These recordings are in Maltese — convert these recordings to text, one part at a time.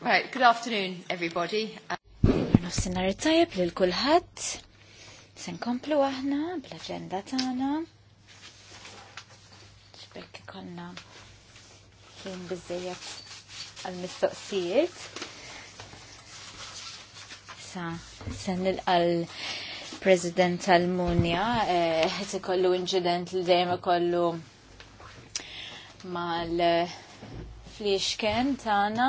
Right, good afternoon, everybody. Nofsinar tajab li l-kulħat. Sen komplu aħna bl-agenda tagħna. Xbekk konna kien biżejjed għal-mistoqsijiet. Sa, sen nilqal President Almunja, eh, ħet ikollu inċident li dejjem ikollu mal li xken tagħna.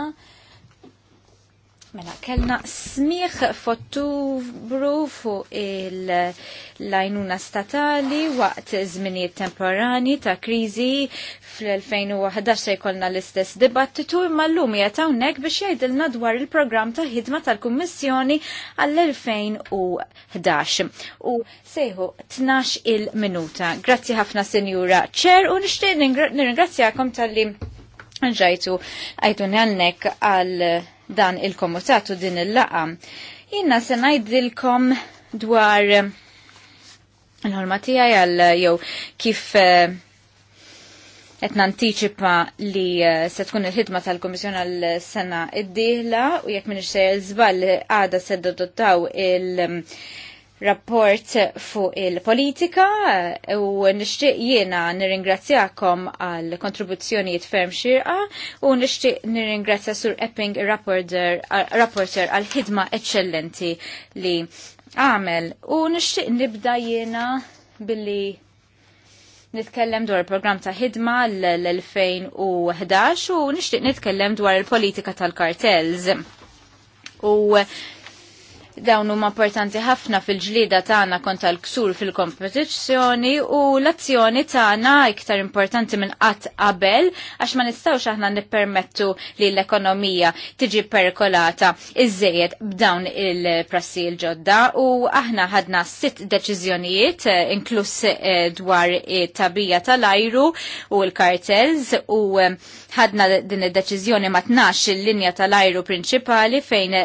Mela, kellna smiħ f'Ottubru fuq il-lajnuna statali waqt żminijiet temporani ta' kriżi fl-2011 se jkollna l-istess dibattitu imma llum jataw hawnhekk biex jgħidilna dwar il-programm ta' ħidma tal-Kummissjoni għall-2011 u sejħu 12 il-minuta. Grazzi ħafna Sinjura Ċer u nixtieq nirringrazzjakom tal-li minn ġajtu għajtu għannek għal dan il-komutatu din il-laqa. Jina se najdilkom dwar l-ħolma tijaj għal jew kif qed eh, nantiċipa li eh, se tkun il-ħidma tal komissjon għal sena id-dieħla u jekk minix se zbal għada se dottaw il- rapport fuq il-politika eh, u nishtiq jiena nirringrazzjakom għal kontribuzzjonijiet ferm xirqa u nishtiq nirringrazzja sur Epping rapporter eh, għal ħidma eccellenti li għamel u nishtiq nibda jiena billi nitkellem dwar il-program ta' ħidma l-2011 u nishtiq nitkellem dwar il-politika tal-kartels. U Dawn huma importanti ħafna fil-ġlida tagħna kont l-ksur fil-kompetizzjoni u l-azzjoni tagħna iktar importanti minn qatt qabel għax ma nistgħux aħna nippermettu li l-ekonomija tiġi perkolata iżejjed b'dawn il-prassi l-ġodda u aħna ħadna sitt deċiżjonijiet eh, inkluss eh, dwar it-tabija tal-ajru u l-kartels u eh, ħadna din id-deċiżjoni ma tnax il-linja tal-ajru prinċipali fejn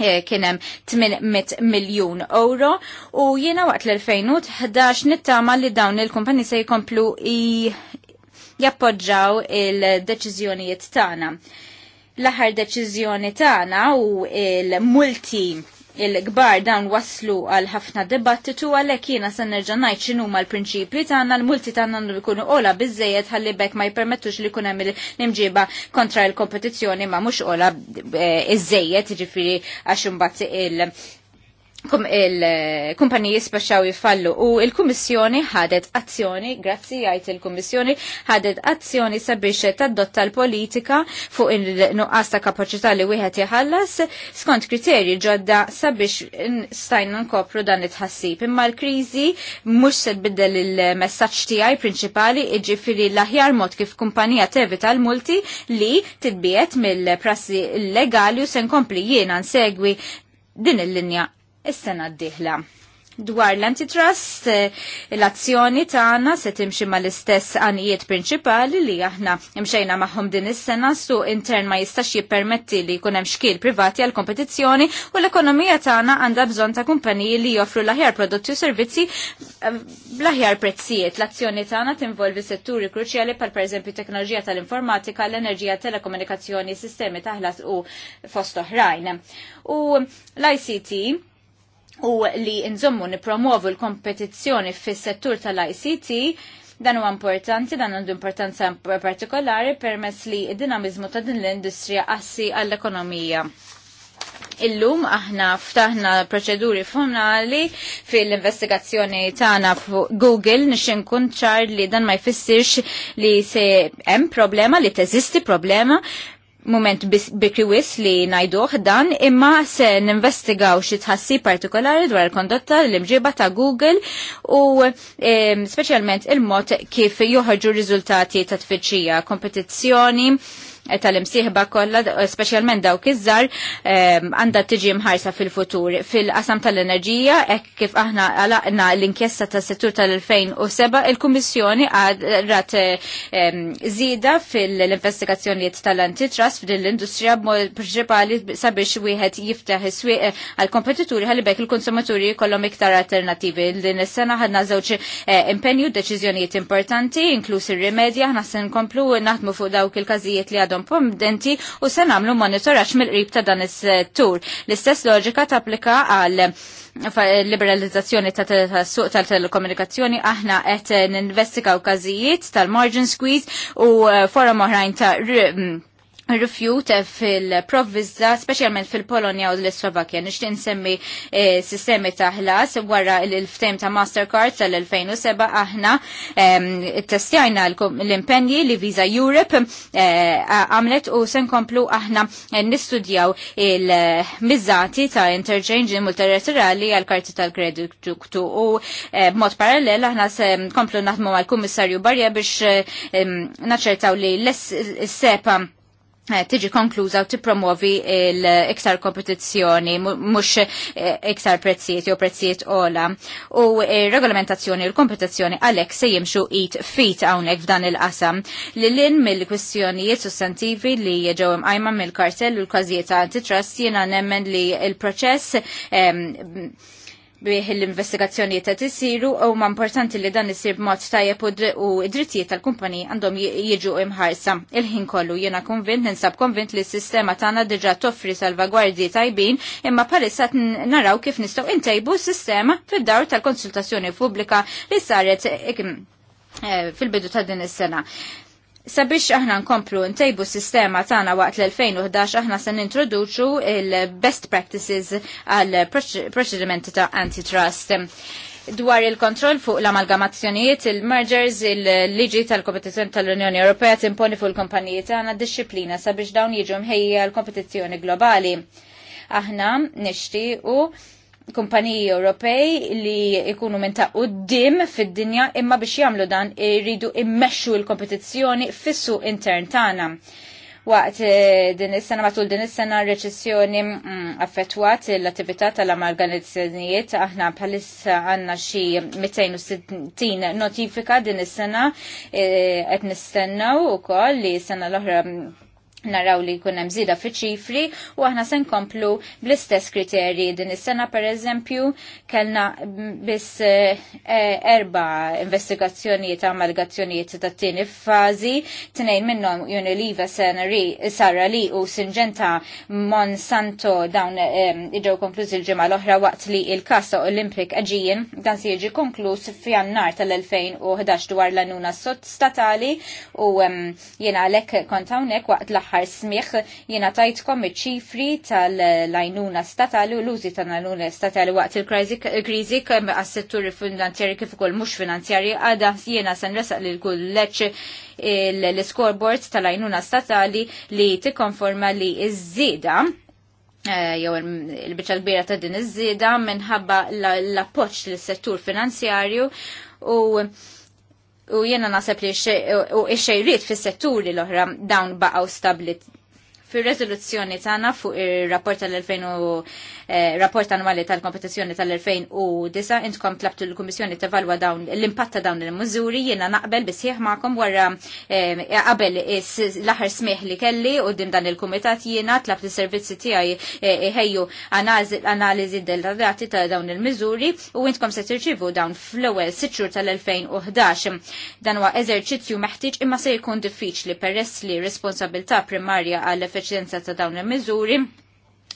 Eh, kienem 800 miljon euro u jiena waqt l-2011 nittama li dawn il-kumpani se jkomplu jappoġġaw il-deċizjonijiet tagħna. L-aħħar deċiżjoni tagħna u il-multi il-gbar dan waslu għal ħafna dibattitu għalek jiena se nerġa' ngħid x'inhu l-prinċipji tagħna l-multi tagħna jkunu ola biżejjed ħalli bekk ma jippermettux li jkun hemm l-imġiba kontra l-kompetizzjoni ma mhux ola eh, iżejjed jiġifieri għax imbagħad il-kumpaniji eh, spaxxaw jifallu u il-Kummissjoni ħadet azzjoni, grazzi għajt il-Kummissjoni, ħadet azzjoni sabiex tadotta l-politika fuq il-nuqqas ta' kapacità li wieħed jħallas skont kriterji ġodda sabiex stajna nkopru dan it-ħassib. Imma l-kriżi mhux se tbiddel il-messaġġ tiegħi prinċipali iġifieri l-aħjar mod kif kumpanija tevita l-multi li titbiet mill-prassi legali u se nkompli jiena nsegwi din il-linja is-sena d-dieħla. Dwar l-antitrust, eh, l-azzjoni tagħna se timxi mal-istess għanijiet prinċipali li aħna imxejna magħhom din is-sena su intern ma jistax jippermetti li jkun hemm xkil privati għal kompetizzjoni u l-ekonomija tagħna għandha bżonn ta' kumpaniji li joffru l-aħjar prodotti u servizzi eh, bl-aħjar prezzijiet. L-azzjoni tagħna tinvolvi setturi kruċjali pal pereżempju teknoloġija tal-informatika, l-enerġija, telekomunikazzjoni, sistemi taħlas u fost oħrajn. U l-ICT u li nżommu nipromovu l-kompetizzjoni fis-settur tal-ICT dan huwa importanti, dan għandu importanza partikolari permezz li id-dinamizmu ta' din l-industrija assi għall-ekonomija. Illum aħna ftaħna proċeduri formali fil-investigazzjoni tagħna fuq Google nix inkun ċar li dan ma jfissirx li se hemm problema li teżisti problema moment bikri wis li najduħ dan imma se ninvestigaw xi tħassi partikolari dwar il-kondotta l-imġiba ta' Google u e, speċjalment il-mod kif joħorġu riżultati ta' tfittxija kompetizzjoni Eh, tal-imsieħba kollha, speċjalment dawk iż għanda ehm, għandha tiġi mħarsa fil-futur. Fil-qasam tal-enerġija, hekk kif aħna għalaqna l-inkjesta tas-settur tal-2007, il-Kummissjoni għadrat ehm, zida fil-investigazzjonijiet tal-antitrust f'din l-industrija principali sabiex wieħed jiftaħ is-swieq eh, għal-kompetituri ħalli il-konsumaturi jkollhom iktar alternativi l is-sena ħadna żewġ eh, impenju deċiżjonijiet importanti, inklusi r rimedja għna se nkomplu naħdmu fuq dawk il-każijiet li għad għadhom pomdenti u se nagħmlu monitoraġġ mill-qrib ta' dan is-settur. L-istess loġika tapplika għal liberalizzazzjoni ta' suq tal-telekomunikazzjoni aħna qed ninvestigaw każijiet tal-margin squeeze u eh, forum oħrajn ta' rifjut fil-provvizza, specialment fil-Polonja u l slovakia nishti nsemmi eh, sistemi ta' ħlas wara l ftem ta' Mastercard tal-2007 aħna testjajna l-impenji li Visa Europe eh, għamlet u senkomplu aħna nistudjaw il-mizzati ta' interchange multilaterali għal-karti tal-kreditu u eh, b'mod parallel aħna komplu naħdmu għal-Kummissarju Barja biex naċertaw li l-sepa Eh, tiġi konkluża u tippromovi l-iktar kompetizzjoni, mhux eh, iktar prezzijiet jew prezzijiet ola. U eh, regolamentazzjoni l kompetizzjoni għalhekk se jimxu it fit hawnhekk f'dan il-qasam. Lilin mill-kwistjonijiet sustantivi li ġew imqajma mill-kartell u l-każijiet ta' antitrust jiena nemmen li l-proċess ehm, bih l-investigazzjoni ta' tisiru u ma' importanti li dan isir b'mod tajjeb u id-drittijiet tal-kumpani għandhom jiġu imħarsa. Il-ħin kollu jiena konvint, ninsab konvint li s-sistema tagħna diġà toffri salvagwardji tajbin imma palissa naraw kif nistgħu intejbu s-sistema fid-dawl tal-konsultazzjoni pubblika li saret eh, eh, fil-bidu ta' din is-sena. Sabiex aħna nkomplu ntejbu sistema tagħna waqt l-2011 aħna se nintroduċu il-best practices għal proċedimenti ta' antitrust dwar il-kontroll fuq l-amalgamazzjonijiet, il-mergers, il-liġi tal-kompetizjoni tal-Unjoni Ewropea timponi fuq il-kompanijiet għana disċiplina sabiex dawn jiġu mħejja l-kompetizzjoni globali. Aħna nixtiequ kumpaniji Ewropej li ikunu minn ta' uddim fid-dinja imma biex jagħmlu dan iridu immexxu l-kompetizzjoni fissu intern tagħna. Waqt eh, din is-sena matul din is-sena r-reċessjoni mm, affettwat l-attività tal amalganizzjonijiet aħna bħalissa għandna xi 260 notifika din is-sena eh, qed nistennew ukoll li s-sena l-oħra mm, naraw li jkun hemm fi fiċ-ċifri u aħna se nkomplu bl-istess kriterji din is-sena pereżempju kellna biss eh, erba' investigazzjonijiet amalgazzjonijiet ta' tieni fażi, tnejn minnhom Unilever Sara Li u Sinġenta Monsanto dawn iġew eh, konkluż il-ġimgħa l-oħra waqt li il-kassa Olympic Aegean dan se jiġi konkluż f'jannar tal-2011 dwar l-għanuna statali u ehm, jiena għalhekk kont hawnhekk waqt fl-aħħar smigħ jiena tajtkom iċ-ċifri tal-lajnuna statali u l-użi tal-lajnuna statali waqt il krizi kemm għas-settur finanzjari kif ukoll mhux finanzjari għadha jiena se nresaq lil kulleġġ l-scoreboards tal-lajnuna statali li tikkonforma li iż-żieda eh, jew il-biċa kbira ta' din iż-żieda minħabba l appoġġ l-settur finanzjarju u u jena nasab li u xejrit fis setturi l-oħra dawn baqaw stabli. Fil-rezoluzzjoni tagħna fuq ir-rapport tal-2000 Eh, rapport annwali tal-kompetizzjoni tal-2009 intkom tlabtu l-Kummissjoni tevalwa dawn l-impatt ta' dawn il-mużuri jiena naqbel bisħieħ maqom wara eh, qabel l-aħħar smieħ li kelli u din dan il-kumitat jiena tlabtu is-servizzi tiegħi eh, ħejju analiżi dettallati ta' dawn il-miżuri u intkom se tirċivu dawn fl-ewwel sitxur tal-2011. Dan huwa eżerċizzju meħtieġ imma se jkun diffiċli peress li responsabilità primarja għall effiċjenza ta' dawn il-miżuri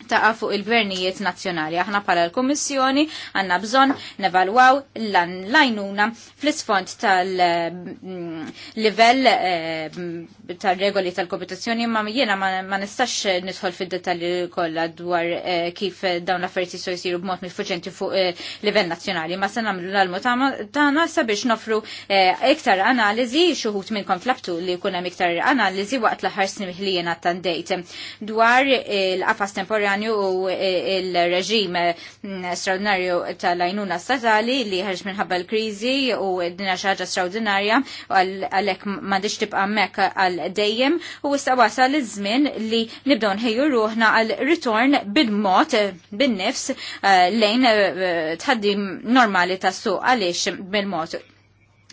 taqa fuq il-gvernijiet nazzjonali. Aħna pala l-Kommissjoni għanna bżon nevalwaw l-lajnuna fl-isfond tal-livell mm, eh, tal-regoli tal-kompetizzjoni ma jena ma nistax nidħol fil dettalji kollha dwar eh, kif dawn l-affarijiet jistgħu jsiru b'mod mifuġenti fuq eh, livell nazzjonali. Ma se nagħmlu l-almu tagħna sabiex nofru iktar analizi xuħut minn konflaptu li jkun hemm iktar analizi waqt l-aħħar snim li jiena dwar l-qafas temporali temporanju u e, il-reġim mm, straordinarju tal-għajnuna statali li ħarġ minnħabba l-krizi u dina xaġa straordinarja għalek mandiċ tibqa mek għal-dejjem u issa wasal iż-żmien li nibdew nħejju ruħna għal-ritorn bil-mod, bin-nifs eh, lejn eh, tħaddim normali tas-suq għaliex bil-mod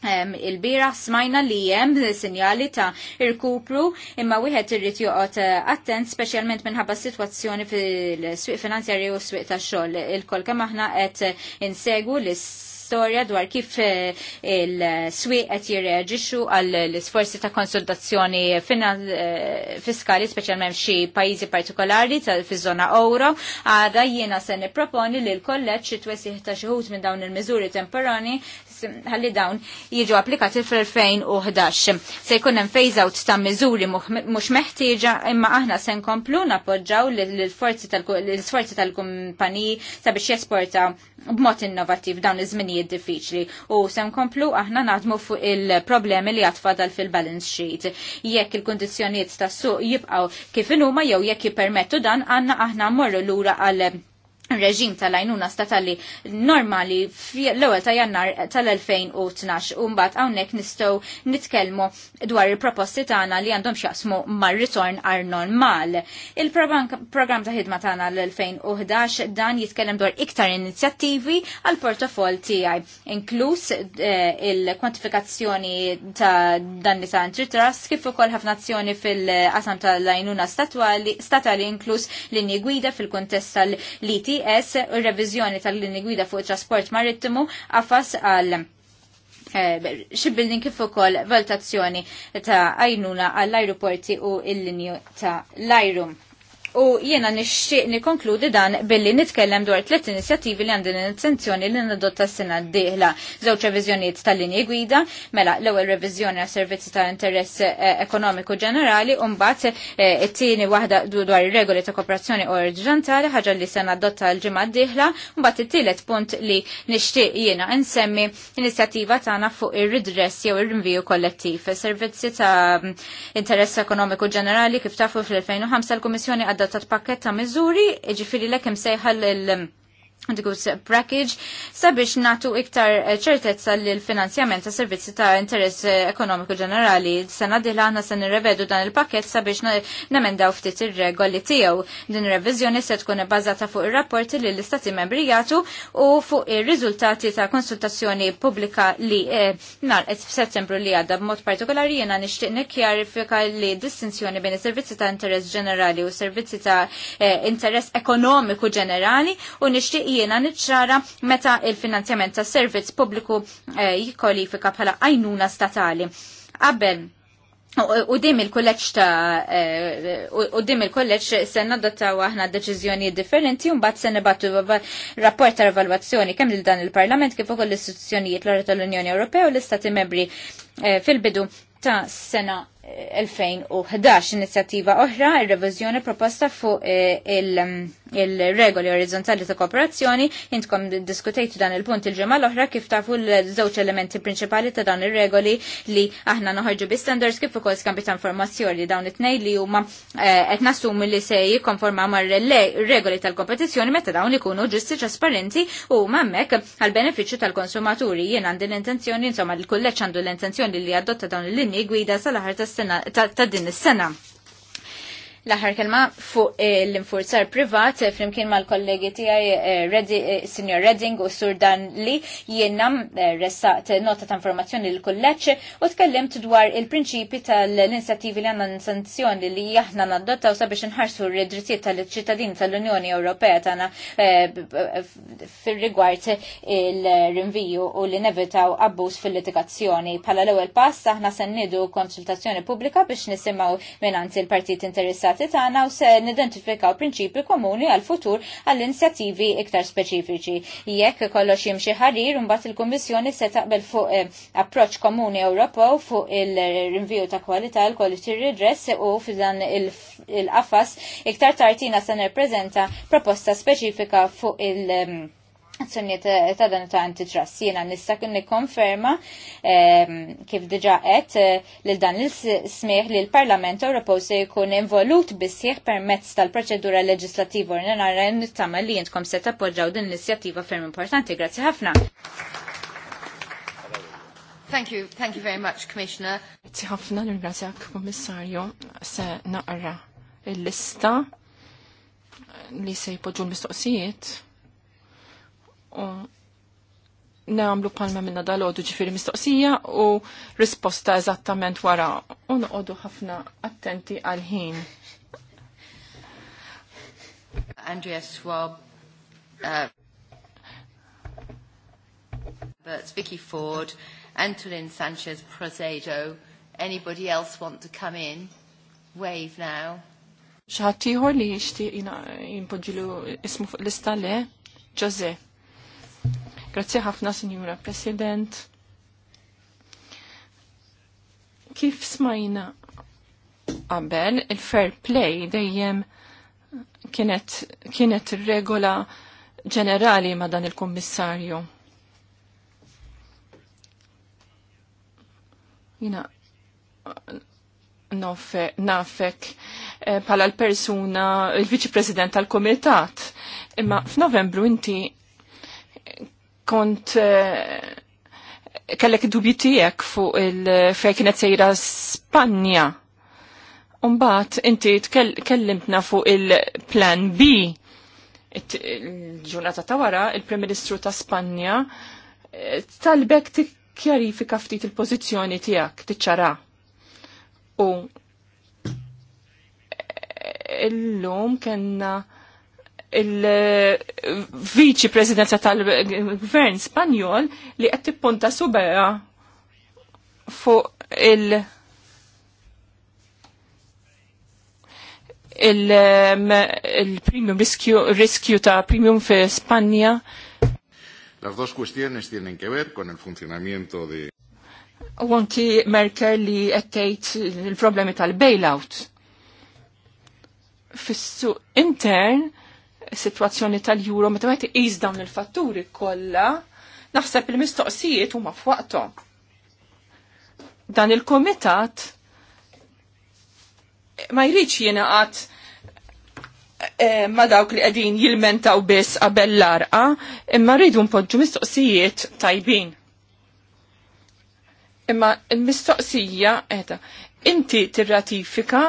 il-bira smajna li jem sinjali ta' irkupru imma wieħed irrid joqgħod eh, attent speċjalment minħabba s-sitwazzjoni fil-swieq finanzjarji u s-swieq ta' xogħol. Il-kol kemm aħna qed insegu l storja dwar kif eh, il-swieq qed jirreġixxu għal l-isforzi ta' konsultazzjoni eh, fiskali speċjalment f'xi pajjiżi partikolari fiż-żona euro. Għada jiena se nipproponi li l-kolleġġ xi twesih ta' xi minn dawn il-miżuri temporani ħalli dawn jiġu applikati fl-2011. Se jkun hemm phase out ta' miżuri mhux meħtieġa imma aħna se nkomplu nappoġġaw l-isforzi tal-kumpaniji sabiex jesporta b'mod innovattiv dawn iż-żminijiet diffiċli u se nkomplu aħna naħdmu fuq il-problemi li għatfadal fil-balance sheet. Jekk il kundizzjonijiet tas-suq jibqgħu kif inhuma jew jekk jippermettu dan għandna aħna mmorru lura għal reġim tal-għajnuna statali normali l-ewel ta' jannar tal-2012 u mbagħad hawnhekk nistgħu nitkellmu dwar il-proposti tagħna li għandhom x'jaqsmu mar-ritorn għar normal. Il-programm ta' ħidma tagħna l-2011 dan jitkellem dwar iktar inizjattivi għal portofol tiegħi, inkluż eh, il-kwantifikazzjoni ta' danni ta' antitrust kif ukoll ħafna fil-qasam tal-għajnuna statali inkluż linji gwida fil-kuntest tal-liti ITS u r-reviżjoni tal linni gwida fuq trasport marittimu għafas għal xibildin eh, kif ukoll valutazzjoni ta' għajnuna għall-ajruporti u l-linju ta' l-ajrum. U jiena nixtieq nikkonkludi dan billi nitkellem dwar tliet inizjattivi li għandin intenzjoni li nadotta s-sena d-dieħla żewġ reviżjonijiet tal-linji gwida, mela l-ewwel reviżjoni għas servizzi ta' interess eh, ekonomiku ġenerali u mbagħad eh, it-tieni waħda dwar ir-regoli ta' kooperazzjoni oriġinali ħaġa li se nadotta l-ġimgħa d-dieħla, mbagħad it-tielet punt li nixtieq jiena insemmi inizjattiva tagħna fuq ir-redress jew ir-rinviju kollettiv. Servizzi ta' interess ekonomiku ġenerali kif tafu fl-2005 l-Kummissjoni għadda ta' t-pakketta mizzuri, ġifiri l-ekem sejħal il- digus brackage sabiex natu iktar eh, ċertezza l finanzjament ta' servizzi ta' interess eh, ekonomiku ġenerali. Sena diħla għanna sen nirrevedu dan il-pakket sabiex namendaw ftit ir-regoli tiegħu. Din revizjoni se tkun bazata fuq ir-rapporti li l-Istati membri jagħtu u fuq ir-riżultati ta' konsultazzjoni pubblika li eh, nalqet f'Settembru li għadda b'mod partikolari jiena nixtieq nikkjarifika li distinzjoni bejn is-servizzi ta' interess ġenerali u servizzi ta' interess ekonomiku ġenerali u nixtieq jiena niċċara meta il-finanzjament ta' servizz pubbliku eh, jikkolifika bħala għajnuna statali. Qabel U dim il-kolleġġ ta' eh, u għahna il-kolleġġ se nadottaw aħna differenti un mbagħad se nibatu rapport ta' evalwazzjoni kemm lil dan il-Parlament kif ukoll l-istituzzjonijiet l tal-Unjoni Ewropea u l-Istati Membri eh, fil-bidu ta' sena 2011 inizjattiva oħra il reviżjoni proposta fuq il- il-regoli orizzontali ta' kooperazzjoni, intkom diskutejtu dan il-punt il-ġemma l-oħra kif tafu l-żewġ elementi prinċipali ta' dan il-regoli li aħna noħorġu bi standards kif ukoll skambi ta' informazzjoni dawn it tnejn li huma eh, qed nassum li se jikkonforma mar regoli tal-kompetizzjoni meta dawn ikunu ġusti trasparenti u mammek għal-benefiċċju tal-konsumaturi. Jien għandi l-intenzjoni, insomma, l-kulleċ għandu l-intenzjoni li adotta dawn il-linji gwida sal-aħar ta' din is-sena. L-aħħar kelma fuq eh, l-infurzar privat eh, flimkien mal-kollegi tiegħi eh, Signor Redding u Sur Dan li jiena ressaqt nota ta' informazzjoni l kolleċ u tkellimt dwar il-prinċipi tal-inizjattivi li għandna sanzjoni li aħna u sabiex nħarsu r-drittijiet tal-ċittadin tal-Unjoni Ewropea tagħna fir-rigward il-rinviju u li nevitaw abbuż fil-litigazzjoni. Pala l-ewwel pass aħna sennidu konsultazzjoni pubblika biex nisimaw minanzi il-partit interessati negozjati tagħna u se nidentifikaw prinċipi komuni għal futur għall inizjattivi iktar speċifiċi. Jekk kollox jimxi ħarir imbagħad il-Kummissjoni se taqbel fuq approċ eh, approċċ komuni Ewropew fuq il-rinviju ta' kwalità l-quality redress u f'dan il-qafas iktar tartina se nirpreżenta proposta speċifika fuq il- azzjoniet ta' dan ta' antitrust. Jena nista' nikkonferma ehm, kif diġa qed eh, li dan l smieħ li l-Parlament Ewropew se jkun involut bisieħ permezz tal-proċedura leġislativa ordinarja nittama li jentkom se tappoġġaw din l-inizjattiva ferm importanti. Grazzi ħafna. Thank you, thank you very much, Commissioner. Grazie ħafna l-ingrazzjak, Kommissarju, se naqra l lista li se jpoġġu l-mistoqsijiet namlu palma minna dal-ħodu ġifiri mistoqsija u risposta eżattament wara u noqodu ħafna attenti għal-ħin. Andrea Swab, uh, Bertz, Vicky Ford, Antolin Sanchez Prozedo, anybody else want to come in? Wave now. ċaħtiħor li jishti jimpoġilu ismu fuq lista le, Jose. Grazzi ħafna, Signora President. Kif smajna qabel, il-fair play dejjem kienet, kienet regola ġenerali ma dan il-kommissarju. Jina, nafek eh, pala l-persuna, il-viċi president tal-komitat. Imma f'Novembru inti kont eh, kellek dubji tiegħek fuq il fejn kienet sejra Spanja. Umbat, inti tkellimtna fuq il-plan B il-ġurnata ta' wara, il-Prim Ministru ta' Spanja eh, talbek tikkjarifika ftit il-pożizzjoni tiegħek tiċċara. U eh, illum kellna il-viċi presidenza tal-gvern Spanjol li qed tippunta subera fuq il- il-premium rescue ta' premium fi Spanja. Las dos cuestiones tienen que ver con el funcionamiento de... U Merkel li għettejt il-problemi tal-bailout. Fissu intern, situazzjoni sitwazzjoni tal juro meta ma jtiqis dawn il-fatturi kollha, naħseb il-mistoqsijiet huma f'waqthom. Dan il-komitat ma jridx jingħaqad għat eh, ma dawk li qegħdin jilmentaw biss qabel l-arqa, imma rridu npoġġu mistoqsijiet tajbin. Imma l-mistoqsija, eta, inti tirratifika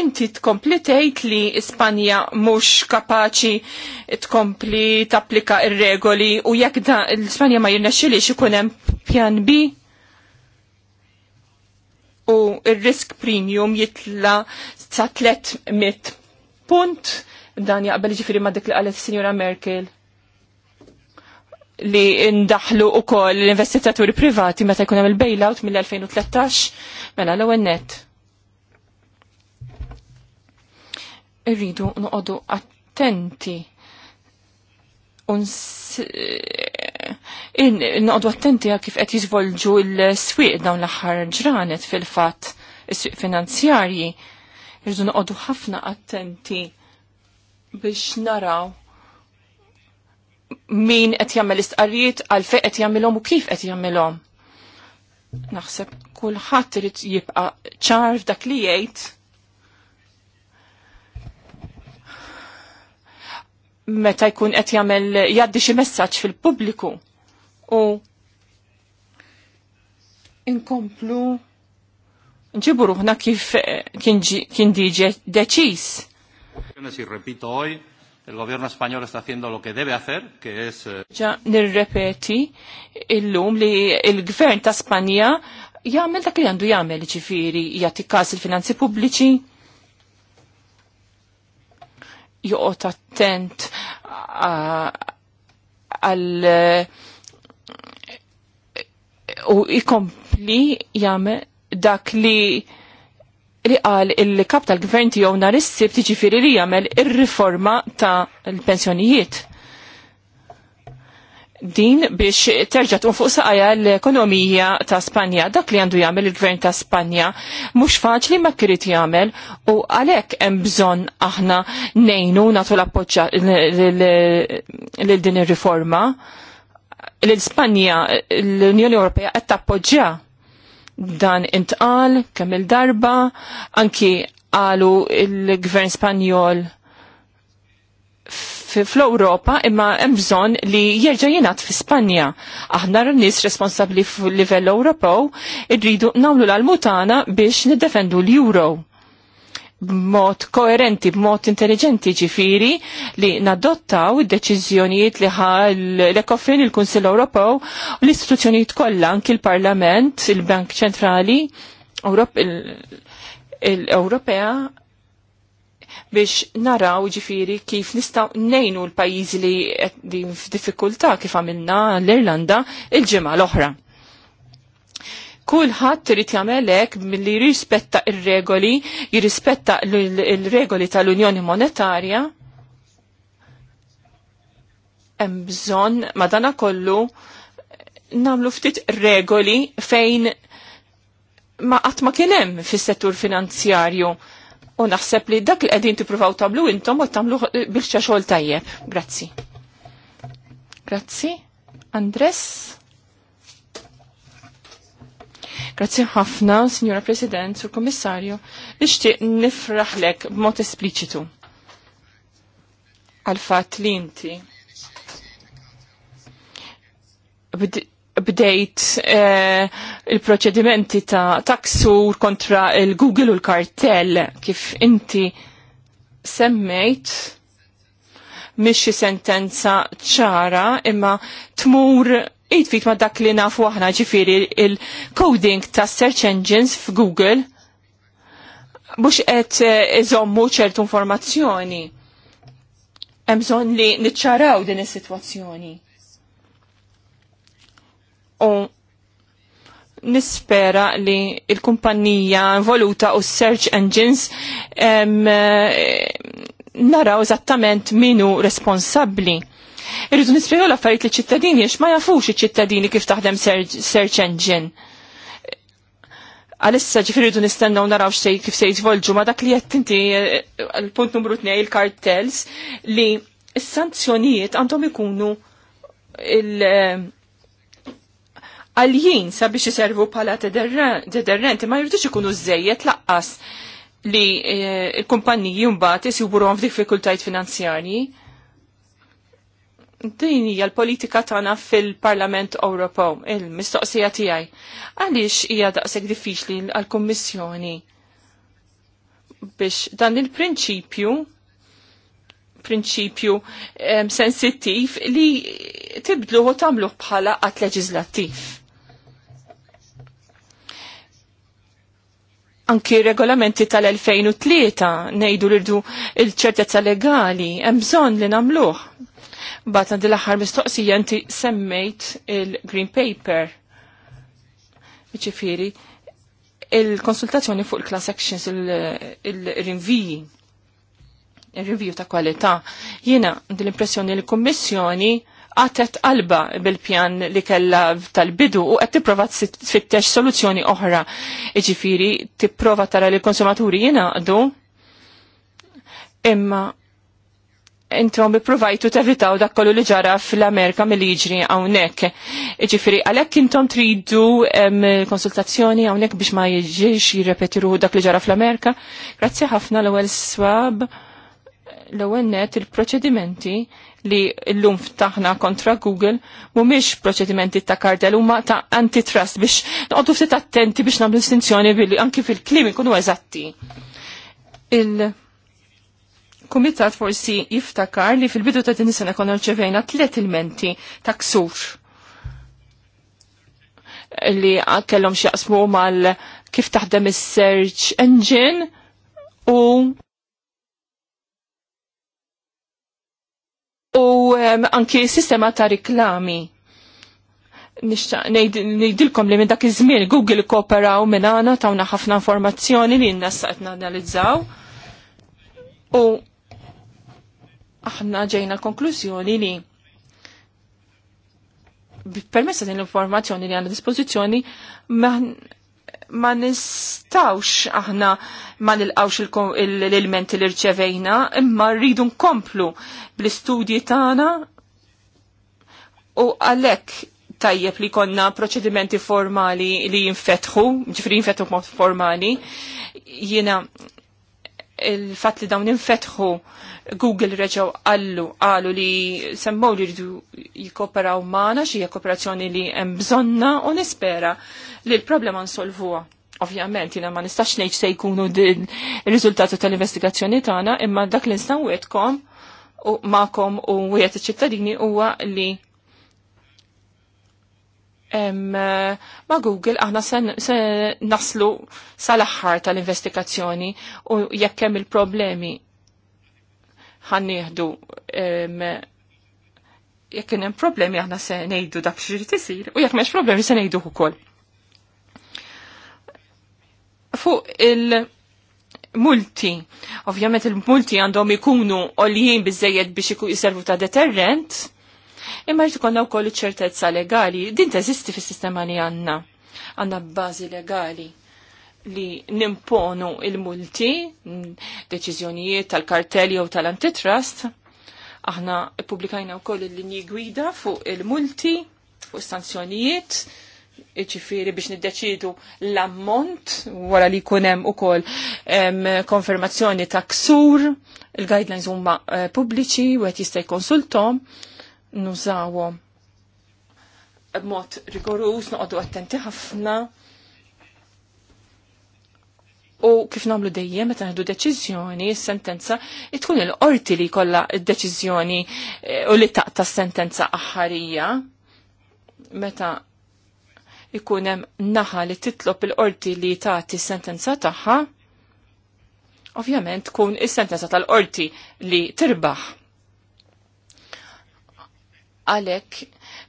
inti tkompli tgħid li Ispanja mhux kapaċi tkompli tapplika ir-regoli u jekk da l-Ispanja ma jirnexxilix ikun hemm pjan B u ir-risk premium jitla sa 300 punt dan jaqbel ġifiri ma dik li qalet sinjura Merkel li ndaħlu u koll l-investitaturi privati meta jkun hemm il-bailout mill-2013 mela l-ewwel nett. irridu noqogħdu attenti noqdu attenti għal kif qed jiżvolġu l-swieq dawn l-aħħar ġranet fil-fatt is-swieq finanzjarji. Irridu noqogħdu ħafna attenti biex naraw min qed jagħmel istqarrijiet għal fejn qed jagħmilhom u kif qed jagħmilhom. Naħseb kulħadd irid jibqa' ċar f'dak li jgħid meta jkun qed jagħmel jgħaddi xi messaġġ fil-pubbliku u inkomplu nġibu ruħna kif eh, kien diġe deċis. el gobierno español está haciendo lo que debe hacer, que es... Eh, Ġa nirrepeti il-lum li il-gvern ta' Spanja jagħmel dak li għandu jagħmel ġifieri jagħti każ il-finanzi pubbliċi joqgħod attent għal u ikompli jam dak li li qal il-kap tal-gvern tiegħu nhar is-sibt jiġifieri li jagħmel ir-riforma ta' l-pensjonijiet din biex terġa' tqum fuq saqajja l-ekonomija ta' Spanja. Dak li għandu jagħmel il-gvern ta' Spanja mhux faċli ma kirit jagħmel u għalhekk hemm bżonn aħna ngħinu nagħtu l-appoġġja lil din ir-riforma. l spanja l-Unjoni Ewropea qed tappoġġja dan intqal kemm il-darba anki qalu il-gvern Spanjol fl-Europa imma hemm bżonn li jerġa' jingħad fi Spanja. Aħna nies responsabbli fil-livell Ewropew irridu nagħmlu l-almutana biex niddefendu l-Euro b'mod koerenti, b'mod intelligenti ġifiri li nadottaw id-deċiżjonijiet li l-Ekofin il-Kunsill Ewropew u l-istituzzjonijiet kollha anki l-Parlament, il-Bank Ċentrali, Ewropea biex naraw ġifiri kif nistaw nejnu l-pajizi li din f'diffikultà kif għamilna l-Irlanda il-ġimgħa l-oħra. Kulħadd irid jagħmel hekk milli jirrispetta ir-regoli, jirrispetta l-regoli tal-Unjoni Monetarja. Hemm bżonn madanakollu nagħmlu ftit regoli fejn ma qatt ma kien hemm fis-settur finanzjarju U naħseb li dak li qegħdin tippruvaw tagħmlu intom u tagħmlu bilxa xogħol tajjeb. Grazzi. Grazzi. Andres. Grazzi ħafna, Signora President, Sur Kommissarju. Nixtieq nifraħlek b'mod espliċitu għal fatt li inti bdejt eh, il-proċedimenti ta' taksur kontra il-Google u l-kartell kif inti semmejt mixi sentenza ċara imma tmur jitfit ma dak li nafu aħna ġifiri il-coding ta' search engines f'Google bux qed eh, iżommu ċertu informazzjoni. Hemm bżonn li niċċaraw din is-sitwazzjoni u nispera li il-kumpanija voluta u search engines em, eh, naraw eżattament minu responsabli. Irridu nispera l-affarijiet li ċittadini, għax ma jafux iċ-ċittadini kif taħdem search engine. Għalissa ġifiridu rridu nistennaw naraw xej kif se jitvolġu ma dak li qed eh, l-punt numru 2 il-kartels li s-sanzjonijiet għandhom ikunu il- għaljien sabiex iservu pala deterrenti ma jirridux ikunu zzejiet laqqas li eh, il-kumpanniji mbagħad isiburuhom f'diffikultajiet finanzjarji. Din hija l-politika tagħna fil-Parlament Ewropew, il-mistoqsija tiegħi. Għaliex hija daqshekk diffiċli għall-Kummissjoni biex dan il-prinċipju prinċipju sensittiv li tibdluħu tamluħ bħala għat leġizlattiv. anki regolamenti tal-2003 nejdu rridu il-ċertezza legali, hemm bżonn li nagħmluh. Bat għandi l-aħħar mistoqsija inti semmejt il-Green Paper. Ġifieri, il-konsultazzjoni fuq il-class actions, il-rinviji, il-review ta' kwalità. Jiena għandi l-impressjoni li l-Kummissjoni għatet qalba bil-pjan li kella tal-bidu u għed tipprova tfittex soluzzjoni oħra. Iġifiri, tipprova tara li konsumaturi jinaqdu imma intom provajtu tevitaw dak kollu li ġara fil-Amerika mill-liġri għawnek. Iġifiri, għalek intom tridu konsultazzjoni għawnek biex ma jieġiġ jirrepetiru dak li ġara fil-Amerika. Grazzi ħafna l-ewel swab l-ewel net il-proċedimenti li l-lum ftaħna kontra Google miex proċedimenti ta' kardel huma ta' antitrust biex noqgħodu ftit attenti biex nagħmlu distinzjoni billi anki fil-klim ikunu eżatti. Il-Kumitat forsi jiftakar li fil-bidu ta' din is-sena konna rċevejna tliet ilmenti ta' ksur li kellhom xi jaqsmu mal kif taħdem is-search engine u u anki sistema ta' riklami. Nishtaq nejdilkom li minn dak iż-żmien Google kooperaw minn għana tawna ħafna informazzjoni li n-nas qed nanalizzaw. U aħna ġejna konklużjoni li permessa din l-informazzjoni li għandna dispożizzjoni ma nistawx aħna ma nilqawx l-elementi li rċevejna, imma rridu nkomplu bl-istudji tagħna u għalhekk tajjeb li konna proċedimenti formali li jinfetħu, ġifri jinfetħu mod formali, jiena il-fat li dawn infetħu Google reġaw għallu għallu li semmow li rridu jikoperaw maħna xie kooperazzjoni li hemm bżonna u nispera li l-problema nsolvuha. Ovvjament, jina ma nistax nejċ se jkunu il-rizultatu tal-investigazzjoni tagħna, imma dak li instan u ma'kom u wieħed iċ-ċittadini huwa li Eh, ma' Google aħna se naslu sal-aħħar tal-investigazzjoni u jekk hemm il-problemi um, jekk kien hemm problemi aħna se ngħidu dak x'irid isir u jekk m'hemmx problemi se ngħidu ukoll. Fuq il- multi. Ovvjament il-multi għandhom ikunu oljien biżejjed biex iku jiservu ta' deterrent, Imma jrid ikollna wkoll iċ-ċertezza legali, din teżisti fis-sistema li għandna. Għandna bażi legali li nimponu il-multi, deċiżjonijiet tal-kartelli jew tal-antitrust, aħna publikajna wkoll il-linji gwida fuq il-multi, fuq sanzjonijiet, iċifiri biex niddeċidu l-ammont wara li kunem u kol konfermazzjoni ta' ksur, il-guidelines huma eh, pubbliċi u għet jistaj konsultom nużawhom b'mod rigorus, noqogħdu attenti ħafna. U kif namlu dejjem meta ngħidu deċiżjoni, sentenza, tkun il-qorti li kollha d-deċiżjoni e, u li taqta sentenza aħħarija. Meta ikun hemm naħa li titlob il-qorti li tagħti sentenza tagħha, ovvjament tkun is-sentenza tal-qorti li tirbaħ għalek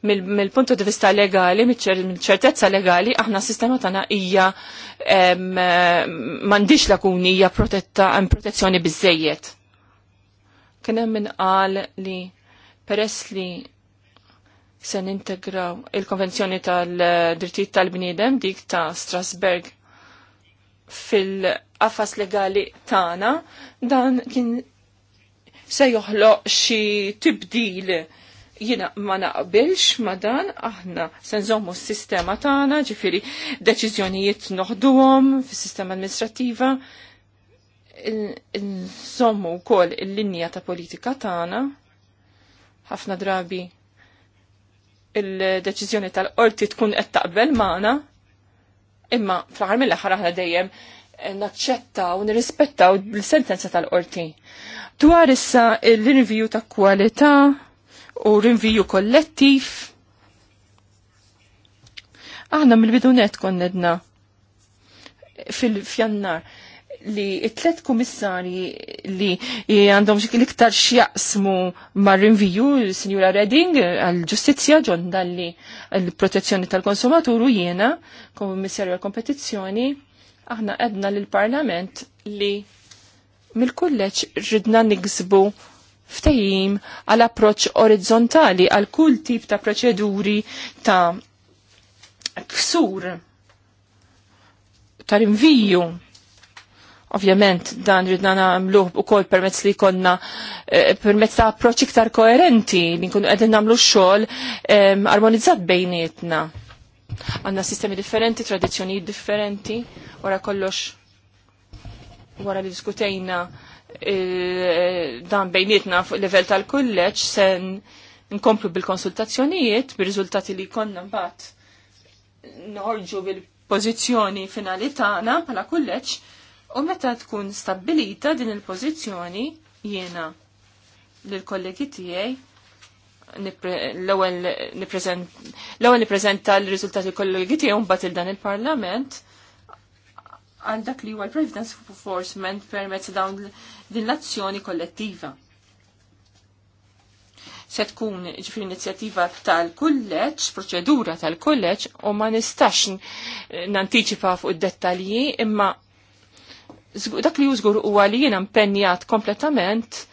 mill-puntu di vista legali, mill-ċertezza legali, aħna sistema tana hija mandiċ lakuni hija protetta protezzjoni bizzejiet. Kienem minn qal li peress li se nintegraw il-konvenzjoni tal-drittijiet tal-bniedem dik ta' Strasberg fil-qafas legali tana, dan kien se joħloq xi tibdil jina ma naqbilx ma dan aħna se nżommu s-sistema tagħna, ġifieri deċiżjonijiet noħduhom fis-sistema administrattiva, nżommu wkoll il-linja ta' politika tagħna. Ħafna drabi il-deċiżjoni tal-qorti tkun qed taqbel magħna, imma fl-aħħar mill-aħħar aħna dejjem naċċetta u nirrispettaw l-sentenza tal-qorti. Dwar issa l-review ta' kwalità u rinviju kollettiv. Aħna mill-bidunet konnedna fil-fjannar li it-tlet komissari li għandhom xik iktar xjaqsmu mar rinviju Sinjura Redding għal-ġustizja ġon Dalli l protezzjoni tal-konsumatur u jiena kummissarju għal-kompetizzjoni aħna għedna l-parlament li mill-kulleċ ridna nigzbu ftehim għal approċ orizzontali għal kull tip ta' proċeduri ta' ksur ta' rinviju. Ovvjament dan ridna u kol permezz li konna eh, permezz ta' approċċ iktar koerenti li nkunu qegħdin nagħmlu xogħol ehm, armonizzat bejnietna. Għandna sistemi differenti, tradizzjonijiet differenti, wara kollox wara li diskutejna Eh, dan bejnietna fuq level tal-kulleġġ sen nkomplu bil-konsultazzjonijiet bir-riżultati li konna mbagħad noħorġu bil-pożizzjoni finali tagħna bħala kulleġġ u meta tkun stabbilita din il-pożizzjoni jiena lill-kollegi tiegħi l-ewwel nippreżenta l-riżultati kollegi tiegħu mbagħad il dan il-Parlament għal dak li huwa l-Providence Enforcement permezz dawn din l-azzjoni kollettiva. Se tkun ġifri inizjattiva tal-kulleġġ, proċedura tal-kulleġġ, u ma nistax nantiċipa fuq id-dettalji, imma dak li jużgur u għali jena mpenjat kompletament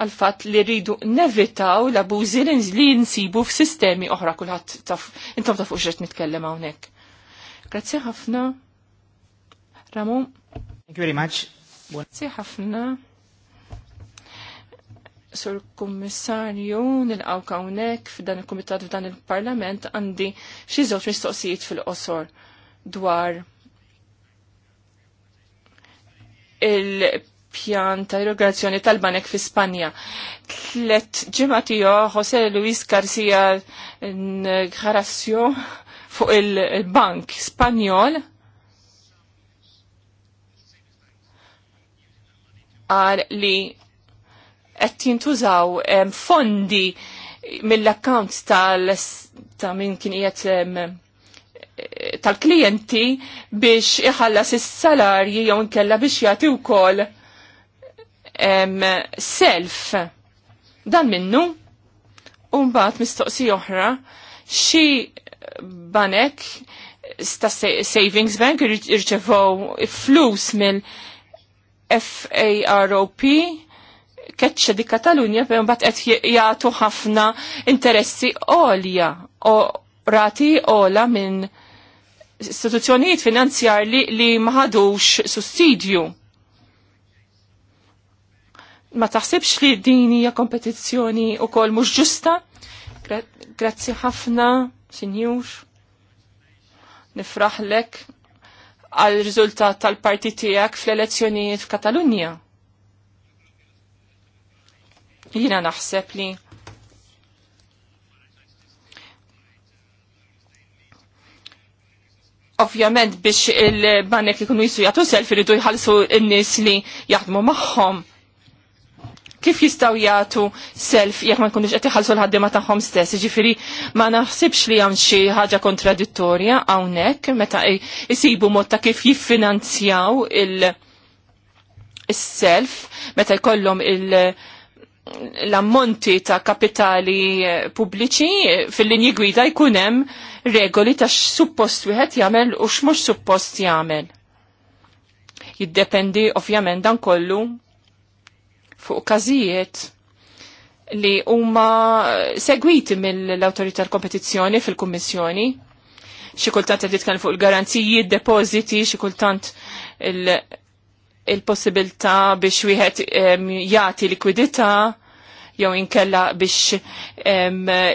għal fatt li rridu nevitaw l-abużi li nsibu f'sistemi oħra kulħadd taf intom taf uxret nitkellem hawnhekk. Grazzi ħafna. Ramon. Thank you very much. Grazzi ħafna. Sur Kummissarju, nil-għaw kawnek f'dan il-Kumitat f'dan il-Parlament għandi xi żewġ mistoqsijiet fil-qosor dwar il-pjan ta' irrogazzjoni tal-banek fi Spanja. Tlet ġimgħat Jose Luis Garcia Garassio fuq il-bank Spanjol għal li qed jintużaw fondi mill account tal ta' min kien qiegħed tal-klijenti biex iħallas is-salarji jew inkella biex jagħti wkoll self dan minnu u mbagħad mistoqsi oħra xi banek sta savings bank irċevow flus mill FAROP keċċa di Katalunja fejn bat qed jagħtu ħafna interessi għolja o rati ola minn istituzzjonijiet finanzjar li, li maħadux sussidju. Ma taħsibx li din hija kompetizzjoni kol mhux ġusta? Gra grazzi ħafna, Sinjur. Nifraħlek għal riżultat tal-parti tiegħek fl-elezzjonijiet f'Katalunja. Jina naħseb li ovvjament biex il-banek ikunu jisu jgħatu self iridu jħalsu n-nis li jaħdmu maħħom. Kif jistaw jgħatu self jekk ma jkunux qed iħallsu l ħaddima tagħhom stess, ġifiri ma naħsibx li hemm xi ħaġa kontradittorja hawnhekk meta jisibu mod ta' kif jiffinanzjaw il-self meta jkollhom il-, il l-ammonti ta' kapitali eh, pubbliċi eh, fil-linji gwida jkun hemm regoli ta' suppost wieħed jagħmel u x'mhux suppost jagħmel. Jiddependi ovvjament dan kollu fuq każijiet li huma eh, segwiti mill-awtorità l-kompetizzjoni fil-kummissjoni. Xi kultant qed jitkellem fuq il-garanziji, id-depożiti, xi kultant il- il-possibilità biex wieħed ehm, jagħti likwidità jew inkella biex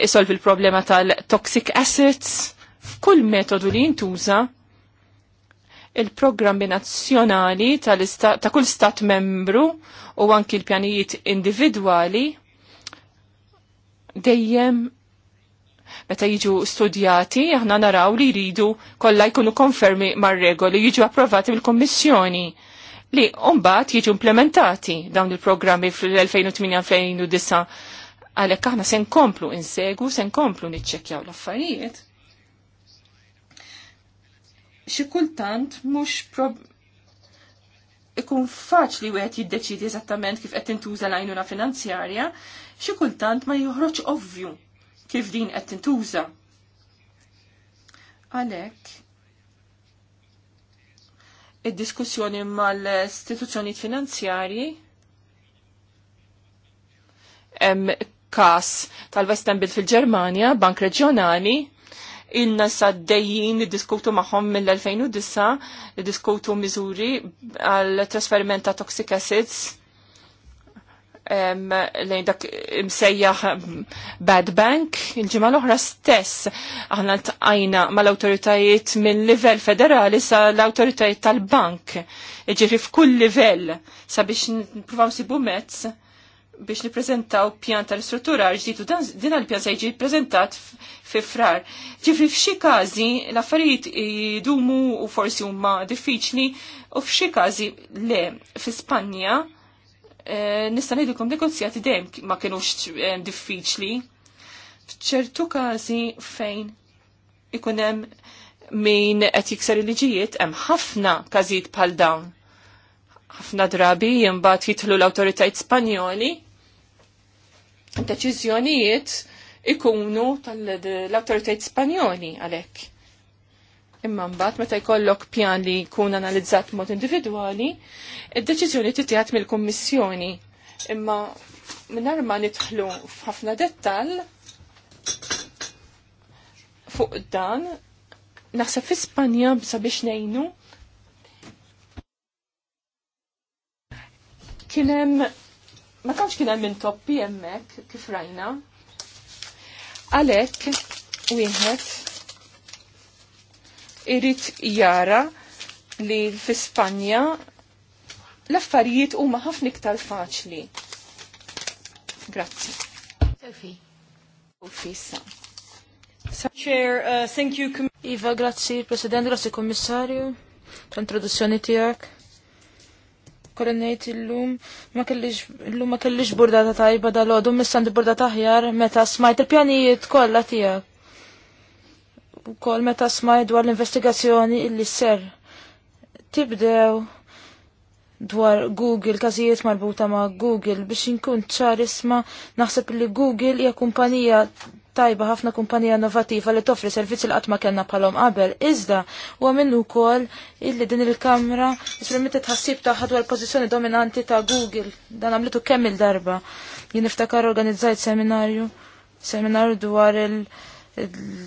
isolvi l-problema tal-toxic assets. F'kull metodu li jintuża il-programmi nazzjonali ta' kull stat membru u anki l-pjanijiet individwali dejjem meta jiġu studjati, aħna naraw li jridu kollha jkunu konfermi mar-regoli, jiġu approvati mill-Kommissjoni li umbat jiġu implementati dawn il-programmi fl-2008-2009 għalek aħna sen komplu insegu, sen komplu nitċekjaw l-affarijiet. Xikultant mux prob ikun faċli wieħed jiddeċidi eżattament kif qed tintuża l-għajnuna finanzjarja, xi kultant ma joħroġ ovvju kif din qed tintuża. Għalhekk id-diskussjoni mal istituzzjoni finanzjarji hemm kas tal Bill fil-Ġermanja, bank reġjonali, ilna saddejjin diskutu maħom mill-2009, diskutu miżuri għal trasferiment ta' toxic acids lejn dak imsejjaħ Bad Bank, il-ġimgħa l-oħra stess aħna ntqajna mal-awtoritajiet mill-livell federali sa l-awtoritajiet tal-bank. Ġifi f'kull livell sabiex nippruvaw sibu mezz biex nippreżentaw pjan tal struttura ġdid u din għal-pjan se jiġi ppreżentat fi frar. Ġifri f'xi każi l-affarijiet jidumu u forsi huma diffiċli u f'xi każi le fi Spanja Eh, nista' ngħidilkom negozjati dejjem ma kinux eh, diffiċli. F'ċertu każi fejn ikun hemm min qed jikser il-liġijiet hemm ħafna każijiet bħal dawn. Ħafna drabi jimbat jitlu l-awtoritajiet Spanjoli deċiżjonijiet ikunu tal-awtoritajiet Spanjoli għalhekk. Imma mbagħad meta jkollok pjan li jkun analizzat mod individwali, id-deċiżjoni titjat mill-Kummissjoni. Imma minnar ma nidħlu f'ħafna dettall fuq dan, naħseb fi Spanja sabiex ngħinu Kien hemm ma kanx kien minn intoppi hemmhekk kif rajna, Għalhekk wieħed, irrit jara li fi Spanja l-affarijiet huma ħafna faċli. Grazzi. Sophie. Chair, uh, thank you. Iva, grazzi, President, grazzi, Kommissarju, per introduzzjoni tijak. Korrenejt illum, ma kellix, illum ma kellix burdata tajba dal-għodu, missandi burdata ħjar, meta smajt il-pjanijiet kolla tijak kol meta smaj dwar l-investigazzjoni illi ser tibdew dwar Google, kazijiet marbuta ma' Google, biex inkun ċar isma' naħseb li Google hija kumpanija tajba ħafna kumpanija innovativa li toffri servizzi l qatt ma kellna bħalhom qabel. Iżda huwa minnu wkoll illi din il-kamra ispermetti tħassib tagħha dwar pożizzjoni dominanti ta' Google. Dan għamlitu kemm il-darba. Jien niftakar organizzajt seminarju, seminarju dwar il-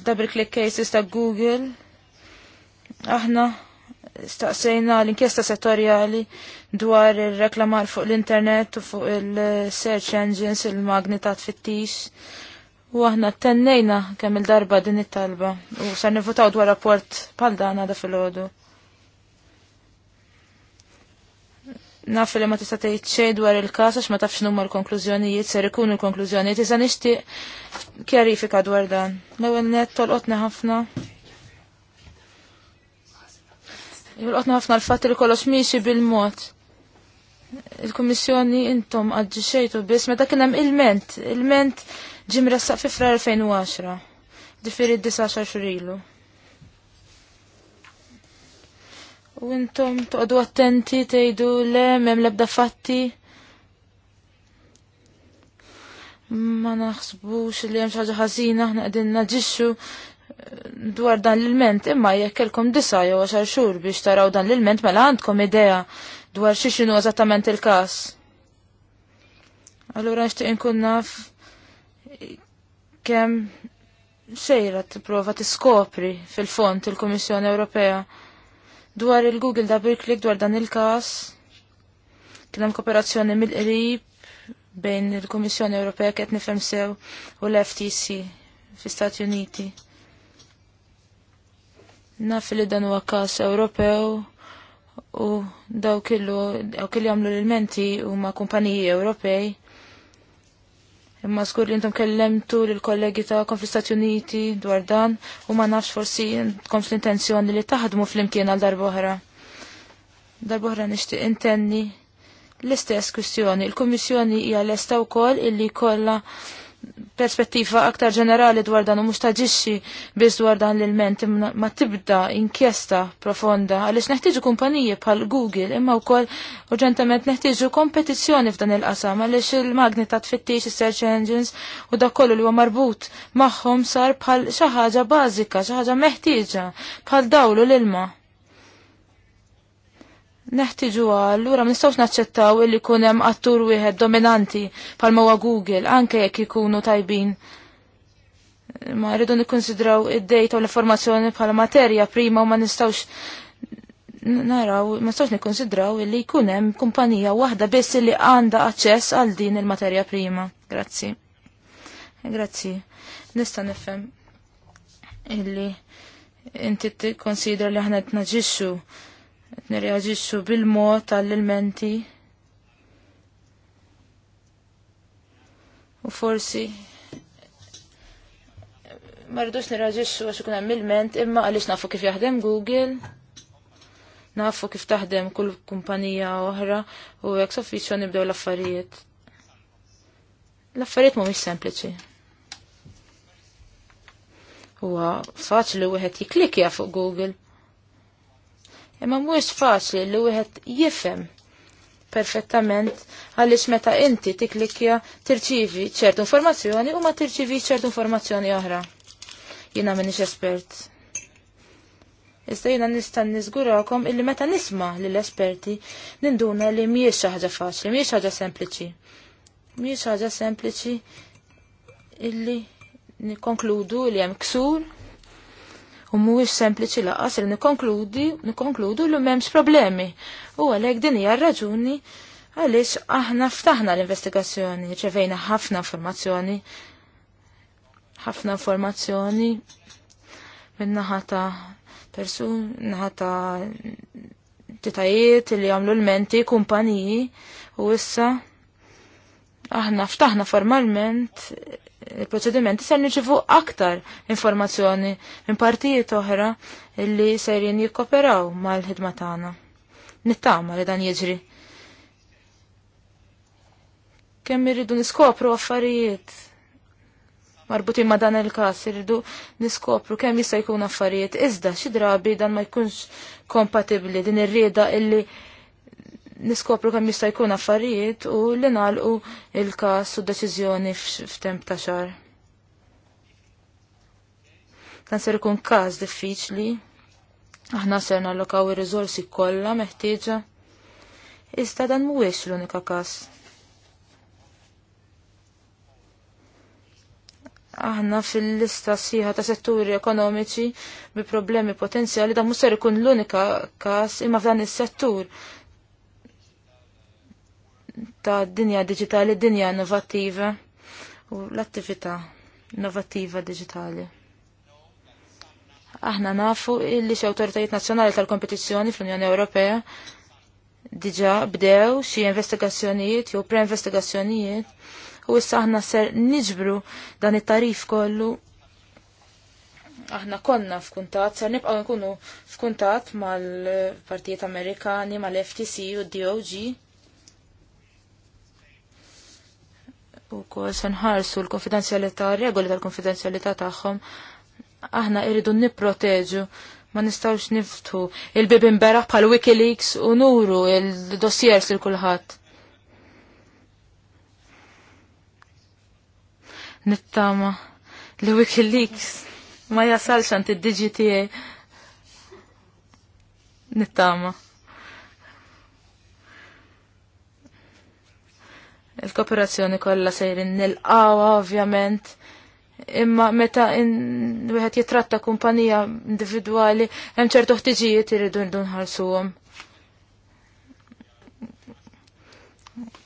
double click cases ta' Google. Aħna staqsejna l-inkjesta settorjali dwar il-reklamar fuq l-internet u fuq il-search engines, il-magnetat fittix. U aħna tennejna kemm il-darba din it-talba u sar nivutaw dwar rapport pal dana da fil-ħodu. naf li ma tista' tgħid xejn dwar il-każ għax ma tafx numma l-konklużjonijiet ser ikunu l-konklużjonijiet iżda nixtieq kjarifika dwar dan. L-ewwel net tolqotni ħafna. Jolqotna ħafna l-fatt li kollox miexi bil-mod. Il-Kummissjoni intom xejtu biss meta kien hemm ilment, ilment ġim ressaq fi frar 2010. Ġifieri d-disa xar xurilu. U intom toqdu attenti tgħidu le m'hemm l-ebda fatti. Ma naħsbux li hemm xi ħaġa ħażina aħna qegħdin naġixxu eh, dwar dan l-ilment imma jekk ilkom disa jew għaxar xhur biex taraw dan l-ilment mela għandkom idea dwar xi xinu eżattament il-każ. Allura nixtieq inkun naf kemm xejra tipprova tiskopri fil fond il-Kummissjoni Ewropea. Dwar il-Google double click dwar dan il-kas, kien hemm kooperazzjoni mill-qrib bejn il-Kummissjoni Ewropea qed nifhem sew u l-FTC fl-Istati Uniti. Naf li dan huwa każ Ewropew u daw kellu daw kelli għamlu l-menti huma kumpaniji Ewropej Imma skur li intom kellemtu l-kollegi ta' kom fl-Stati Uniti dwar dan u ma nafx forsi kom fl-intenzjoni li taħdmu fl-imkien għal darboħra. Darboħra nishtiq intenni l-istess kwistjoni. Il-Kommissjoni hija lesta wkoll illi kollha perspettiva aktar ġenerali dwar dan u mhux taġixxi biss dwar dan l-ilment ma tibda inkjesta profonda għaliex neħtiġu kumpanije bħal Google imma wkoll uġentament neħtieġu kompetizzjoni f'dan il-qasam għaliex il-magni ta' tfittix is-search engines u dak kollu li huwa marbut magħhom sar bħal xi ħaġa bażika, xi ħaġa meħtieġa bħal dawlu l-ilma. Neħtiġu ura ma nistgħux naċċettaw illi jkun hemm attur wieħed dominanti bħal ma Google anke jekk ikunu tajbin. Ma rridu nikkonsidraw id-dejta u l-informazzjoni bħala materja prima u ma nistgħux naraw ma nistgħux nikkonsidraw illi jkun hemm kumpanija waħda biss li għandha aċċess għal din il-materja prima. Grazzi. Grazzi. Nista' nifhem illi inti tikkonsidra li aħna qed naġixxu Nireagġixxu bil-mod għall-ilmenti. U forsi ma rridux nirraġixxu għax ikun hemm il-ment imma għaliex nafu kif jaħdem Google nafu kif taħdem kull kumpanija oħra u hekk soffiċċju nibdew l-affarijiet. L-affarijiet mhumiex sempliċi. Huwa faċli wieħed jiklikja fuq Google Imma mhuwiex faċli li wieħed jifhem perfettament għaliex meta inti tiklikja tirċivi ċertu informazzjoni u ma tirċivi ċertu informazzjoni oħra. Jiena m'iniex espert. Iżda jiena nista' niżgurakom illi meta nisma' lill-esperti ninduna li mhijiex xi ħaġa faċli, mhijiex ħaġa sempliċi. Mhijiex ħaġa sempliċi illi nikkonkludu li hemm ksur u mhuwiex sempliċi laqas li nikkonkludi nikkonkludu li m'hemmx problemi. U għalhekk din hija raġuni għaliex aħna ftaħna l-investigazzjoni, ċevejna ħafna informazzjoni, ħafna informazzjoni minnaħa ta' persun, naħa ta' titajiet li għamlu l-menti, kumpaniji, u issa aħna ftaħna formalment il-proċedimenti ser niċivu aktar informazzjoni minn partijiet oħra li serjen jikkoperaw mal-ħidma tagħna. Nittama li dan jiġri. Kemm irridu niskopru affarijiet marbutin ma' dan il-każ irridu niskopru kemm jista' jkun affarijiet iżda xi drabi dan ma jkunx kompatibbli din ir-rieda illi niskopru kemm jista' jkun affarijiet u li nagħlqu il-każ u deċiżjoni f'temp ta' xar. Dan ser ikun każ diffiċli. Aħna ser nallokaw ir-riżorsi kollha meħtieġa. Iżda dan mhuwiex l-unika każ. aħna fil-lista sħiħa ta' setturi ekonomiċi bi problemi potenzjali da musser ikun l-unika kas imma f'dan is-settur ta' dinja digitali, dinja innovativa u l-attività innovativa digitali. Aħna nafu illi xi awtoritajiet nazzjonali tal-kompetizzjoni fl-Unjoni Ewropea diġa bdew xi investigazzjonijiet jew pre-investigazzjonijiet u issa aħna ser niġbru dan it-tarif kollu aħna konna f'kuntat, ser nibqgħu nkunu f'kuntat mal-Partijiet Amerikani, mal-FTC u d-DOG u kol senħarsu l-konfidenzjalità, regoli tal-konfidenzjalità tagħhom. Aħna irridu nipproteġu ma nistawx niftu il-bibin beraħ bħal Wikileaks u nuru il-dossiers il kulħadd. Nittama li Wikileaks ma jasalx għant id-DGTA. Nittama. Il-kooperazzjoni kollha sejrin nilqawa ovvjament. Imma meta wieħed jitratta kumpanija individwali hemm ċertu ħtiġijiet iridu nħallsuhom.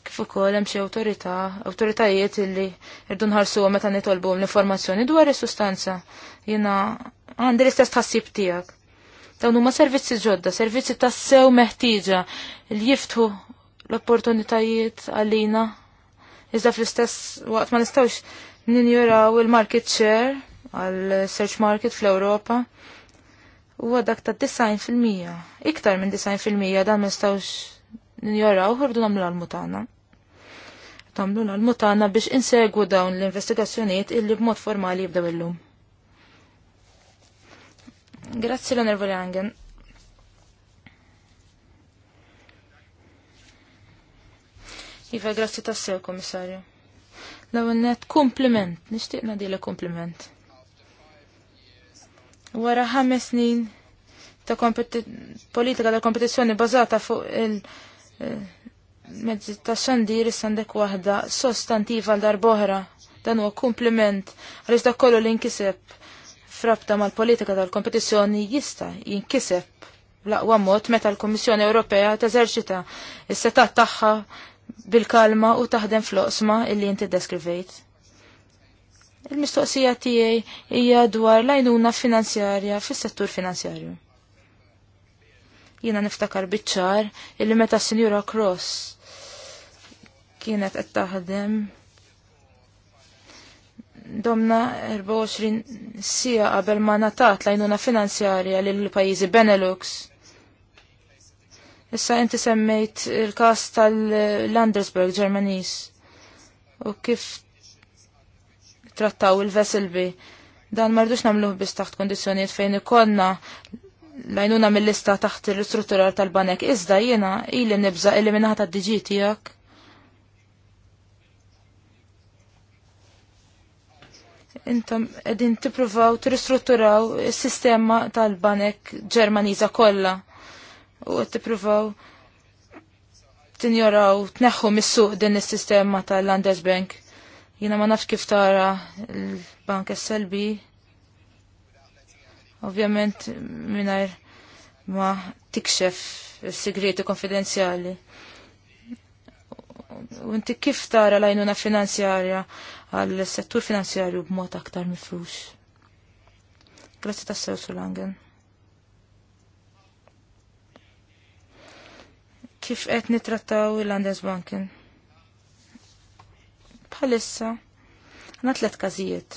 Kif ukoll hemm xi awtorità, awtoritajiet illi irdu nħallsuhom meta nitolbuhom l-informazzjoni dwar is-sustanza. Jiena għandi l-istess tħassib tiegħek. Dawn huma servizzi ġodda, servizzi tassew meħtieġa li jiftħu l-opportunitajiet għalina Iżda fl-istess waqt ma nistawx ninjuraw il-market share għal search market fl-Europa u għadak ta' 90%. Iktar minn 90% dan ma nistawx ninjuraw ħordu namlu għal-mutana. Tamlu għal-mutana biex insegwu dawn l-investigazzjoniet illi b'mod formali jibdew illum. Grazzi l-onorevoli Angen. Iva, grazzi tas-Sew komissarju. L-għonnet kompliment, nishtiqna dile kompliment. Wara ħames snin ta' politika ta' kompetizzjoni bazata fuq il- eh, mezzi ta' xandir sandek wahda sostantiva l-darbohra. Dan huwa kompliment għaliex dak kollu li nkiseb frabta mal-politika tal-kompetizzjoni jista' jinkiseb l-aqwa mod meta l-Kummissjoni Ewropea teżerċita s-setat tagħha bil-kalma u taħdem fl-oqsma illi inti deskrivejt. Il-mistoqsija tiegħi hija dwar l-għajnuna finanzjarja fis-settur finanzjarju. Jiena niftakar biċ-ċar illi meta Sinjura Cross kienet qed taħdem domna 24 sija qabel ma natat lajnuna finanzjarja lil pajjiżi Benelux Issa inti semmejt il-kas tal-Landersberg Ġermanis u kif trattaw il-Veselbi. Dan mardux namluħ biss taħt kondizjoniet fejn ikonna lajnuna mill-lista taħt il-strutturar tal-banek, iżda jena ili nibza eliminata d diġi tijak. Intom edin tipruvaw t-ristrutturaw il-sistema tal-banek ġermaniza kolla u qed tippruvaw tinjoraw tneħħu mis-suq din is-sistema tal Bank. Jiena ma nafx kif tara l-Bank SLB. Ovvjament mingħajr ma tikxef is-sigreti konfidenzjali inti kif tara lajnuna finanzjarja għal settur finanzjarju b'mod aktar mifrux? Grazie tassew Sulangen. kif qed nitrattaw il-Landesbanken. Bħalissa, għandna tliet każijiet.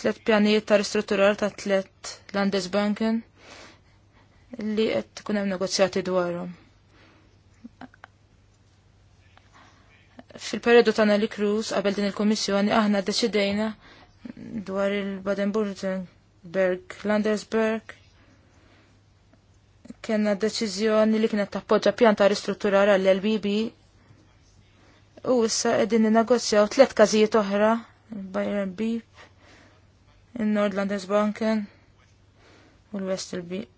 Tliet pjanijiet ta' ristrutturar ta' tliet Landesbanken li qed tkun hemm negozjati dwarhom. Fil-periodu tagħna li Cruz qabel din il-Kummissjoni aħna deċidejna dwar il-Baden-Württemberg, Landesberg, kena deċiżjoni li kienet tappoġġa pjanta ristrutturar għall-LBB u issa qegħdin negozjaw tliet każijiet oħra Bayern Beep, il-Nordlandes Banken u l west Beep.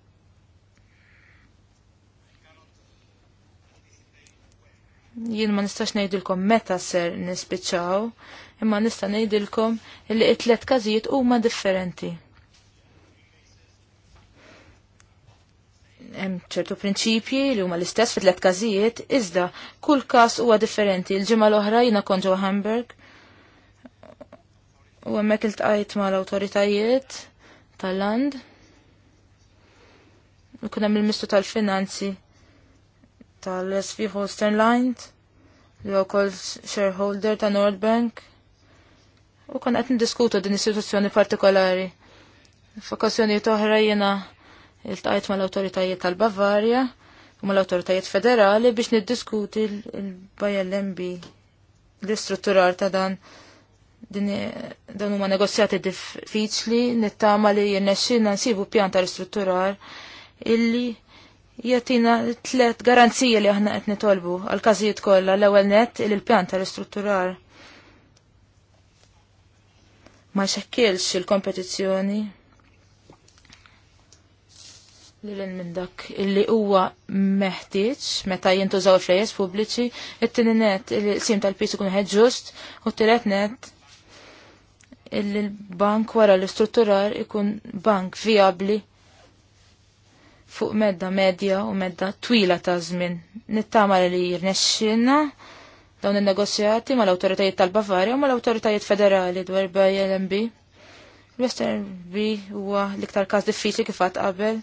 jien ma nistax ngħidilkom meta ser nispiċċaw, imma nista' ngħidilkom li t-tlet każijiet huma differenti. hemm ċertu prinċipji li huma l-istess fit-tlet każijiet, iżda kull każ huwa differenti. Il-ġimgħa l-oħra jiena kont Hamburg u hemmhekk iltqajt mal-awtoritajiet tal-land. U kien hemm il-Ministru tal-Finanzi tal-SV Holstern Line li wkoll shareholder ta' Nordbank. U kon qed niddiskutu din is-sitwazzjoni partikolari. F'okkażjonijiet oħra jiena il-tajt ma l-autoritajiet tal-Bavarja u ma l-autoritajiet federali biex niddiskuti l-BLMB l-istrutturar ta' dan dan huma negozjati diffiċli nittama li jirnexxina nsibu pjan ta' ristrutturar illi jatina tlet garanzija li aħna qed nitolbu għal każijiet kollha l-ewwel net il pjan ta' ristrutturar ma xekkilx il-kompetizzjoni li minn dak illi huwa meħtieġ meta jintużaw flejjes pubbliċi, it-tieni net li sim tal-pis ikun ħed ġust, u t-tielet net illi l-bank wara l-istrutturar ikun bank viabli fuq medda medja u medda twila ta' żmien. Nittama li jirnexxina dawn in-negozjati mal-awtoritajiet tal-Bavarja u mal-awtoritajiet federali dwar BLMB. l B huwa l-iktar każ diffiċli kif qabel. qabel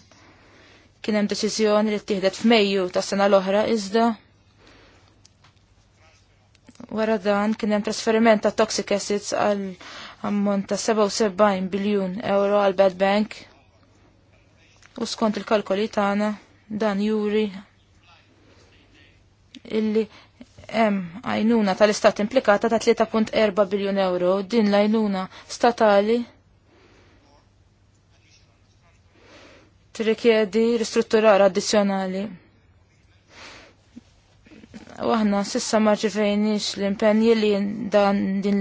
Kien hemm deċiżjoni li ttieħdet f'Mejju tas-sena l-oħra iżda wara dan kien hemm trasferiment ta' toxic assets għal ammont ta' 77 biljun euro għal Bad Bank. U skont il-kalkoli tagħna dan juri illi hemm għajnuna tal-istat implikata ta' 3.4 biljun euro din l-għajnuna statali tirrikjedi ristrutturar addizzjonali. U aħna sissa marġivejnix l-impenji li dan din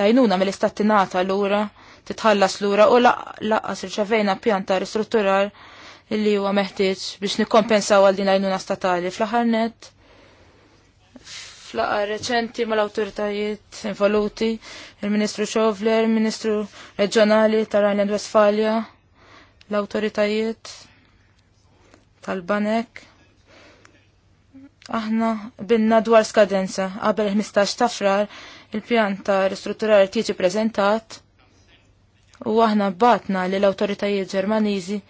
lajnuna mill istatti nata l-ura, titħallas l-ura u laqqas irċavejna pjanta ristrutturar li huwa meħtieġ biex nikkompensaw għal din lajnuna statali. Fl-aħħar fl-aħħar reċenti mal-awtoritajiet involuti, il-Ministru Xovler, il-Ministru Reġjonali tar-Rajnland Westfalia, l-autoritajiet tal-banek. Aħna binna dwar skadenza qabel 15 ta' frar il-pjan ta' ristrutturali tiġi prezentat u aħna batna li l-autoritajiet ġermaniżi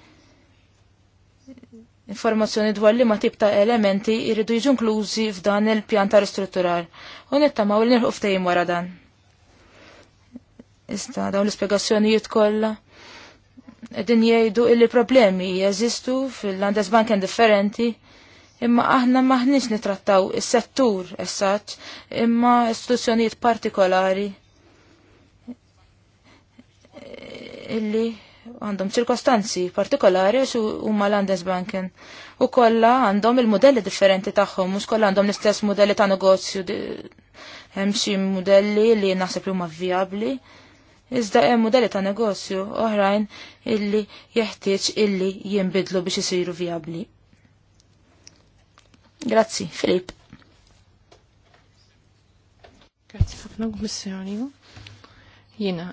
informazzjoni dwar li ma tip ta' elementi jridu jiġu inklużi f'dan il-pjan ta' ristrutturar u nittamaw li nilħu ftehim wara dan. Ista dawn l-ispjegazzjonijiet kollha din jgħidu illi problemi jeżistu fil-Landesbank differenti imma aħna maħniex nitrattaw is-settur essaċ imma istituzzjonijiet partikolari illi għandhom ċirkostanzi partikolari għax huma Banken U kollha għandhom il-modelli differenti tagħhom, mhux kollha għandhom l-istess modelli ta' negozju. Hemm xi modelli li naħseb li huma vjabbli Iżda hemm modelli ta' negozju oħrajn illi jeħtieġ illi jinbidlu biex isiru vjabli. Grazzi, Filip. Grazzi ħafna kummissarju. Jiena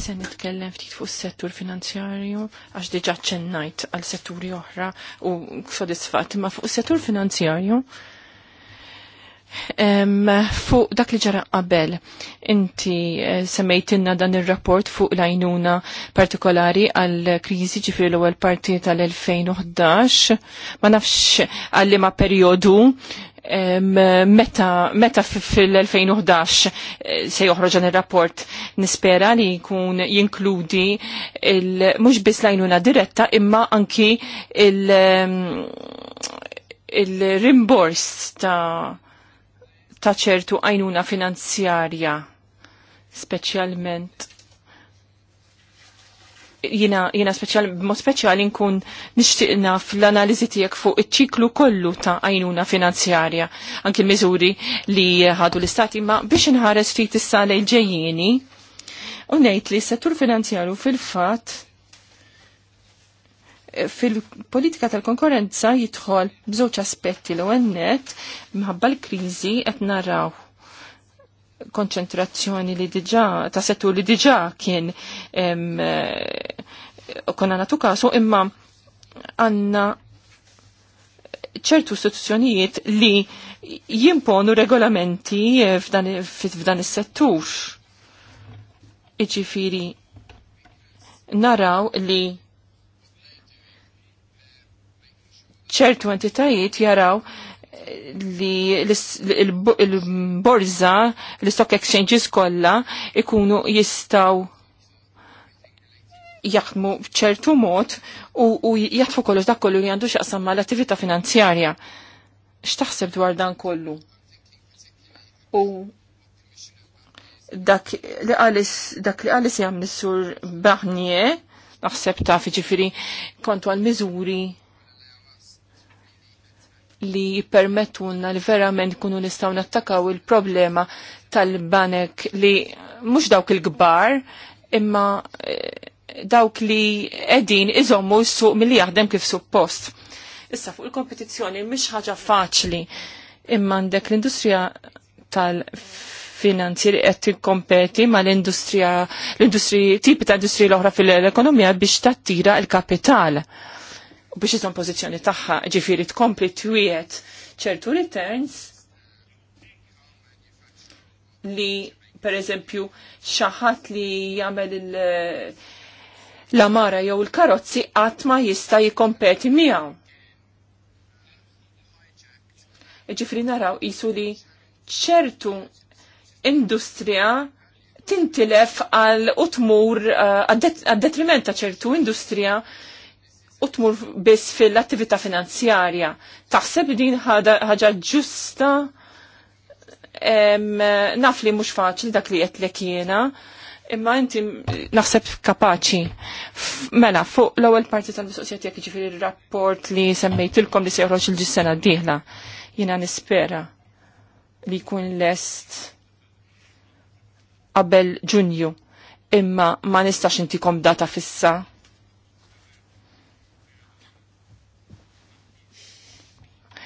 se nitkellem ftit fuq is-settur finanzjarju għax diġà ċennajt għal setturi oħra u sodisfatt ma fuq is-settur finanzjarju Fuq dak li ġara qabel, inti eh, semmejtinna dan il-rapport fuq lajnuna partikolari għal-krizi ġifri l-ewwel parti tal-2011, ma nafx għallima periodu um, meta, meta fil-2011 eh, se joħroġ il-rapport nispera li jkun jinkludi mhux biss lajnuna diretta imma anki il- il-rimbors ta' ta' ċertu għajnuna finanzjarja, speċjalment jina, jina speċjal, mod speċjali nkun nishtiqna fl-analizi tijek fuq iċ-ċiklu kollu ta' għajnuna finanzjarja, anki l-mizuri li ħadu l-istati, ma biex nħares fit issa lejn ġejjini, u nejt li settur finanzjarju fil-fat fil-politika tal-konkurrenza jidħol bżewġ aspetti l għennet mħabba l-kriżi qed naraw konċentrazzjoni li diġa, ta' settu li diġà kien eh, konna natu kasu imma għanna ċertu istituzzjonijiet li jimponu regolamenti f'dan is-settur. Iġifiri naraw li ċertu entitajiet jaraw li l-borza, l-stock exchanges kollha ikunu jistaw jaħdmu ċertu mod u, jaħdfu kollox dak kollu li għandu xaqsam l attività finanzjarja. X'taħseb dwar dan kollu? U dak li għalis, dak li għalis jgħam sur Barnier, naħseb ta' fiġifiri kontu għal-mizuri li permettunna li verament kunu nistaw nattakaw il-problema tal-banek li mux dawk il-gbar imma eh, dawk li edin iżommu s-suq mill-li jaħdem kif suppost. Issa fuq il-kompetizzjoni mhix ħaġa faċli imma għandek l-industrija tal-finanzi qed tikkompeti ma l-industrija l industrija tipi ta' industrija l-oħra fil-ekonomija biex tattira l il kapital u biex jisom pozizjoni tagħha ġifiri tkompli twiet ċertu returns li per eżempju xaħat li jagħmel eh, l-amara jew il-karozzi qatt ma jista' jikkompeti miegħu. Ġifri naraw isu li ċertu industrija tintilef għal utmur eh, għad-detriment ta' ċertu industrija u tmur biss fil-attività finanzjarja. Taħseb din ħaġa ġusta naf li mhux faċli dak li qed lek jiena, imma inti naħseb kapaċi. Mela, fuq l-ewwel parti tal-mistoqsija tiegħek jiġifieri rapport li semmejtilkom li se joħroġ il ġisena sena d-dieħla. Jiena nispera li jkun lest qabel Ġunju. Imma ma nistax intikom data fissa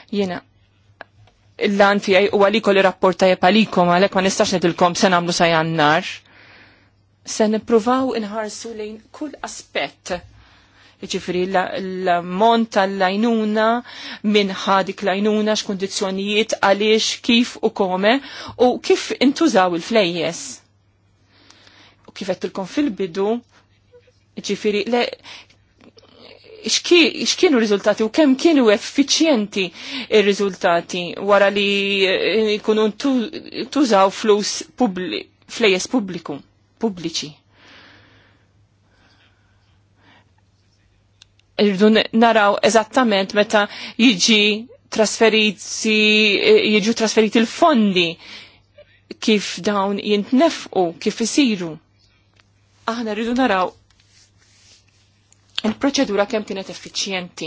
Jena, l-lan tijaj u għaliko li rapporta jepalikom għalek ma nistax netilkom sen għamlu jannar, Se nipruvaw inħarsu lejn kull aspett ġifiri l-mont tal-lajnuna, minn ħadik lajnuna, x'kundizzjonijiet, għaliex, kif u kome, u kif intużaw il-flejjes. U kif tilkom fil-bidu, ġifiri, x'kienu riżultati u kemm kienu effiċjenti ir-riżultati wara li jkunu eh, tużaw flus flejes pubbliku pubbliċi. Irdu naraw eżattament meta jiġi trasferiti eh, jiġu trasferiti l-fondi kif dawn jintnefqu, kif isiru. Aħna rridu naraw il-proċedura kemm kienet effiċjenti.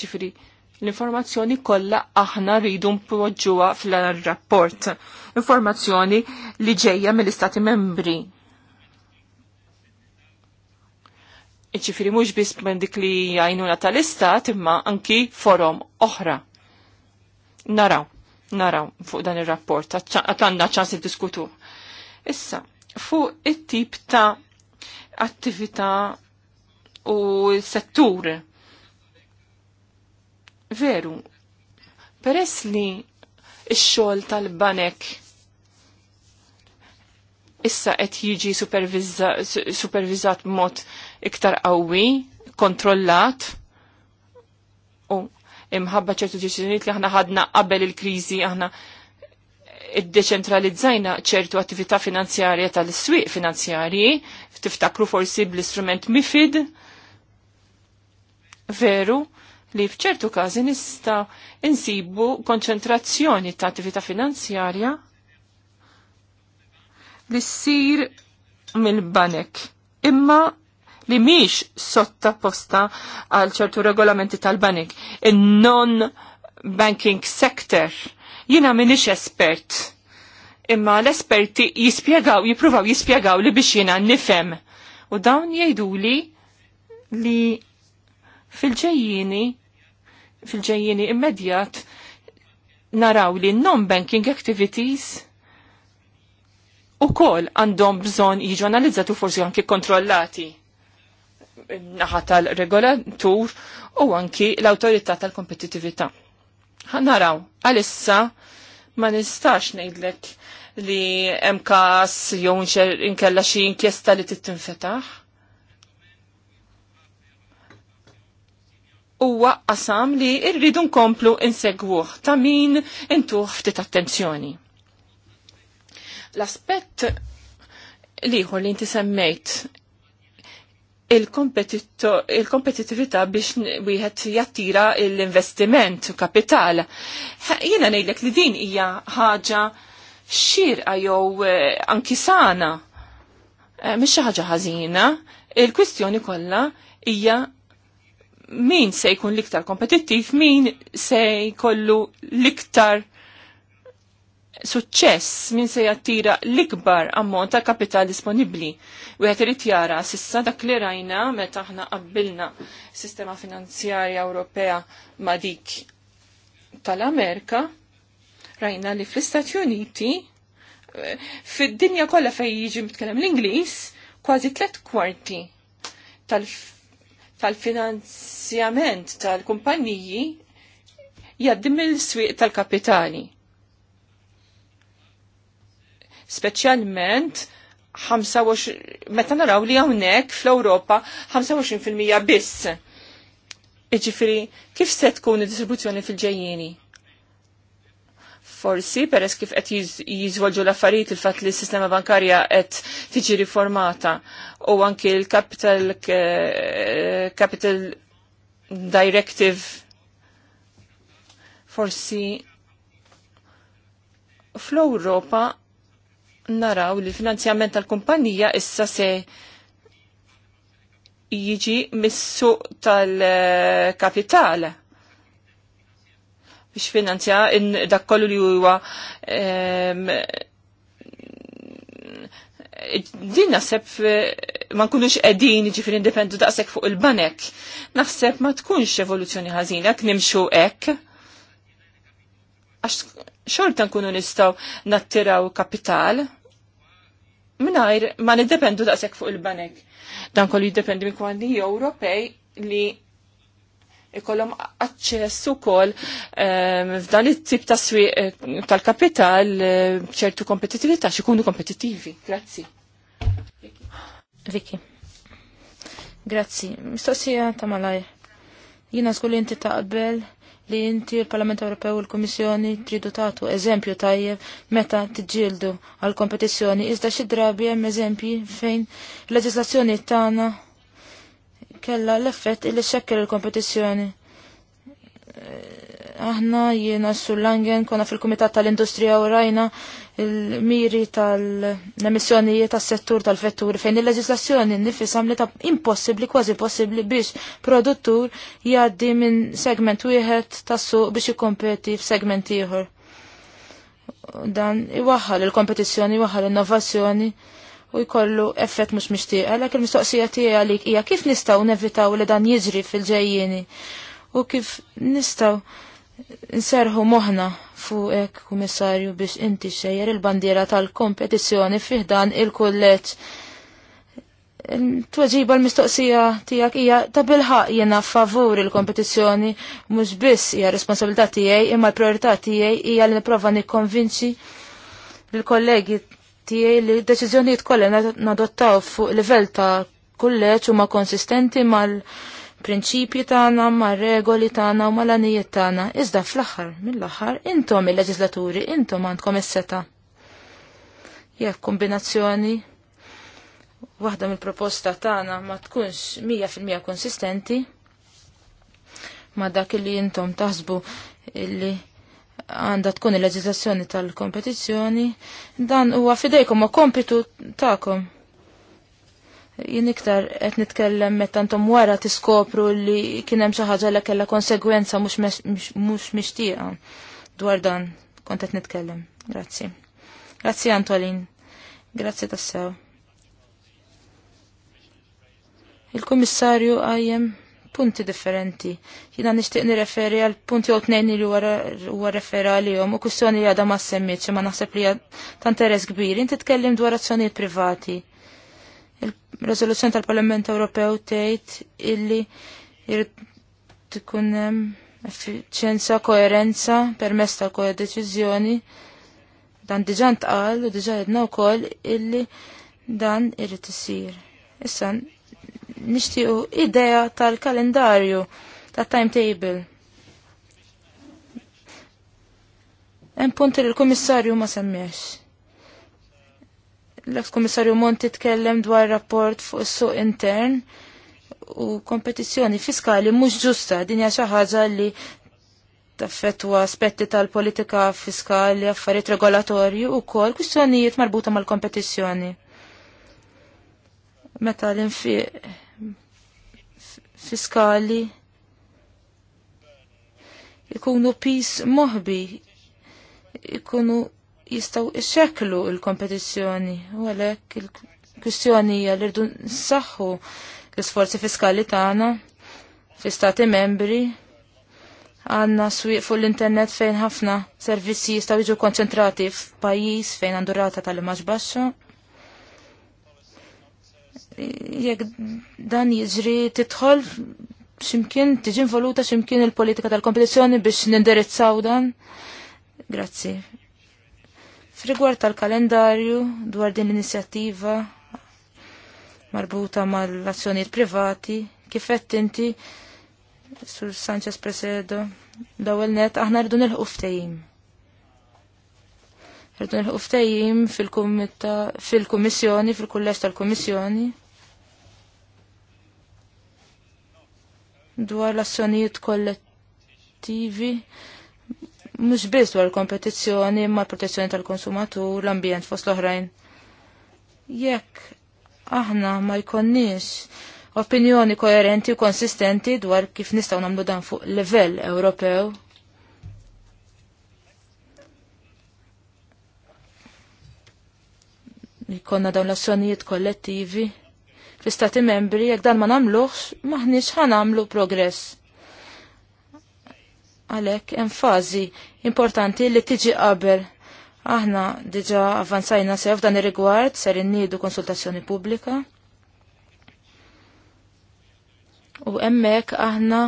Ġifiri, l-informazzjoni kollha aħna rridu mpoġġuha fl-rapport. Informazzjoni li ġejja mill-Istati membri. Iċifiri mhux biss minn dik li jajnuna tal-istat imma anki forom oħra. Naraw, naraw fuq dan ir-rapport, għandna ċans diskutu. Issa, fuq it-tip ta' attività u settur. Veru, peress li x-xogħol tal-banek issa qed jiġi supervizzat mod iktar qawwi, kontrollat, u imħabba ċertu deċiżjonijiet li aħna ħadna qabel il-kriżi aħna id-deċentralizzajna ċertu attività finanzjarja tal swieq finanzjarji, tiftakru forsi bl-istrument MIFID, veru li fċertu każi nista insibu konċentrazzjoni ta' attività finanzjarja li ssir mill-banek. Imma li miex sottaposta għal ċertu regolamenti tal-banek. Il-non banking sector. Jina minix espert. Imma l-esperti jispiegaw, jipruvaw jispiegaw li biex jina nifem. U dawn jajdu li li Fil-ġejjini, fil-ġejjini immedjat, naraw li non-banking activities u kol għandhom bżon jiġu analizzati u forsi anki kontrollati naħa tal-regolatur u anki l-autorità tal-kompetitività. Naraw, għalissa ma nistax nejdlek li emkas jew inkella xi inkjesta li tinfetaħ. huwa qasam li rridu nkomplu insegwuh ta' min intuħ ftit attenzjoni. L-aspett liħu li inti semmejt il-kompetitivita il biex wieħed jattira l-investiment kapital. Jiena ngħidlek li din hija ħaġa xirqa jew eh, anki sana. Eh, mhix xi ħaġa ħażina, il-kwistjoni kollha hija min se jkun liktar kompetittiv, min se jkollu liktar suċċess min se jattira l-ikbar ammont ta' kapital disponibli. U għet irrit jara sissa dak li rajna meta aħna qabbilna sistema finanzjarja Ewropea ma' dik tal-Amerika, rajna li fl-Istati Uniti, fid-dinja kollha fejn jiġi mitkellem l-Ingliż, kważi tliet kwarti tal tal-finanzjament tal-kumpanniji jaddim il swiq tal-kapitali. Speċjalment 25 meta naraw li hawnhekk fl-Ewropa 25% biss. Iġifieri kif se tkun id-distribuzzjoni fil-ġejjieni? forsi peress kif qed jiżvolġu l-affarijiet il-fatt li s-sistema bankarja qed tiġi riformata u anki l-Capital eh, Capital Directive forsi fl-Ewropa naraw li l-finanzjament tal-kumpanija issa se jiġi missu tal-kapitale eh, biex finanzja in dak kollu li huwa din naħseb eh, ma nkunux qegħdin ġifir indipendu daqsek fuq il-banek. Naħseb ma tkunx evoluzzjoni ħażina jekk nimxu hekk. Għax xorta nkunu nistgħu nattiraw kapital mingħajr ma niddependu daqsek fuq il-banek. Dan kollu jiddependi minn kwandi Ewropej li ikollhom aċċess ukoll ehm, f'dan it-tip ta' swieq eh, tal-kapital eh, b'ċertu kompetitività jkunu kompetittivi. Grazzi. Vicky. Grazzi. Mistoqsija ta' malaj. Jiena żgur li inti taqbel li inti l-Parlament Ewropew u l-Kummissjoni tridu tagħtu eżempju tajjeb meta tiġġieldu għal kompetizzjoni iżda xi drabi hemm eżempji fejn l leġislazzjoni tagħna kella l-effett illi sekker il-kompetizjoni. Eh, aħna jiena Langen konna fil-Kumitat tal-Industrija u rajna il-miri tal-emissjonijiet tas-settur tal-vetturi fejn il-leġislazzjoni li ta' impossibli, kważi possibli biex produttur jgħaddi minn segment wieħed tas-suq biex jikompeti f'segment ieħor. Dan iwaħħal il-kompetizzjoni, iwaħħal innovazzjoni u jkollu effett mhux mishtiq. Għalhekk il-mistoqsija tiegħi għalik hija kif nistgħu nevitaw li dan jiġri fil ġejjini u kif nistgħu nserħu moħħna fuq hekk kummissarju biex inti xejjer il-bandiera tal-kompetizzjoni fih dan il-kulleġġ. Tweġiba l-mistoqsija tiegħek hija ta' bilħaq jiena favur il-kompetizzjoni mhux biss hija responsabilità tiegħi imma l-priorità tiegħi hija li nipprova nikkonvinċi l-kollegi tijaj li deċiżjonijiet kollha nadottaw fuq livell ta' u huma konsistenti mal-prinċipji tagħna, mar-regoli tagħna u mal-għanijiet tagħna. Iżda fl-aħħar mill-aħħar intom il-leġislaturi, intom għandkom is-seta. Jekk kombinazzjoni waħda mill-proposta tagħna ma tkunx 100% konsistenti ma dak li intom taħsbu illi għandha tkun il-leġislazzjoni tal-kompetizzjoni, dan huwa fidejkom ma' kompitu ta'kom. Jien iktar qed nitkellem meta intom wara tiskopru li kien hemm xi ħaġa li kellha konsegwenza mhux mixtieqa dwar dan kont qed nitkellem. Grazzi. Grazzi Antolin. Grazzi tassew. Il-Kummissarju għajem punti differenti. Jina nishtiq nireferi għal punti u tnejn li huwa refera għal jom u kustjoni li għadha ma semmiċ, ma naħseb li ta' interess kbir. Inti tkellim dwar azzjonijiet privati. Il-rezoluzzjoni tal-Parlament Ewropew tgħid illi jrid tkun effiċenza, koerenza, permess tal deċiżjoni. Dan diġà ntqal u diġà jedna wkoll illi dan irid isir. Issa nixtiequ idea tal-kalendarju ta timetable Hemm punti li l-Kummissarju ma semmiex. l eks kummissarju Monti tkellem dwar rapport fuq is-suq intern u kompetizzjoni fiskali mhux ġusta din hija xi ħaġa li taffettwa aspetti tal-politika fiskali, affarijiet regolatorji u kol kwistjonijiet marbuta mal-kompetizzjoni meta l-infiq fiskali ikunu pis moħbi ikunu jistaw ixxeklu il-kompetizzjoni u għalek il-kwistjoni li rridu nsaħħu l-sforzi fiskali tagħna fi-stati membri għanna swieq fuq l-internet fejn ħafna servizzi jistaw jiġu konċentrati f'pajjiż fejn għandu rata tal-imax baxxa jekk dan jiġri titħol ximkien tiġi involuta ximkien il-politika tal-kompetizzjoni biex nindirizzaw dan. Grazzi. Frigward tal-kalendarju dwar din l-inizjattiva marbuta mal-azzjonijiet privati, kifett inti sur Sanchez Presedo, dawel net aħna rridu nilħu ftehim. Rridu nilħu ftehim fil-kummissjoni, fil-kulleġġ tal-kummissjoni. fil kulleġġ tal kummissjoni dwar l-azzjonijiet kollettivi mhux biss dwar il-kompetizzjoni ma l-protezzjoni tal-konsumatur, l-ambjent fost l-oħrajn. Jekk aħna ma jkonnix opinjoni koerenti u konsistenti dwar kif nistgħu nagħmlu dan fuq livell Ewropew, jikonna dawn l-azzjonijiet kollettivi fl-istati membri, jekk dan ma nagħmluhx, maħniex ħanamlu progress. Għalhekk hemm fażi importanti li tiġi qabel. Aħna diġà avanzajna sew f'dan ir-rigward ser innidu konsultazzjoni pubblika. U hemmhekk aħna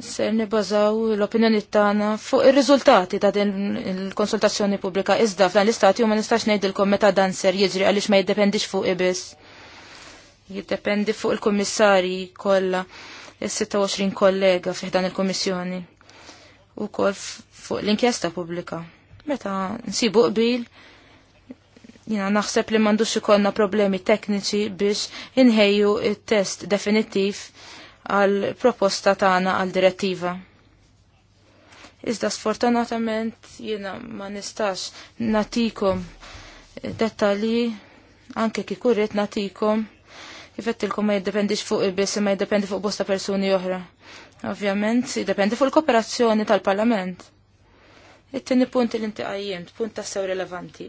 ser nibbażaw l-opinjoni tagħna fuq ir-riżultati ta' din il-konsultazzjoni pubblika iżda fl istati u ma nistax ngħidilkom meta dan ser jiġri għaliex ma jiddependix fuq ibis. Jiddependi fuq il-kummissarji kollha is-26 kollega fih dan il-Kummissjoni u kol fuq l-inkjesta pubblika. Meta nsibu qbil, jina naħseb li mandux ikollna problemi tekniċi biex inħejju il-test definittiv għal proposta tagħna għal direttiva. Iżda sfortunatament jiena ma nistax natikom dettalji anke kieku rrid natikom ilkom ma jiddependix fuq il-biss ma jiddependi fuq bosta persuni oħra. Ovvjament, jiddependi fuq il-kooperazzjoni tal-Parlament. It-tieni punt li inti qajjimt, punt ta' sew rilevanti.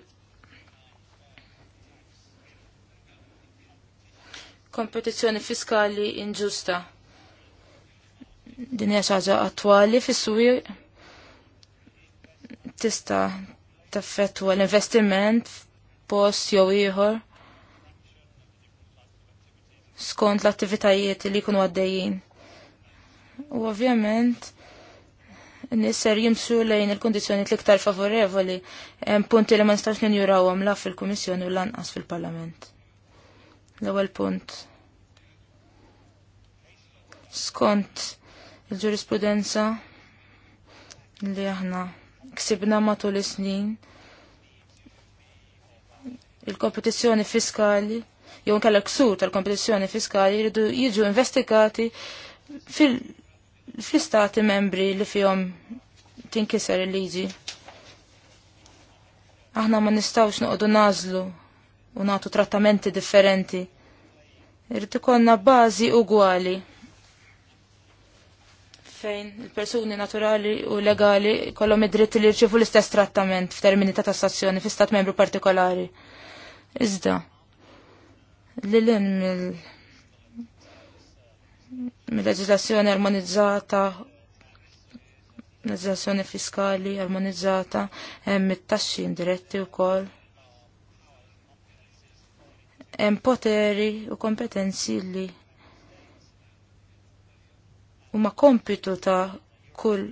Kompetizzjoni fiskali inġusta din hija ħaġa attwali fis-suq tista' taffettwa l-investiment f'post jew ieħor skont l-attivitajiet li jkunu għaddejjin. U ovvjament nisser jimsu lejn il-kondizjoni l-iktar favorevoli hemm punti li ma nistax ninjurawhom la fil-Kummissjoni u lanqas fil-Parlament. L-ewwel punt. Skont Il-ġurisprudenza li aħna ksibna matul is-snin il-kompetizzjoni fiskali jew nkella ksur tal-kompetizzjoni fiskali jridu jiġu investigati fl-istati membri li fihom tinkiser il-liġi. Aħna ma nistawx noqogħdu nażlu u nagħtu trattamenti differenti. Irid ikollna bażi ugwali fejn il-persuni naturali u legali kollhom id-dritt li jirċifu l-istess trattament f'termini ta' tassazzjoni fi stat membru partikolari. Iżda, li l mill-leġislazzjoni armonizzata, leġislazzjoni fiskali armonizzata, hemm it-taxxi indiretti wkoll. Hemm poteri u kompetenzi li huma kompitu ta' kull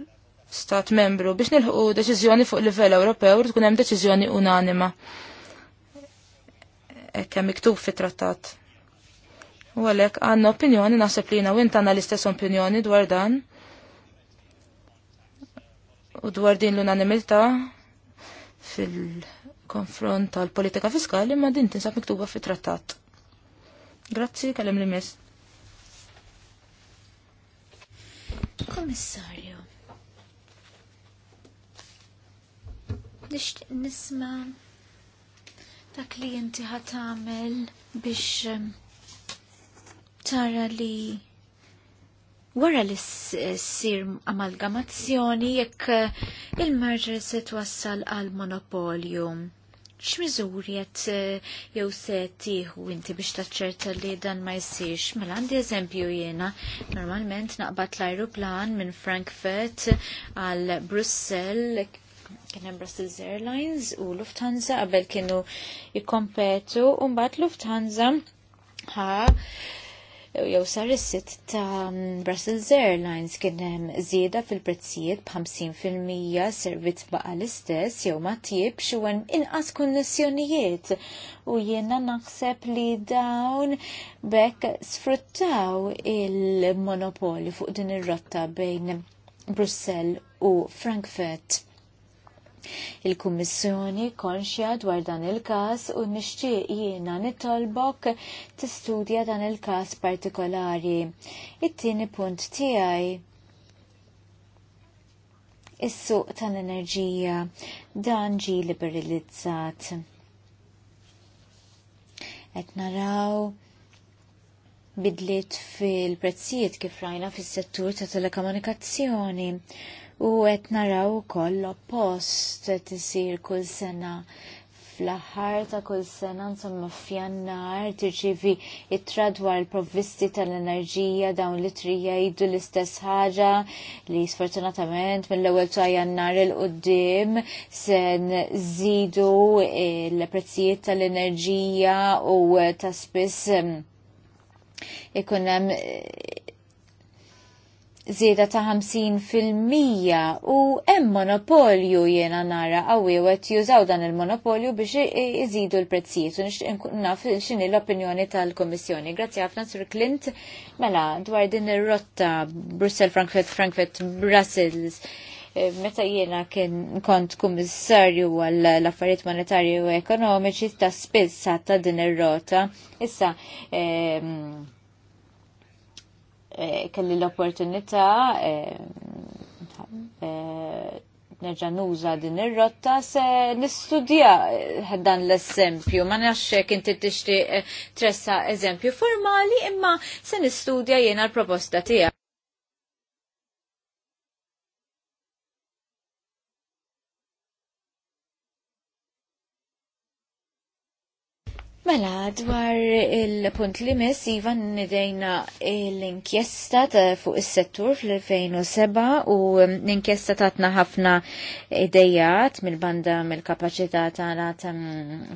stat membru biex nilħu deċiżjoni fuq livell Ewropew tkun hemm deċiżjoni unanima. Hekk hemm miktub fit-trattat. U għalhekk għandna opinjoni naħseb li jiena u għandna l-istess opinjoni dwar dan. U dwar din l-unanimità fil-konfront tal-politika fiskali ma din tinsab miktuba fit-trattat. Grazzi, kellem li mis. Kommissarju. Nishtiq nisma ta' klienti ħat ħatamel biex ehm, tara li wara li s-sir amalgamazzjoni jekk eh, il merġer se twassal għal monopolju ċmizuri għet eh, jew se tiħu inti biex taċċerta li dan ma jsirx. Mela għandi eżempju jiena, normalment naqbad l-ajruplan minn Frankfurt għal Brussell kien hemm Brussels Airlines u Lufthansa qabel kienu jikkompetu u mbagħad Lufthansa ħa jew sar is-sit ta' Brussels Airlines kien hemm żieda fil-prezzijiet b'50% servizz baqa' l-istess jew ma tiebx u hemm inqas konnessjonijiet u jiena naħseb li dawn bekk sfruttaw il-monopoli fuq din ir-rotta bejn Brussell u Frankfurt Il-Kummissjoni konxja dwar dan il-kas u nixtieq jiena nitolbok tistudja dan il-kas partikolari. It-tieni punt tiegħi is-suq tal-enerġija dan ġi liberalizzat. Qed naraw bidliet fil-prezzijiet kif rajna fis-settur ta' telekomunikazzjoni u qed naraw ukoll post qed isir kull sena fl-aħħar ta' kull sena insomma f'jannar tirċivi it-tradwar provvisti tal-enerġija dawn li trija jiddu l-istess ħaġa li sfortunatament mill-ewwel ta' jannar il qudiem se nżidu l-prezzijiet tal-enerġija u ta' spiss ikun hemm zieda ta' 50% u hemm monopolju jiena nara qawwi u qed jużaw dan il-monopolju biex iżidu l-prezzijiet u naf x'inhi l-opinjoni tal kummissjoni Grazzi ħafna Sir Clint mela dwar din ir-rotta Brussel Frankfurt Frankfurt Brussels eh, meta jiena kien kont kummissarju għall l-affarijiet monetarju u ekonomiċi ta' spiss ta' din ir-rota. Issa eh, Eh, kelli l-opportunità eh, eh, nerġa' nuża din ir-rotta se nistudja dan l-eżempju. Ma nafx inti tixtieq tressa eżempju formali imma se nistudja jiena l-proposta tiegħek. Mela, dwar il-punt li mis, Iva nidejna l-inkjesta fuq is-settur fl-2007 u l-inkjesta tatna ħafna idejat mill-banda mill-kapacità tagħna ta'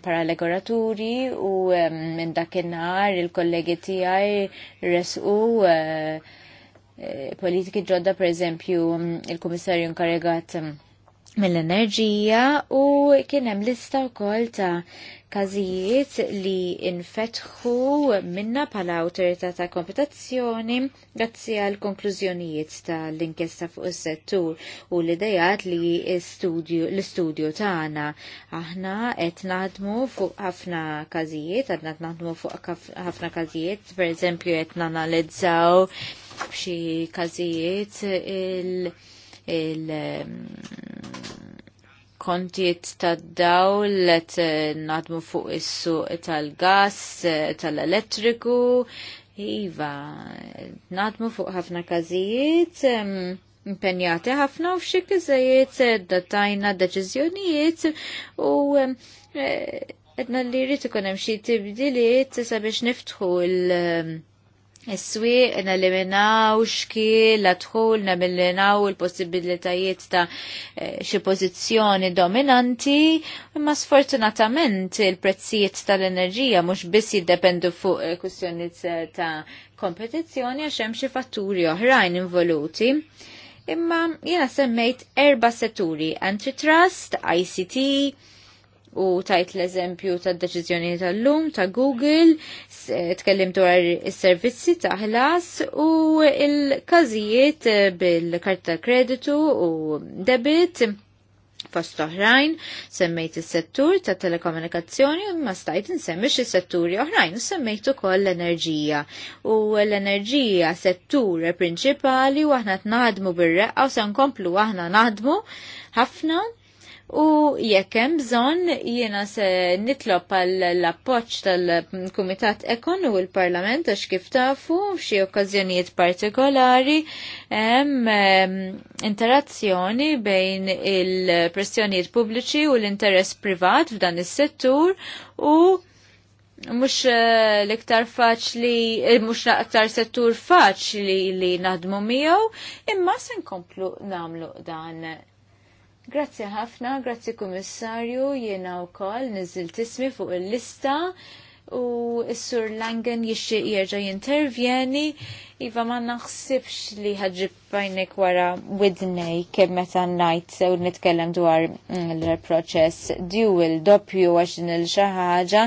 paralegoraturi u minn dakinhar il-kollegi tiegħi resqu eh, eh, politiki ġodda per eżempju il-Kummissarju nkarregat mm, mill-enerġija u kien hemm lista wkoll ta' kazijiet li infetħu minna pala autorita ta' kompetazzjoni grazzi għal konklużjonijiet ta' l-inkjesta fuq is-settur u l-idejat li l-istudju tagħna. Aħna qed naħdmu fuq ħafna kazijiet, għadna naħdmu fuq ħafna kazijiet, pereżempju qed nanalizzaw b'xi kazijiet il- il kontijiet tad-dawl let eh, nadmu fuq is-suq tal-gas, eh, tal-elettriku, iva, nadmu fuq ħafna każijiet impenjati ħafna u f'xi kazijiet, eh, datajna deċiżjonijiet u edna li rrid ikun hemm xi tibdiliet sabiex niftħu l- Is-swieq neliminaw xkil l-adħul, neliminaw il-possibilitajiet ta' eh, xi pożizzjoni dominanti, imma sfortunatament il-prezzijiet tal-enerġija mhux biss jiddependu fuq eh, kwistjonijiet eh, ta' kompetizzjoni għax hemm xi fatturi oħrajn involuti. Imma jiena semmejt erba' setturi: antitrust, ICT, u tajt l-eżempju ta' deċizjoni tal-lum ta' Google, tkellim dwar is-servizzi ta' ħlas u il-każijiet bil-karta kreditu u debit fost oħrajn, semmejt is-settur ta' telekomunikazzjoni ma stajt nsemmi xie setturi oħrajn u semmejt ukoll l-enerġija. U l-enerġija settur prinċipali u aħna tnaħdmu bir-reqqa u se nkomplu aħna naħdmu ħafna u jekk hemm bżonn jiena se nitlob għall appoġġ tal-Kumitat Ekon u l-Parlament għax kif tafu f'xi okkażjonijiet partikolari hemm ehm, interazzjoni bejn il-pressjonijiet pubbliċi u l-interess privat f'dan is-settur u mux eh, l-iktar faċli, eh, mux l-iktar settur faċli li naħdmu miegħu, imma se nkomplu namlu dan Grazzi ħafna, grazzi kummissarju, jiena wkoll niżilt tismi fuq il-lista u s-sur Langen jixi jerġa' jintervjeni. Iva ma naħsibx li ħagġib bajnek wara widnej kemm meta ngħid sew nitkellem dwar mm, l-proċess il doppju għax il xi ħaġa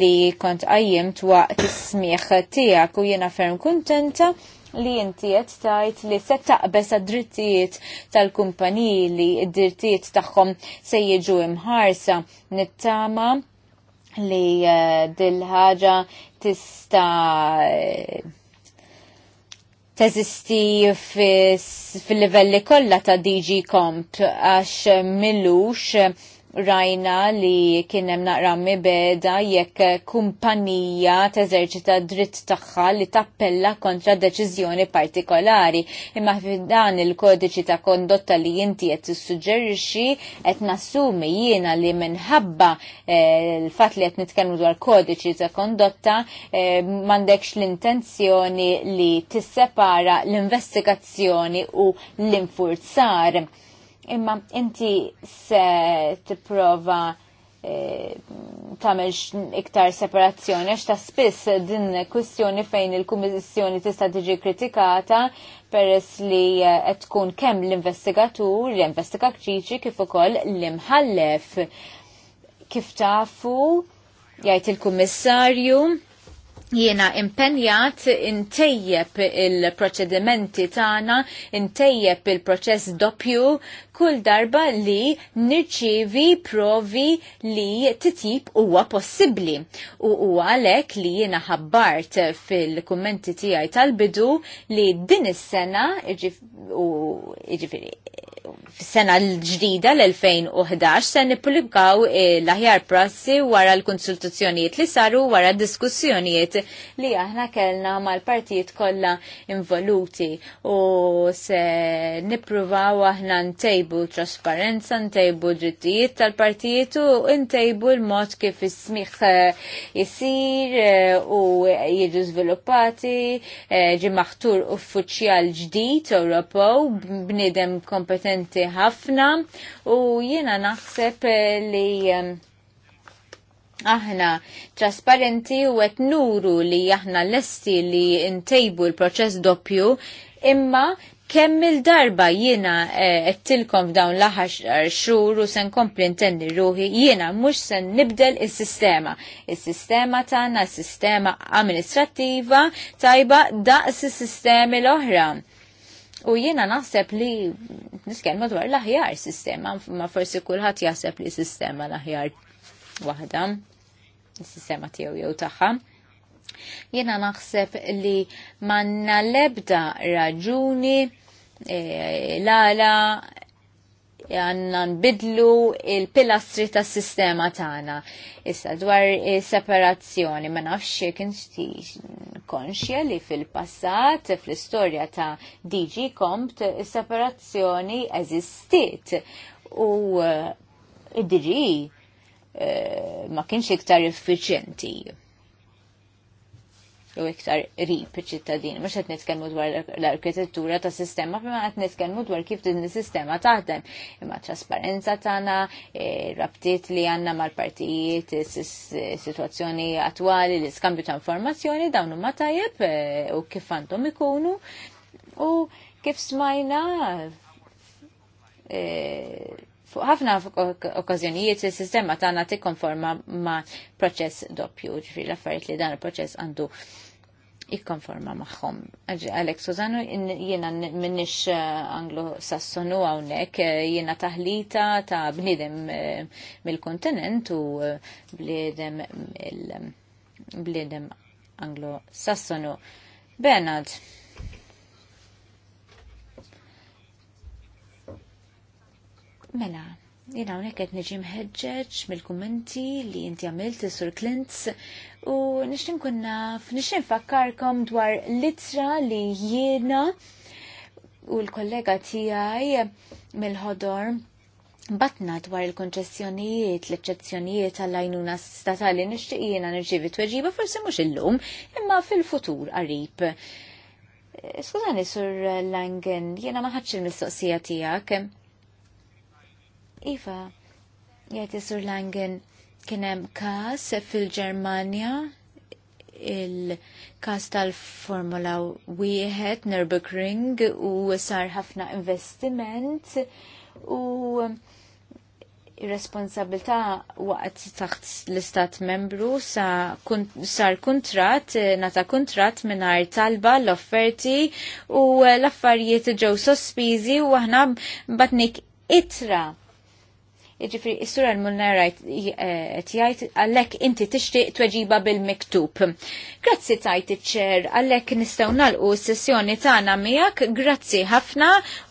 li kont qajjimt waqt is-smieħ tiegħek u jiena ferm kuntenta li inti qed tajt li se taqbes għad-drittijiet tal-kumpaniji li d-drittijiet tagħhom se jiġu imħarsa nittama li eh, dil-ħaġa tista eh, teżisti fil-livelli kollha ta' DG Comp għax millux rajna li kienem naqra beda jekk kumpanija teżerċita dritt tagħha li tappella kontra deċiżjoni partikolari. Imma fiddan il-kodiċi ta' kondotta li inti qed tissuġġerixxi qed nassumi jiena li minħabba eh, l-fatt li qed nitkellmu dwar kodiċi ta' kondotta eh, m'għandekx l-intenzjoni li tissepara l-investigazzjoni u l-infurzar imma inti se tipprova eh, tagħmel iktar separazzjoni għax ta' spiss din kwistjoni fejn il-kummissjoni tista' tiġi kritikata peress li eh, qed tkun kemm l-investigatur, l-investigatriċi kif ukoll l-imħallef kif tafu jgħid il-kummissarju jiena impenjat intejjeb il-proċedimenti tagħna, intejjeb il-proċess doppju kull darba li nirċivi provi li titjib huwa possibbli. U huwa għalhekk li jiena ħabbart fil-kummenti tiegħi tal-bidu li din is-sena u f sena l-ġdida l-2011 se nipplikaw eh, l-aħjar prassi wara l-konsultazzjonijiet li saru wara diskussjonijiet li aħna kellna mal-partijiet kollha involuti u se nippruvaw aħna ntejbu trasparenza, ntejbu drittijiet tal-partijiet u ntejbu l-mod kif is-smiħ jisir eh, eh, u jiġu żviluppati ġi maħtur uffiċjal ġdid Ewropew b'nidem kompetenti effiċenti ħafna u jiena naħseb li aħna trasparenti u qed nuru li aħna lesti li ntejbu l-proċess doppju imma kemm il-darba jiena eh, għettilkom f'dawn l-aħħar xhur u sen kompli ntenni ruħi jiena mhux sen nibdel is-sistema. Is-sistema tagħna, is-sistema amministrattiva tajba daqs is-sistemi l-oħra. U jiena naħseb li niskelma dwar l-aħjar sistema, ma forsi kulħadd jaħseb li sistema l-aħjar waħda, sistema tiegħu jew tagħha. Jiena naħseb li manna lebda raġuni eh, l-għala għanna nbidlu il-pilastri ta' sistema tagħna. Issa dwar separazzjoni ma nafx kien konxja li fil-passat fl-istorja ta' DG Compt separazzjoni eżistiet u eh, id-diri eh, ma kienx iktar effiċenti jew iktar rib iċ-ċittadini Mhux qed nitkellmu dwar l-arkitettura ta' sistema, imma qed nitkellmu dwar kif din is-sistema taħdem. Imma trasparenza tagħna, rabtiet li għandna mal-partijiet, is-sitwazzjoni attwali, l-iskambju ta' informazzjoni dawn huma tajjeb e, u kif għandhom ikunu u kif smajna e, fuq ħafna okkażjonijiet il-sistema tagħna tikkonforma ma' proċess doppju, ġifieri l-affarijiet li dan il-proċess għandu ikkonforma maħħom. Għalek, Suzano, jiena minnix eh, anglo-sassonu għawnek, eh, jiena taħlita ta' bnidem eh, mill-kontinent u bnidem bnidem anglo-sassonu. Bernard, mela, Jina unek għed neġi mħedġeġ mill-kommenti li inti għamilt sur Klintz u nixtin kunna f'nixtin fakkarkom dwar litra li jiena u l-kollega tijaj mill-ħodor batna dwar il-konċessjonijiet, l-eċċezzjonijiet għall-għajnuna statali nixtieq jiena nirċievi tweġiba forsi mhux illum, imma fil-futur qarib. Eh, skużani sur Langen, jiena ma ħadx il-mistoqsija tiegħek. Iva, jgħet jisur Langen kienem kas fil-Germania il-kas tal-Formula wieħed Nürburgring u sar ħafna investiment u responsabilta waqt taħt l-istat membru sa sar kontrat, nata kontrat minar talba l-offerti u l-affarijiet ġew sospiżi u aħna batnik itra Iġifri, s-sura l-mulna rajt tijajt, eh, għallek inti t-ixtiq tweġiba bil-miktub. Grazzi tajt iċ għallek nistaw nalqu s-sessjoni tagħna miegħek, grazzi ħafna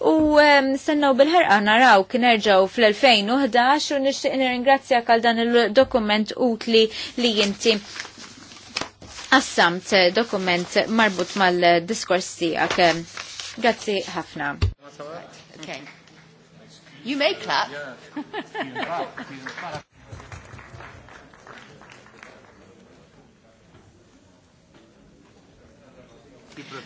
u ehm, sennaw bil-ħerqa naraw nerġgħu fl-2011 u nixtieq nirringrazzjak għal dan il-dokument utli li inti assamt eh, dokument marbut mal-diskors tiegħek. Grazzi ħafna. Okay. You may clap.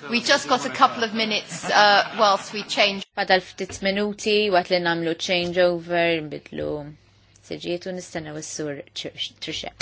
We just got a couple of minutes uh, whilst we change. Badal ftit minuti waqt li namlu changeover bidlu. Seġietu nistennaw is-sur Trisha.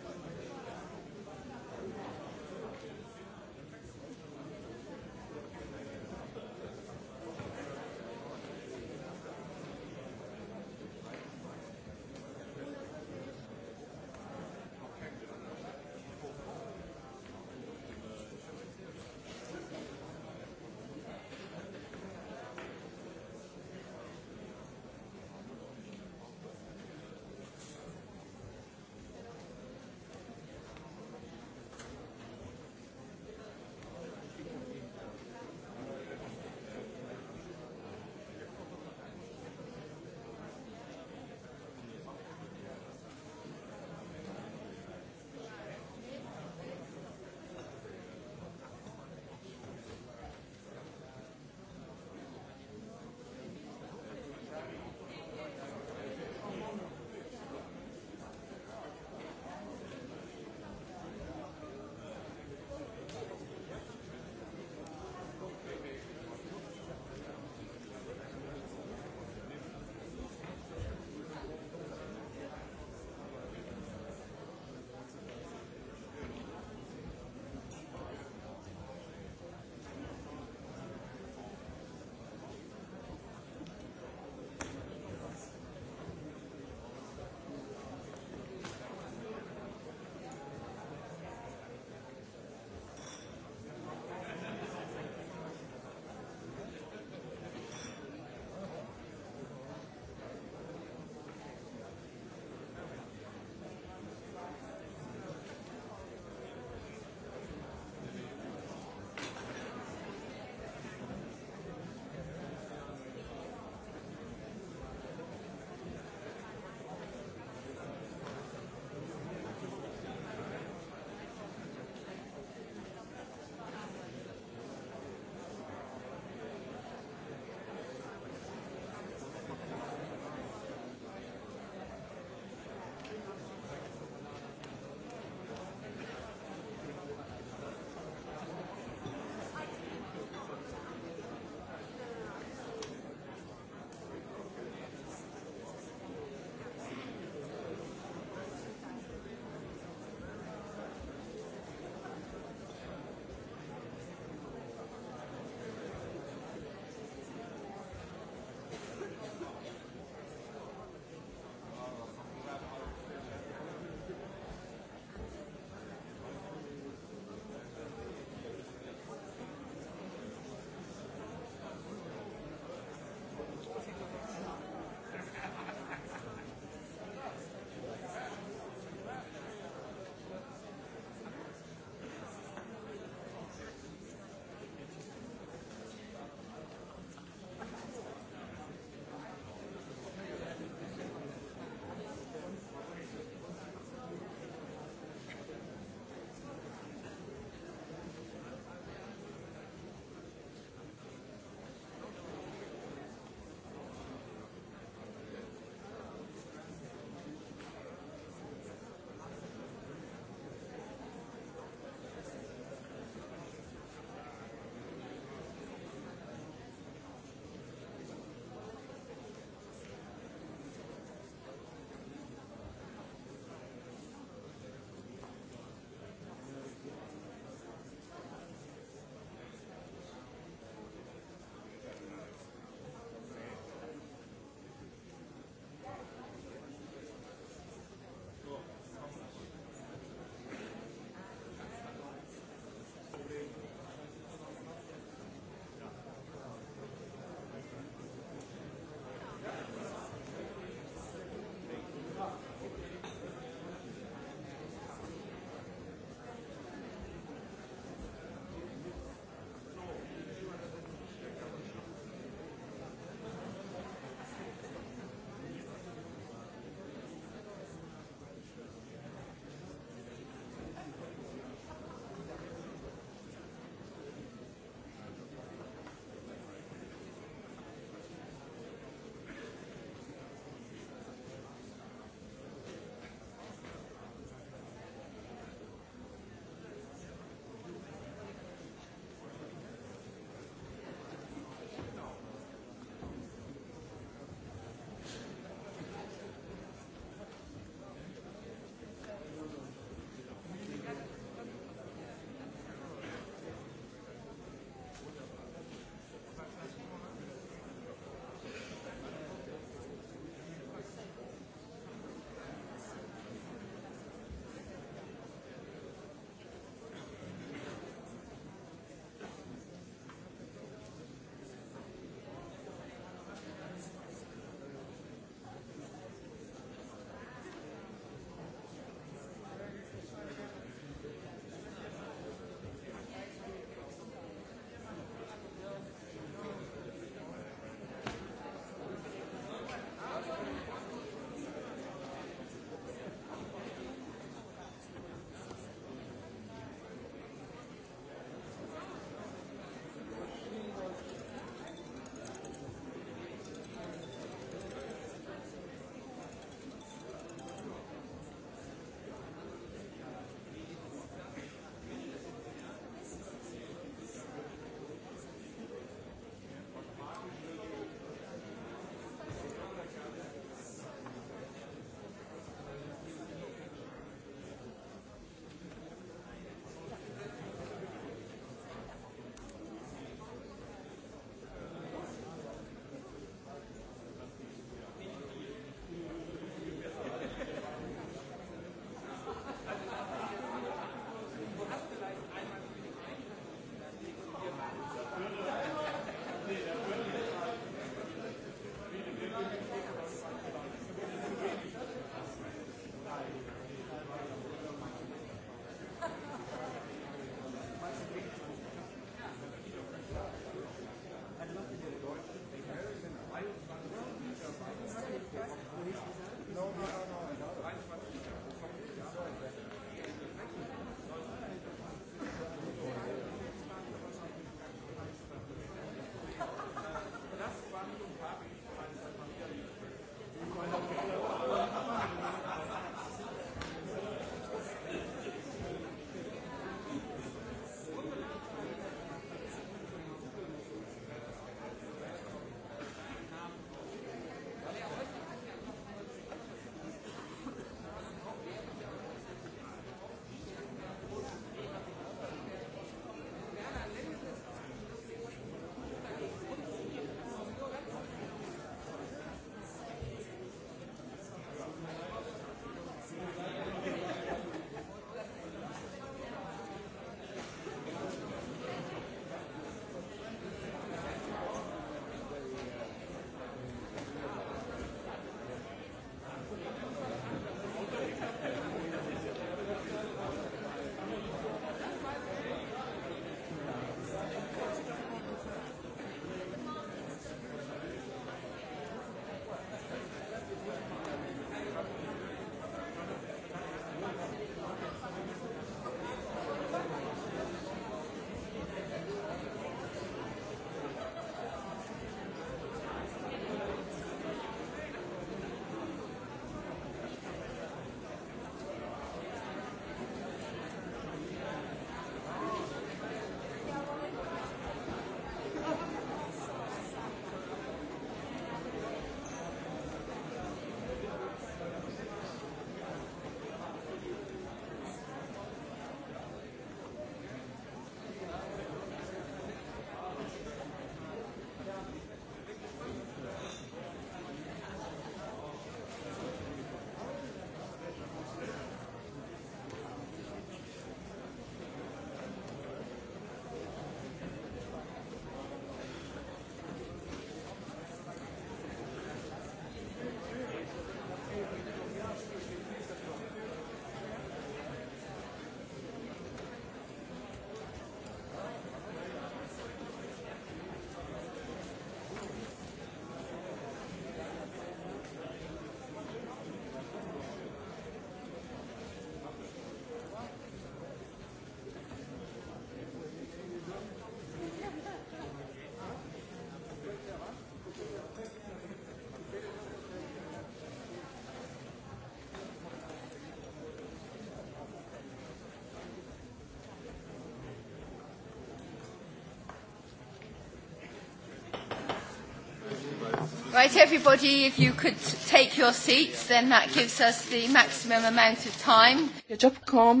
Right, everybody, if you could take your seats, then that gives us the maximum amount of time. Jaġobkom,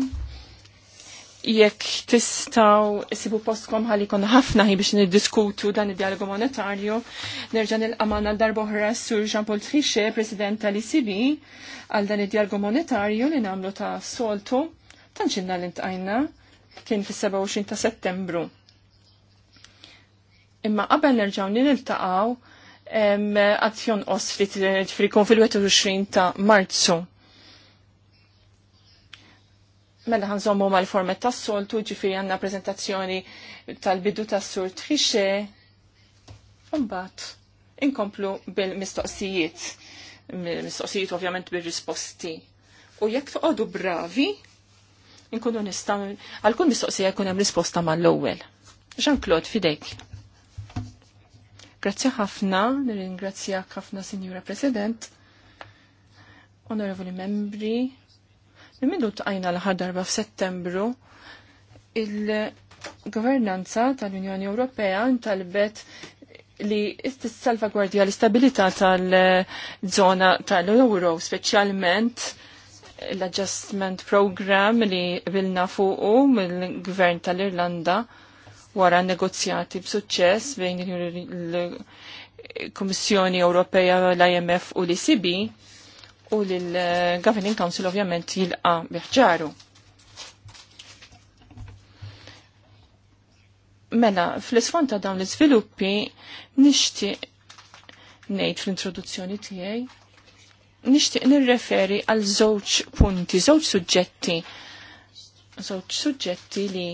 jekk tistaw sibu postkom ħalli kon ħafna ħi biex niddiskutu dan id-dialogu monetarju, nerġa' amana darboħra sur Jean-Paul Trichet, President tal-ICB, għal dan id-dialogu monetarju li namlu ta' soltu, tanċinna l intajna kien fis-27 ta' settembru. Imma qabel nerġaw niltaqgħu azzjon os li t fil-21 ta' marzu. Mela ma' mal-format tas soltu ġifiri għanna prezentazzjoni tal-bidu tas sur tħixe. Umbat, inkomplu bil-mistoqsijiet. Mistoqsijiet ovvjament bil-risposti. U jekk toqodu bravi, inkunu nistaw, għal-kun mistoqsija jkun hemm risposta mal-ewwel. Jean-Claude, fidejk. Grazie ħafna, nirringrazzjak ħafna Signora President, Onorevoli Membri, Nimindu tqajna l-ħar darba f'Settembru, il-Governanza tal-Unjoni Ewropea ntalbet li salvagwardja l-istabilità tal-zona tal-Euro, speċjalment l-Adjustment Program li bilna fuqu mill-Gvern tal-Irlanda wara negozjati b'suċċess bejn il-Kummissjoni Ewropea l-IMF u l-ICB u l-Governing Council ovvjament jilqa biħġaru. Mela, fl-isfond ta' dawn l-iżviluppi nixtieq ngħid fl-introduzzjoni tiegħi nixtieq nirreferi għal żewġ punti, żewġ suġġetti, żewġ suġġetti li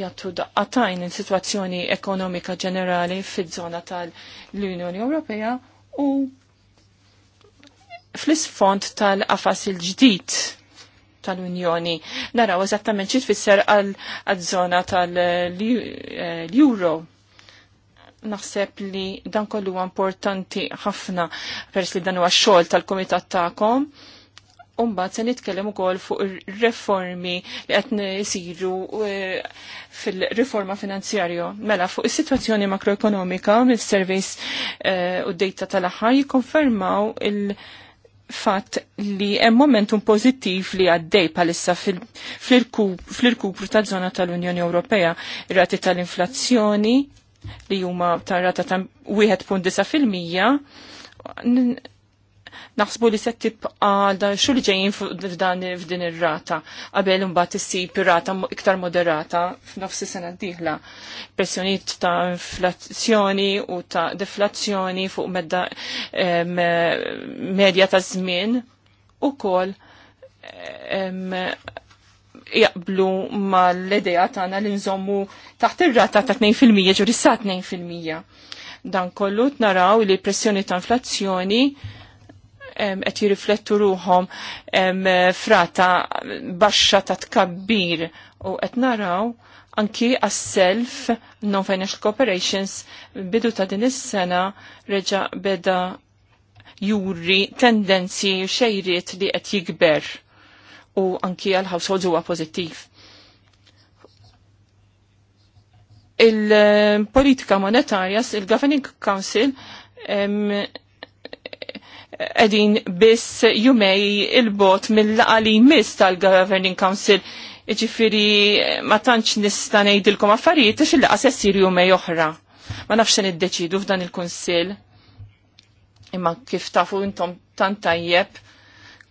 jattu daqqatajn il-situazzjoni ekonomika ġenerali fil-żona tal-Unjoni Ewropea u fl-isfond tal-qafas il-ġdid tal-Unjoni. Naraw eżattament xi tfisser għal-żona tal-Euro. Naħseb li dan kollu importanti ħafna peress li dan huwa xogħol tal-Kumitat tagħkom. Ta Umbat se nitkellem ukoll fuq ir-reformi li qed isiru eh, fil-riforma finanzjarju. Mela fuq is-sitwazzjoni makroekonomika mis servis eh, u d-dejta tal-aħħar jikkonfermaw il- fatt li hemm momentum pożittiv li għaddej palissa fl-irkupru ta' żona tal-Unjoni Ewropea, rati tal-inflazzjoni li huma ta' rata ta' 1.9 fil-mija naħsbu li se tibqa' da li ġejjin f'dan f'din ir-rata qabel imbagħad issib pirata iktar moderata f'nofsi sena d-dieħla. Pressjonijiet ta' inflazzjoni u ta' deflazzjoni fuq medda medja ta' żmien ukoll jaqblu ma l-ideja tagħna li nżommu taħt ir-rata ta' 2% ġuri sa' 2%. Dan kollu naraw li pressjoni ta' inflazzjoni qed jirriflettu ruhom frata baxxa ta' tkabbir u qed naraw anki għas-self non-financial corporations bidu ta' din is-sena reġa' beda juri tendenzi u xejriet li qed jikber u anki għal household huwa pożittiv. Il-politika monetarja, il-Governing Council, edin biss jumej il-bot mill-għali mis tal-Governing Council iġifiri ma tantx nista' ngħidilkom affarijiet għax il-laqa se ssir jumej oħra. Ma nafx se deċidu f'dan il-kunsill. Imma kif tafu intom tant tajjeb,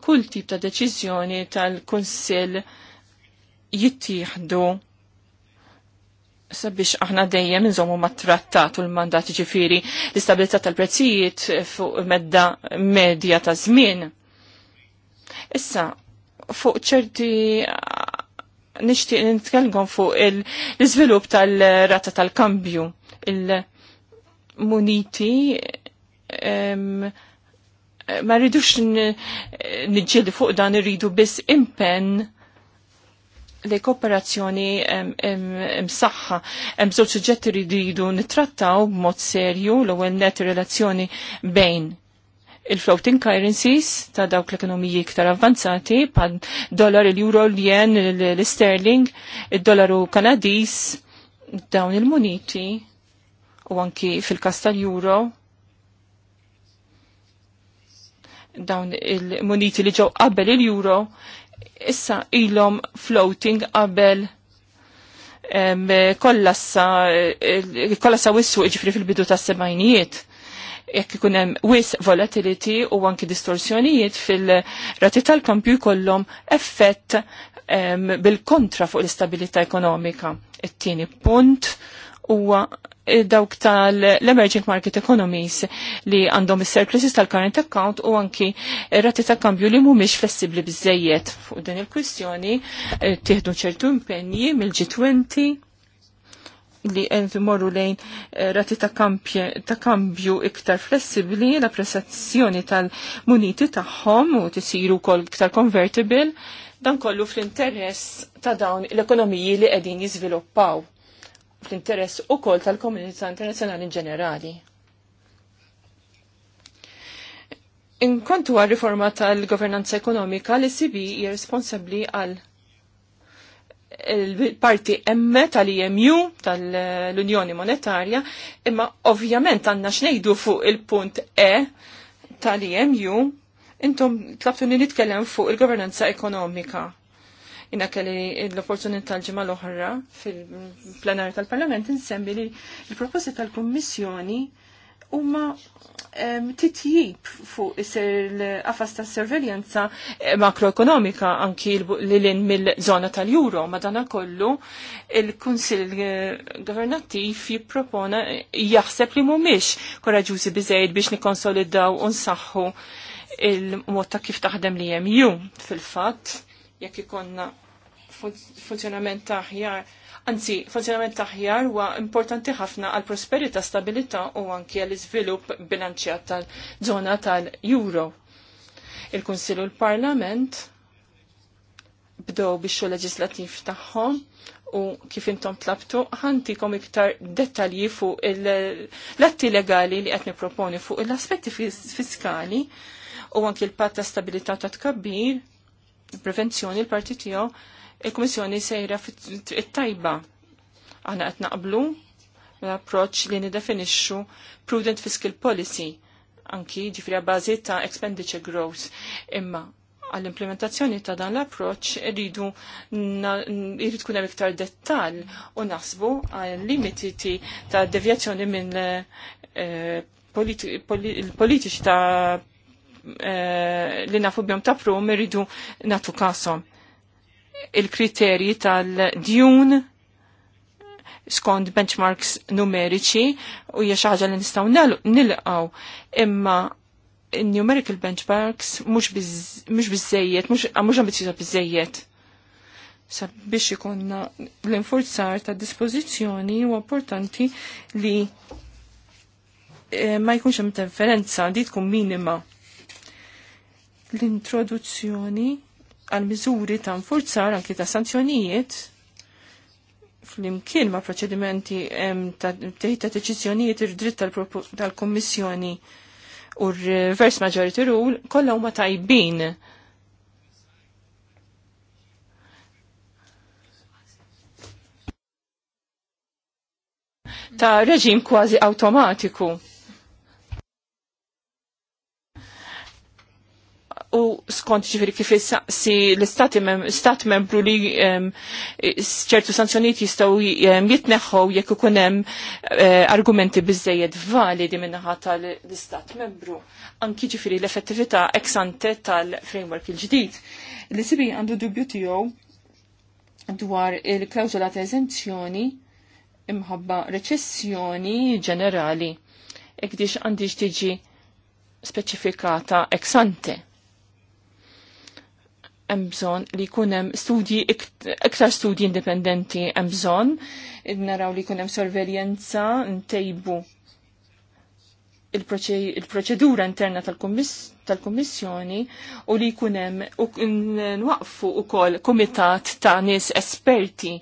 kull tip ta' deċiżjoni tal-kunsill jittieħdu sabiex aħna dejjem nżommu ma' trattatu l-mandat ġifiri l-istabilità tal-prezzijiet fuq medda medja ta' żmien. Issa, fuq ċerti nixtieq nitkellmkom fuq l-iżvilupp tal-rata tal-kambju, il-muniti ma rridux nġieli fuq dan irridu biss impenn li kooperazzjoni msaħħa. Hemm suġġetti li jridu nittrattaw b'mod serju l-ewwel net relazzjoni bejn il-floating currencies ta' dawk l-ekonomiji iktar avvanzati, pa' dollar il-euro, l-jen, l-sterling, il-dollaru kanadis, dawn il-muniti, u anki fil-kas tal-euro, dawn il-muniti li ġew qabel il-euro, issa ilhom floating qabel kollassa wissu iġifri fil-bidu tas sebajnijiet jekk ikun hemm wis volatility u anki distorsjonijiet fil-rati tal-kampju jkollhom effett bil-kontra fuq l-istabilità ekonomika. It-tieni punt huwa dawk tal-emerging market economies li għandhom is-surpluses tal-current account u anki rati ta' kambju li mhumiex flessibbli bizzejiet fuq din il-kwistjoni eh, tieħdu ċertu impenji mill-G20 li morru lejn eh, rati ta' kambju iktar flessibbli la prestazzjoni tal-muniti tagħhom u tisiru kol iktar convertible dan kollu fl-interess ta' dawn l-ekonomiji li qegħdin jiżviluppaw fl-interess u kol tal-komunità internazjonali in ġenerali. Inkontu għal riforma tal-governanza ekonomika li sibi responsabli għal il-parti emme tal-IMU, tal-Unjoni Monetarja, imma ovvjament għanna xnejdu fuq il-punt E tal-IMU, intom tlabtu nitkellem fuq il-governanza ekonomika. Jina kelli l-opportunità l-ġimgħa l-oħra fil-plenar tal-Parlament insemmi li l-proposti tal-Kummissjoni huma titjib fuq l qafas ta' sorveljanza eh, makroekonomika anki l in mill-zona tal-juro. Madana kollu il-Kunsil eh, Governattiv jippropona jaħseb li mumiex koraġuzi biżejt biex nikonsolidaw unsaħħu il-mod ta' kif taħdem li jemju fil-fat jekk ikonna funzjonament taħjar, anzi, funzjonament taħjar huwa importanti ħafna għal prosperità, stabilità u anki għal iżvilupp bilanċjat tal-żona tal-Euro. Il-Kunsill u l-Parlament bdew bixxu leġislattiv tagħhom u kif intom tlabtu ħantikom iktar dettalji fuq l-atti legali li qed nipproponi fuq l-aspetti fiskali u anki l-patta stabilità ta' tkabbir prevenzjoni l-parti tiegħu il komissjoni sejra fit-tajba. Aħna qed naqblu l-approċċ li nidefinixxu prudent fiscal policy anki ġifri bażi ta' expenditure growth. Imma għall-implementazzjoni ta' dan l-approċ rridu irrid tkun hemm iktar dettall u naħsbu għal limiti ta' devjazzjoni minn eh, eh, politiċi ta' Eh, li nafu bjom ta' prum um, irridu natu kasom. Il-kriterji tal-djun skont benchmarks numeriċi u hija xi ħaġa li nistgħu nilqgħu imma numerical benchmarks mhux biżejjed, mhux ah, ambizzjuża biżejjed sabiex ikonna l-infurzar ta' dispożizzjoni u importanti li eh, ma jkunx hemm differenza di tkun minima l-introduzzjoni għal miżuri ta' nfurzar anki ta' sanzjonijiet fl-imkien ma' proċedimenti ta' deċiżjonijiet ir-dritt tal-Kommissjoni u r-reverse majority rule kollha huma tajbin. ta' reġim kważi automatiku. u skont ġifiri kif si l-istat mem, membru li ċertu sanzjoniet jistaw jitneħħu jekk ikun hemm eh, argumenti bizzejed validi minnaħa tal-istat membru. Anki ġifiri l-effettività ex ante tal-framework il-ġdid. Li sibi għandu dubju tiegħu dwar il klawzula ta' eżenzjoni imħabba reċessjoni ġenerali. Ekdix għandix tiġi speċifikata ex ante hemm bżonn li jkun hemm studji iktar studji indipendenti hemm bżonn naraw li jkun hemm sorveljenza ntejbu il-proċedura interna tal-Kummissjoni u li jkun hemm nwaqfu wkoll kumitat ta' nis esperti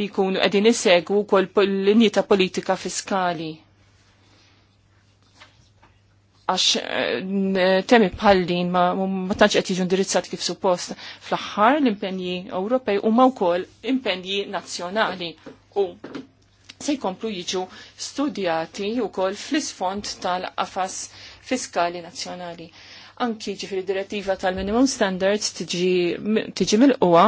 li jkunu qegħdin isegwu kol l-linji ta' politika fiskali għax eh, temi bħal din ma, ma tantx qed jiġu ndirizzat kif suppost fl-aħħar l-impenji Ewropej huma wkoll impenji nazzjonali u se jkomplu jiġu studjati wkoll fl-isfond tal-qafas fiskali nazzjonali. Anki ġifri direttiva tal-minimum standards tiġi, tiġi mill-qwa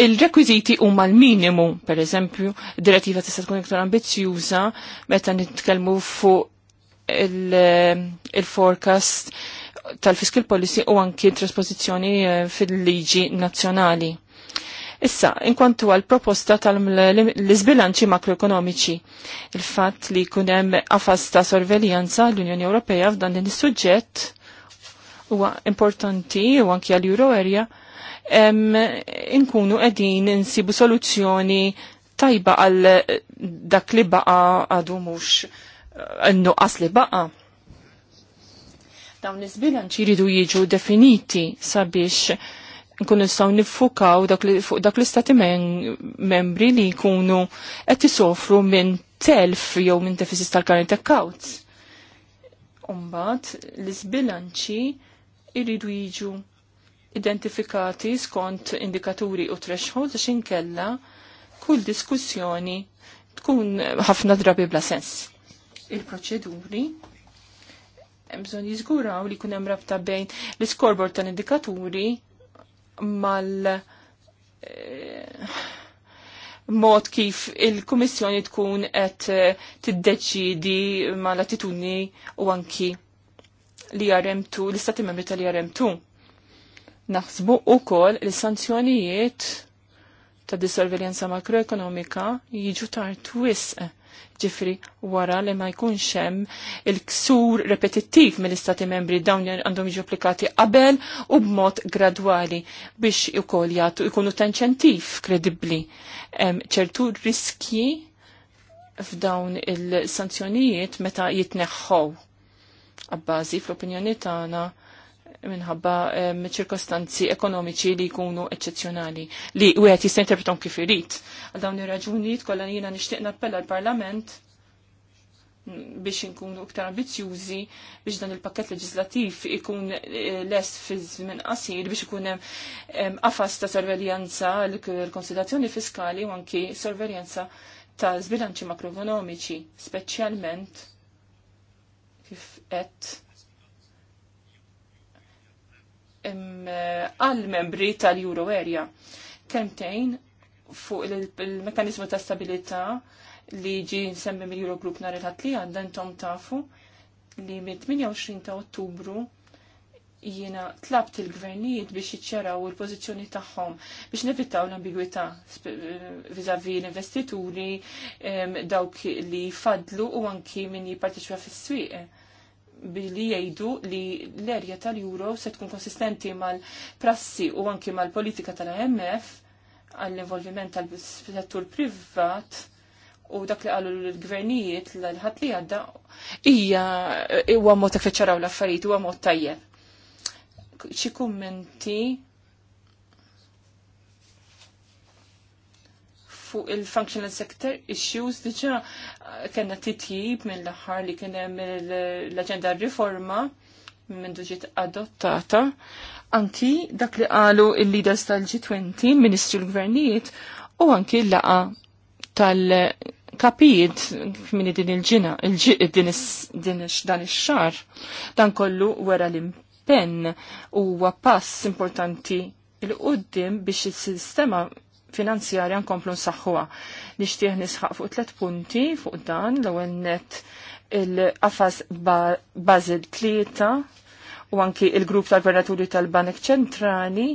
Il-rekwiziti huma l minimum per eżempju, direttiva tista' tkun iktar ambizzjuża meta nitkellmu fuq Eh, il-forecast tal-fiscal policy u anki trasposizjoni eh, fil-liġi nazzjonali. Issa, inkwantu għal proposta tal lisbilanċi makroekonomiċi, il-fat li kunem għafas ta' sorveljanza l-Unjoni Ewropea f'dan din is-suġġett huwa importanti u anki għal euro area inkunu qegħdin insibu soluzzjoni tajba għal dak li baqa għadu mhux n-nuqqas li baqa. Dawn iż-bilanċ jiridu jiġu definiti sabiex nkun nistgħu niffukaw fuq dak l-istati membri li jkunu qed isofru minn telf jew minn deficit tal-current accounts. Umbat l-iżbilanċi jiridu jiġu identifikati skont indikaturi u threshold għax inkella kull diskussjoni tkun ħafna drabi bla sens il-proċeduri bżon jizguraw li kunem rabta bejn l-scoreboard tal-indikaturi mal eh, mod kif il-Kummissjoni tkun qed eh, tiddeċidi mal-attitudni u anki li jaremtu, l-istati membri tal-jaremtu. Naħsbu u kol l-sanzjonijiet ta' disorveljanza makroekonomika jiġu tar twisq ġifri wara li ma jkunx hemm il-ksur repetittiv mill-istati membri dawn għandhom jiġu applikati qabel u b'mod gradwali biex ukoll jagħtu jkunu ta' inċentiv kredibbli. ċertu riskji f'dawn il-sanzjonijiet meta jitneħħow. Abbażi fl-opinjoni tagħna minħabba ċirkostanzi ekonomiċi li jkunu eccezjonali li u għet jista' interpretom kif irid. Għal dawn ir-raġunijiet kollha jiena nixtieq nappella l-Parlament biex inkunu iktar ambizjużi biex dan il-pakket leġislattiv ikun eh, lest fi minn qasir biex ikun hemm qafas ta' sorveljanza l-konsidrazzjoni fiskali u anki sorveljanza ta' zbilanċi makroekonomiċi, speċjalment kif qed Eh, għal-membri tal-Euro Area. Kemtejn fuq il-mekanizmu ta' stabilità li ġi nsemmi mill-Euro Group nar il-ħatli għandan tom tafu li mid 28 ta' ottubru jiena tlabt il-gvernijiet biex jiċċeraw il-pozizjoni tagħhom biex nevitaw l-ambigwità eh, vis-à-vis l-investituri dawk li fadlu u anki min jipparteċipa fis-swieq billi jgħidu li l-erja tal-Euro se tkun konsistenti mal-prassi u anki mal-politika tal-IMF għall-involviment tal-settur privat u dak li għallu l-gvernijiet l-ħat li għadda ija u mod ta' l-affarijiet u mod tajjeb. Xi kummenti fuq il-functional sector issues diġa eh, kena titjib minn l-ħar li kena l-agenda riforma minn ġiet adottata. Anki dak li qalu il-leaders tal-G20, ministri l-gvernijiet, u anki l-laqa tal-kapijiet minni din il-ġina, il-ġid din dan ix-xar, dan kollu wera l-impenn u pass importanti il-qoddim biex il-sistema finanzjarja nkomplu nsaħħuha. Nixtieħ nisħaq fuq tliet punti fuq dan l-ewwel net il-qafas Basil tlieta u anki il-grupp tal gvernaturi tal-Banek Ċentrali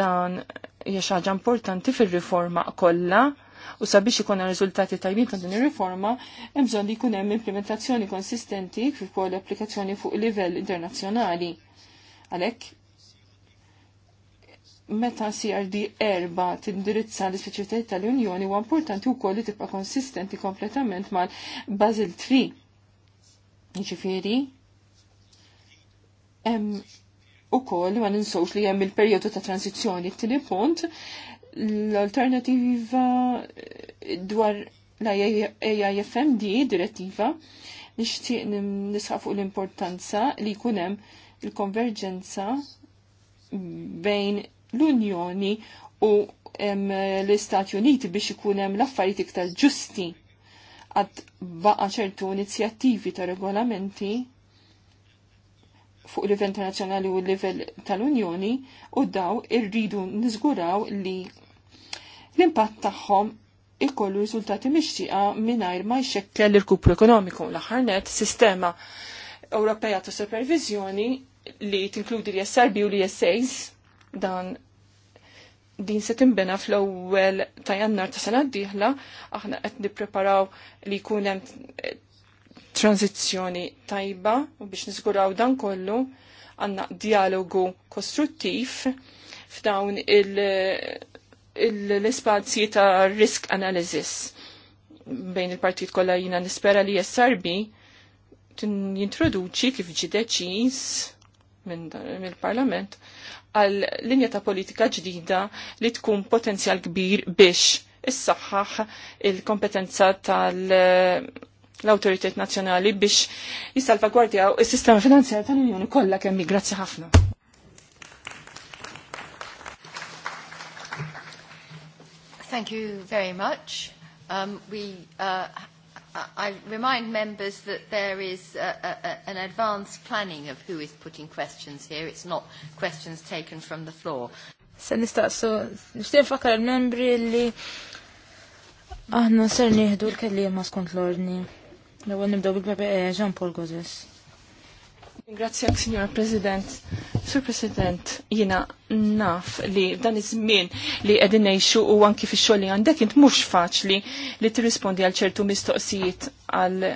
dan hija xi ħaġa importanti fir-riforma kollha u sabiex ikun riżultati tajbin ta' din ir-riforma, hemm bżonn li jkun hemm implementazzjoni konsistenti kif ukoll applikazzjoni fuq livell internazzjonali. Għalhekk meta CRD erba tindirizza l-ispeċifitajiet tal-Unjoni huwa importanti wkoll li tibqa' konsistenti kompletament mal basil 3. Jiġifieri hemm ukoll ma ninsowx li hemm il-perjodu ta' transizzjoni t-tieni punt l-alternativa dwar l-AIFMD direttiva nixtieq nisħaq fuq l-importanza li jkun hemm il-konverġenza bejn l-Unjoni u l-Istati Uniti biex ikun hemm l-affarijiet iktar ġusti għad baqa ċertu inizjattivi ta' regolamenti fuq livell internazzjonali u livell tal-Unjoni u daw irridu niżguraw li l-impatt tagħhom ikollu riżultati mixtieqa mingħajr ma jxekkel l-irkupru ekonomiku l-aħħar net sistema Ewropea ta' supervizjoni li tinkludi l-SRB u l isas dan din se timbena fl-ewwel ta' jannar ta' sena d-dieħla aħna qed nippreparaw li jkun hemm eh, tranzizzjoni tajba u biex niżguraw dan kollu għandna dialogu kostruttiv f'dawn eh, l-ispazji ta' risk analysis bejn il-partit kollha jiena nispera li SRB jintroduċi kif ġi deċiż mill-Parlament għal linja ta' politika ġdida li tkun potenzjal kbir biex is-saħħaħ il-kompetenza tal-autoritet nazjonali biex jissalvagwardjaw is-sistema finanzjarju tal-Unjoni kollha kemm grazzi ħafna. Thank you very much. Um, we uh, I remind members that there is a, a, an advanced planning of who is putting questions here. It's not questions taken from the floor. Se nistaqsu, nishtin fakar il-membri li aħna ser nieħdu l-kellima skont l-ordni. L-ewwel bil-PPE eh, Jean Paul Gozes. Grazie, signor President. Sur President, jina naf li dan iż-żmien li qegħdin ngħixu u anki fix-xogħol li għandek int mhux faċli li tirrispondi għal ċertu mistoqsijiet għal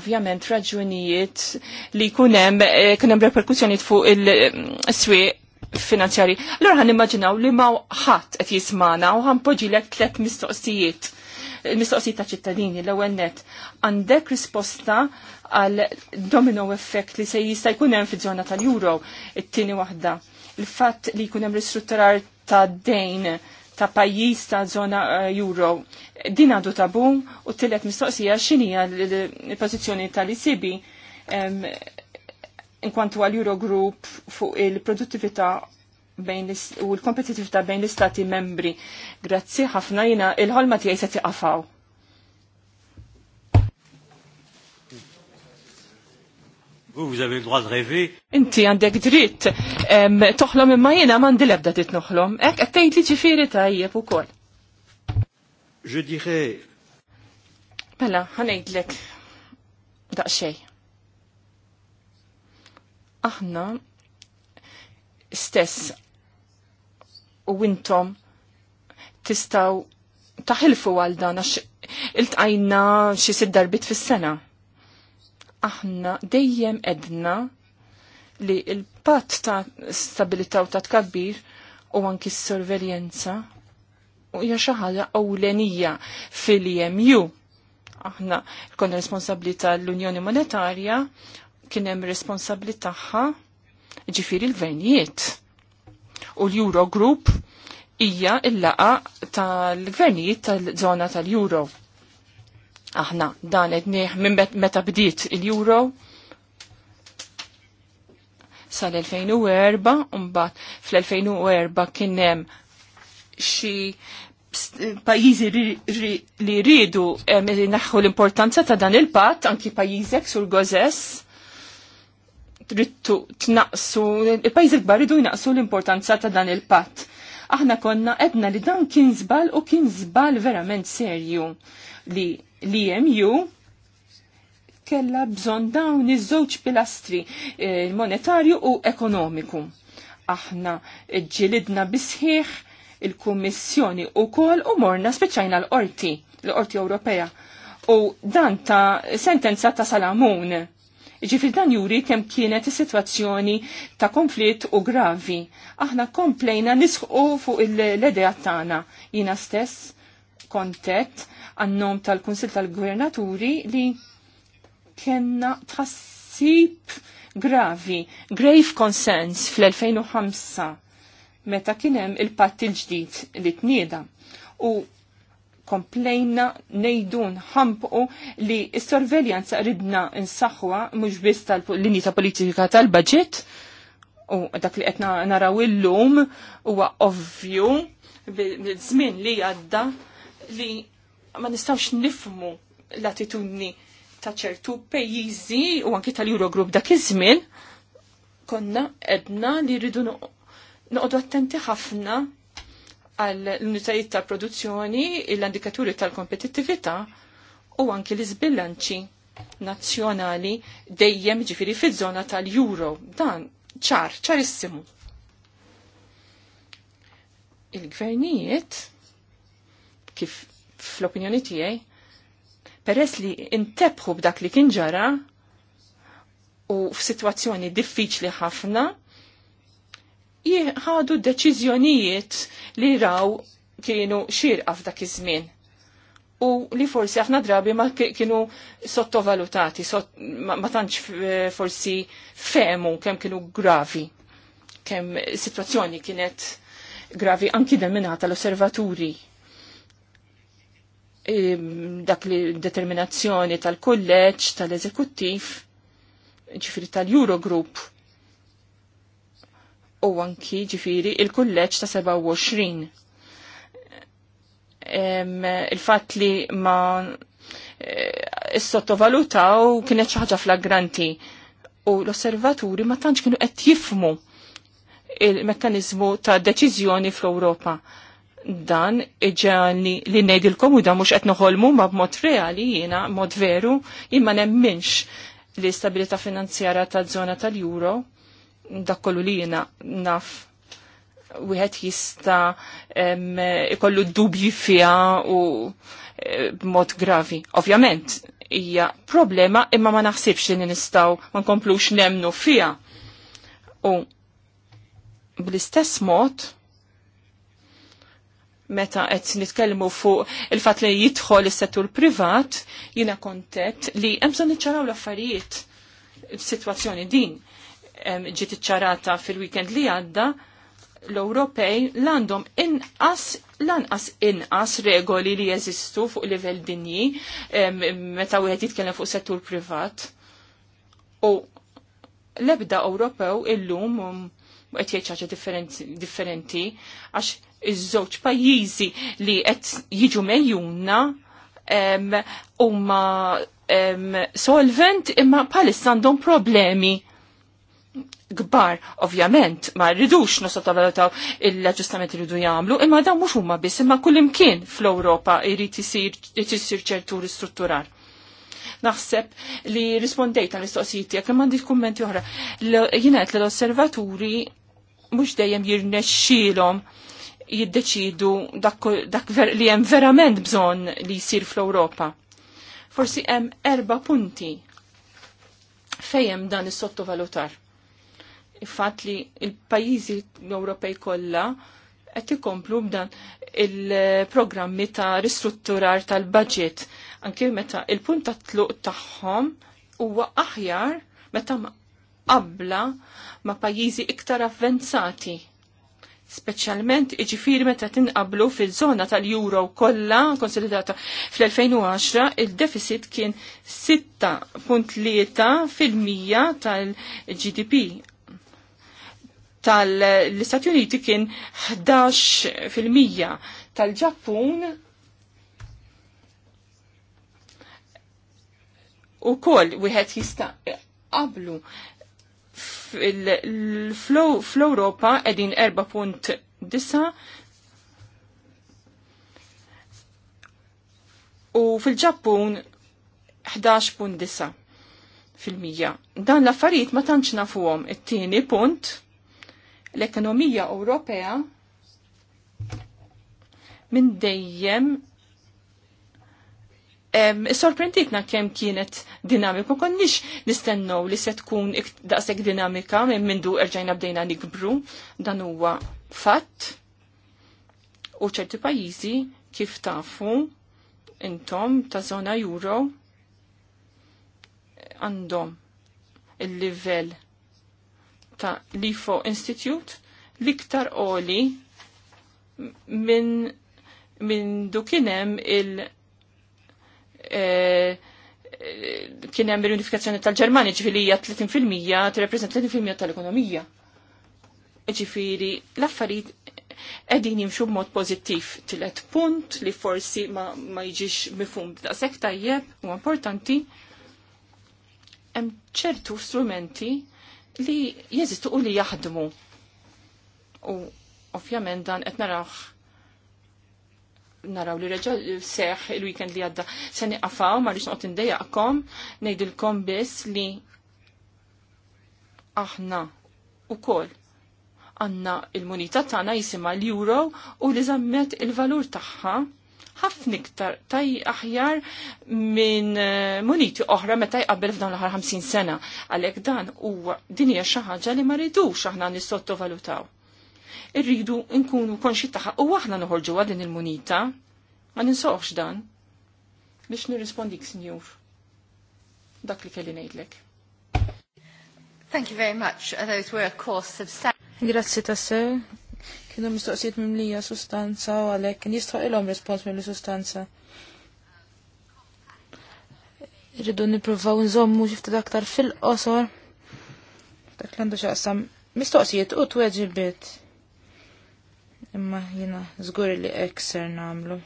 ovvjament raġunijiet li jkun hemm eh, kien hemm reperkussjonijiet fuq il-swieq finanzjari. Allura ħan immaġinaw li ma ħadd qed jismana u ħan poġilek tliet mistoqsijiet il-mistoqsijiet ta' ċittadini l-ewwel net għandek risposta għal domino effekt li se jista' jkun hemm fiż-żona tal-euro it-tieni waħda. Il-fatt li jkun hemm ristrutturar ta' dejn ta' pajjiż ta' żona eh, euro. Din għadu tabu u tillet mistoqsija x'inhija l-pożizzjoni tal-ICB kwantu għal Eurogroup fuq il-produttività u l ta' bejn l-istati membri. Grazzi ħafna jina il-ħolma tiegħi se tiqafaw. Vous, avez le droit de rêver. Inti għandek dritt toħlom imma jiena m'għandi lebda ebda tit noħlom. Hekk qed tgħid li ġifieri tajjeb ukoll. Je dirais Mela, ħanejdlek daqsxejn. Aħna stess u intom tistaw taħilfu għal dan għax iltqajna xi sitt darbit fis-sena. Aħna dejjem edna li il-patt ta' stabilità u ta' tkabbir u anki s-sorveljenza u hija xi ħaġa ewlenija fil-EMU. Aħna konna responsabilità l-Unjoni Monetarja kien hemm responsabilità tagħha ġifieri l-gvernijiet u l-Eurogroup hija il-laqa tal-gvernijiet tal-żona tal-Euro. Aħna dan edniħ minn meta bdiet il-Euro sal-2004, unbat fl-2004 kien hemm xi pajjiżi li rridu eh, naħħu l-importanza ta' dan il pat anki pajizek sur gozess trittu tnaqsu, il-pajzi gbar ridu jnaqsu l-importanza ta' dan il-patt. Aħna konna edna li dan kien zbal u kien zbal verament serju li l-EMU kella bżon dawn iż-żewġ pilastri eh, monetarju u ekonomiku. Aħna ġilidna bisħiħ il-Kummissjoni u kol u morna speċajna l-Qorti, l-Qorti Ewropea. U dan ta' sentenza ta' Salamun Ġifir dan juri kem kienet situazzjoni ta' konflitt u gravi. Aħna komplejna nisħu fuq l-edja tagħna. Jina stess kontet għannom tal-Kunsil tal-Gvernaturi li kena tħassib gravi, grave concerns fl-2005 meta kienem il patti l ġdid li tnieda. U komplejna nejdun ħampu li s-sorveljanza ridna nsaħħwa mhux biss tal-linji ta' politika tal-budget u dak li etna naraw illum huwa ovvju bil-żmien li għadda li ma nistawx nifmu l-attitudni ta' ċertu pejizi u anki tal-Eurogroup dak iż-żmien konna edna li rridu noqogħdu attenti ħafna għall-unitajiet ta' produzzjoni, l-indikaturi tal-kompetittività u anki l-izbilanċi nazzjonali dejjem ġifiri fil-żona tal-Euro. Dan ċar, ċarissimu. Il-gvernijiet, kif fl-opinjoni tiegħi, peress li intebħu b'dak li kien ġara u f'sitwazzjoni diffiċli ħafna, jħadu deċiżjonijiet li raw kienu xirqa f'dak iż-żmien. U li forsi għafna drabi ma kienu sottovalutati, sott, ma, ma tantx forsi femu kemm kienu gravi, kemm situazzjoni kienet gravi anki deminata l-osservaturi dak li determinazzjoni tal-kolleġġ, tal-eżekuttiv, ġifiri tal-Eurogroup, u anki ġifiri il-kulleġġ ta' 27. Il-fatt li ma is-sottovalutaw eh, kienet xi ħaġa flagranti u l-osservaturi ma tantx kienu qed jifmu il-mekkanizmu ta' deċiżjoni fl-Ewropa dan iġani li nejdilkom u dan mux qed noħolmu ma b'mod reali jiena mod veru imma nemminx li stabilita finanzjara ta' zona tal-euro dak kollu li jina naf wieħed jista' ikollu dubji fiha u e, b'mod gravi. Ovvjament, hija problema imma ma naħsibx li nistgħu ma nkomplux nemnu fiha. U bl-istess mod meta qed nitkellmu fuq il-fatt li jidħol is-settur privat, jiena kontet li hemm bżonn niċċaraw l-affarijiet situazzjoni din ġiet iċċarata fil-weekend li għadda, l-Ewropej l-għandhom inqas lanqas inqas regoli li jeżistu fuq livell dinji meta wieħed jitkellem fuq settur privat. U l-ebda Ewropew illum um, qed jgħid ħaġa differenti għax iż-żewġ pajjiżi li qed jiġu mejjuna huma solvent imma palissa għandhom problemi gbar, ovvjament, ma rridux nosottovalutaw il-ġustament rridu jagħmlu, imma dan mhux huma biss, imma kullimkien fl-Ewropa jrid isir ċertur strutturar. Naħseb li rispondejt għal istoqsijiet tiegħek imma għandi kummenti oħra. Jiena li l-osservaturi mhux dejjem jirnexxielhom jiddeċidu dak li hemm verament bżonn li jsir fl-Ewropa. Forsi hemm erba' punti fejn hemm dan is-sottovalutar il-fat li il-pajizi Ewropej kollha qed ikomplu b'dan il-programmi ta' ristrutturar tal-budget anke meta il-punt ta' tluq tagħhom huwa aħjar meta qabla ma' pajjiżi iktar avvenzati speċjalment iġifieri meta tinqablu fil-żona tal-euro kollha konsolidata fl-2010 il-deficit kien 6.3 fil-mija tal-GDP tal-Istati Uniti kien 11% tal-Ġappun u koll wieħed jista' qablu fl-Europa edin 4.9 u fil-ġappun 11.9 fil-mija. Dan l-affarijiet ma tantx nafuhom. It-tieni punt l-ekonomija Ewropea minn dejjem sorprendikna kemm kienet dinamika, konniex nistennow li se tkun daqshekk dinamika minn mindu erġajna bdejna nikbru, dan huwa fatt. U ċerti pajjiżi kif tafu intom ta' zona euro għandhom il-livell ta' LIFO Institute liktar oli minn min du kienem il- eh, kien hemm l-unifikazzjoni tal-Ġermani ġifieri hija 30% reprezent 30% tal-ekonomija. Ġifieri l-affarijiet qegħdin jimxu b'mod pożittiv. tilet punt li forsi ma, ma mifum da sekta tajjeb u importanti hemm ċertu strumenti li jeżistu u li jaħdmu. U ovvjament dan qed narawh naraw li reġa seħ il-weekend li għadda se niqafaw ma rix noqgħod indejjaqkom ngħidilkom biss li aħna ukoll għandna il-munita tagħna jisimha l-euro u li żammet il-valur tagħha ħafna iktar taj aħjar minn eh, muniti oħra meta jqabbel f'dawn l-aħħar 50 sena. Għalhekk dan huwa din hija xi ħaġa li ma rridux aħna nissottovalutaw. Irridu nkunu konxi tagħha u aħna noħorġu din il-munita. Ma ninsoqx dan. Biex nirrispondik, sinjur. Dak li kelli ngħidlek. Thank you very much. Those were, of course, substantial. Grazie tasse kienu mistoqsijiet mimlija sustanza u għalhekk kien jistħoq ilhom respons mill sustanza. Rridu nippruvaw nżommu xi ftit aktar fil-qosor. Dak l għandu xaqsam mistoqsijiet u tweġibiet. Imma jiena zgur li ekser nagħmlu.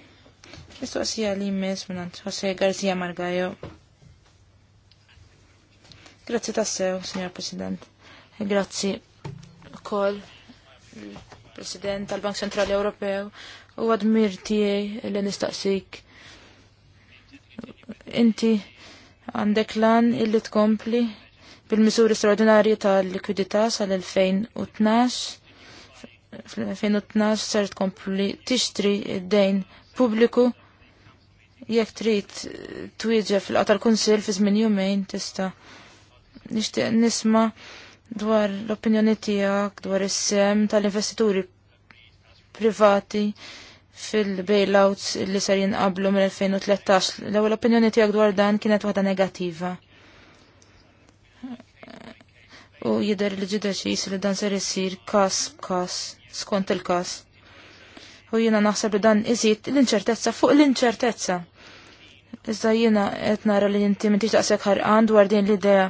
Mistoqsija li jmiss minn Jose Garzija Margajo. Grazzi tassew, signor President. Grazzi kol President tal-Bank Centrali Ewropew, u għadmir tiegħi li nistaqsik. Inti għandek lan illi tkompli bil-misuri straordinarji tal-likwidità sal-2012 fl-2012 ser tkompli tixtri id-dejn pubbliku jekk trid twieġeb fil-qatar kunsil fi żmien jumejn tista' nixtieq nisma' dwar l-opinjoni tiegħek dwar is-sem tal-investituri privati fil-bailouts li ser jinqablu mill-2013. L-ewwel opinjoni tiegħek dwar dan kienet waħda negattiva. U jidher li ġideċis li dan ser isir kas kas skont il-kas. U jiena naħseb li dan iżid l-inċertezza fuq l-inċertezza. Iżda jiena qed nara li inti m'intix daqshekk ħarqan dwar din l-idea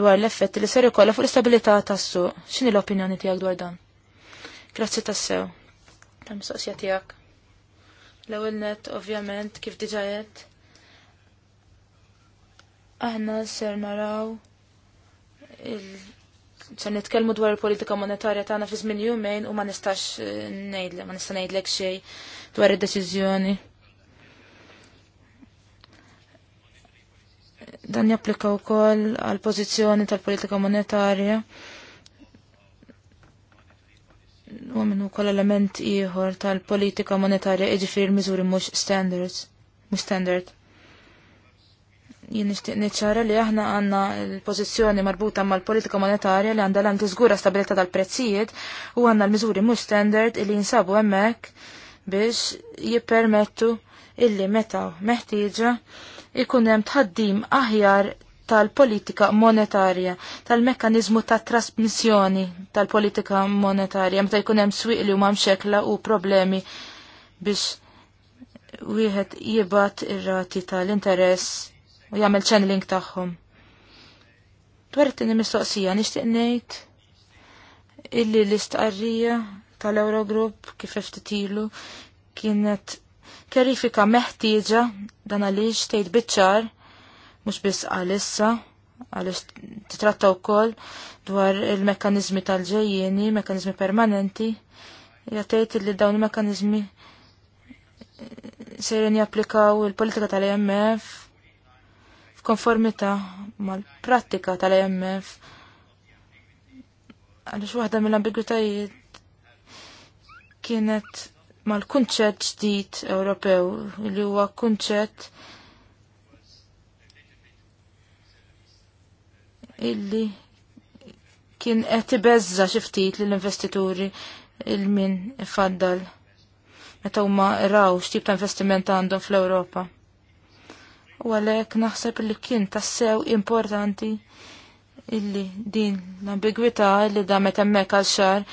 dwar l-effetti li ser ikollha fuq l-istabilità tas-suq. X'inhi l-opinjoni tiegħek dwar dan? Grazzi tassew. Tam Soqsija tiegħek. L-ewwel net ovvjament kif diġà qed. Aħna ser naraw se nitkellmu dwar il-politika monetarja tagħna fi żmien jumejn u ma nistax eh, ngħidlek ma nista' ngħidlek xejn dwar id-deċiżjoni Dan japplika wkoll għal pożizzjoni tal-politika monetarja. U minnu kol element ieħor tal-politika monetarja iġifir mizuri miżuri mhux standards, mhux standard. Jien nixtieq niċċara li aħna għandna l-pożizzjoni marbuta mal-politika monetarja li għandha l-anki żgura stabilità tal-prezzijiet u għandna l-miżuri mhux standard li jinsabu hemmhekk biex jippermettu illi meta meħtieġa ikun hemm tħaddim aħjar tal-politika monetarja, tal-mekkanizmu ta' trasmissjoni tal-politika monetarja, meta jkun hemm swieq li huma mxekla u problemi biex wieħed jibgħat ir-rati tal-interess u jagħmel channeling tagħhom. Dwar it-tieni mistoqsija nixtieq ngħid illi l-istqarrija tal-Eurogroup kif iftitilu kienet Kjerifika meħtieġa dan għaliex tgħid biċċar mhux biss għalissa għaliex titratta wkoll dwar il-mekkaniżmi tal-ġejjieni, mekkaniżmi permanenti, jgħid li dawn il-mekkaniżmi sejrin japplikaw il-politika tal-IMF f'konformità mal-prattika tal-IMF. Għaliex waħda mill-ambigwitajiet kienet mal-kunċett ġdid Ewropew li huwa kunċett illi kien qed ibeżża xi ftit lill-investituri il min ifaddal meta huma raw x'tip ta' investiment għandhom fl-Ewropa. U għalhekk naħseb li kien tassew importanti illi din l-ambigwità li meta hemmhekk għal xar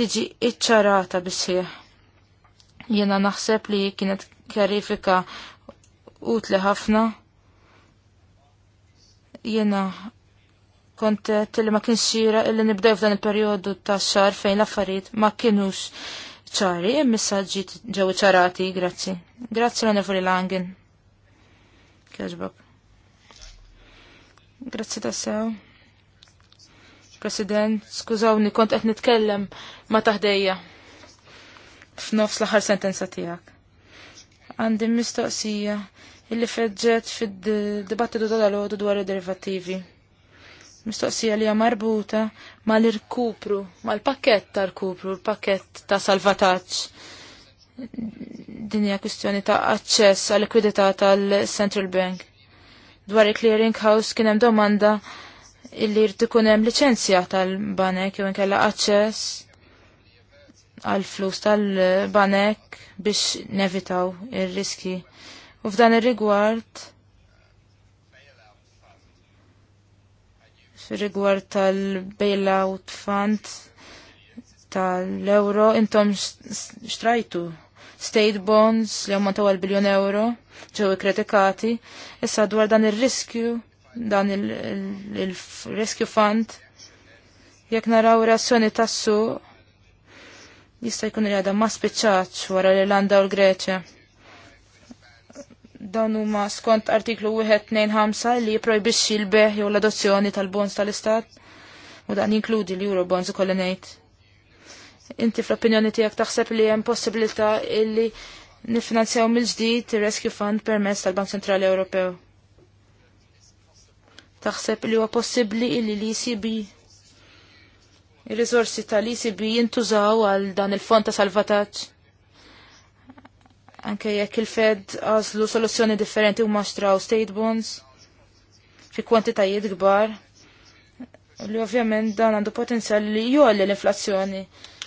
tiġi iċċarata bisħieħ. Jena naħseb li kienet kjarifika utli ħafna. Jena kont li ma kienx xira illi nibdew f'dan il-perjodu ta' xar fejn l-affarijiet ma kienux ċari, il-missagġi ġew ċarati, grazzi. Grazzi l fuori langin. Kjaġbak. Grazzi ta' sew. President, skużawni, kont qed nitkellem ma taħdejja f'nofs l-aħħar sentenza tiegħek. Għandi mistoqsija illi feġġet fid-dibattitu tal-għodu dwar id-derivativi. Mistoqsija li hija marbuta l irkupru mal-pakket tal-kupru, l-pakket ta' salvataġġ. Din hija kwistjoni ta' aċċess għal likwidità tal-Central Bank. Dwar il-clearing house kien hemm domanda illi jrid ikun hemm liċenzja tal-banek jew kalla aċċess għal-flus tal-banek biex nevitaw ir-riski. U f'dan ir-rigward fir-rigward tal-bailout fund tal-euro intom xtrajtu state bonds li huma għal biljon euro ġew kritikati issa dwar dan ir-riskju dan il riskju fund jekk naraw reazzjoni tassu jista' jkun li ma spiċċat wara l-Irlanda u l-Greċja. Dawn huma skont artiklu 1.2.5 li jipprojbixxi l-beħ jew l-adozzjoni tal-bonds tal-Istat u dan jinkludi l-Eurobonds ukoll ngħid. Inti fl-opinjoni tiegħek taħseb li hemm possibilità illi nifinanzjaw mill-ġdid ir-Rescue Fund permezz tal-Bank Centrali Ewropew. Taħseb li huwa possibbli illi li jsibi il-rizorsi tal-ICB jintużaw għal dan il-fond ta' salvataġġ. Anke jekk il-Fed għazlu soluzzjoni differenti u maċtraw state bonds fi kwantitajiet kbar. Li ovvjament dan għandu potenzjal li jolli l-inflazzjoni.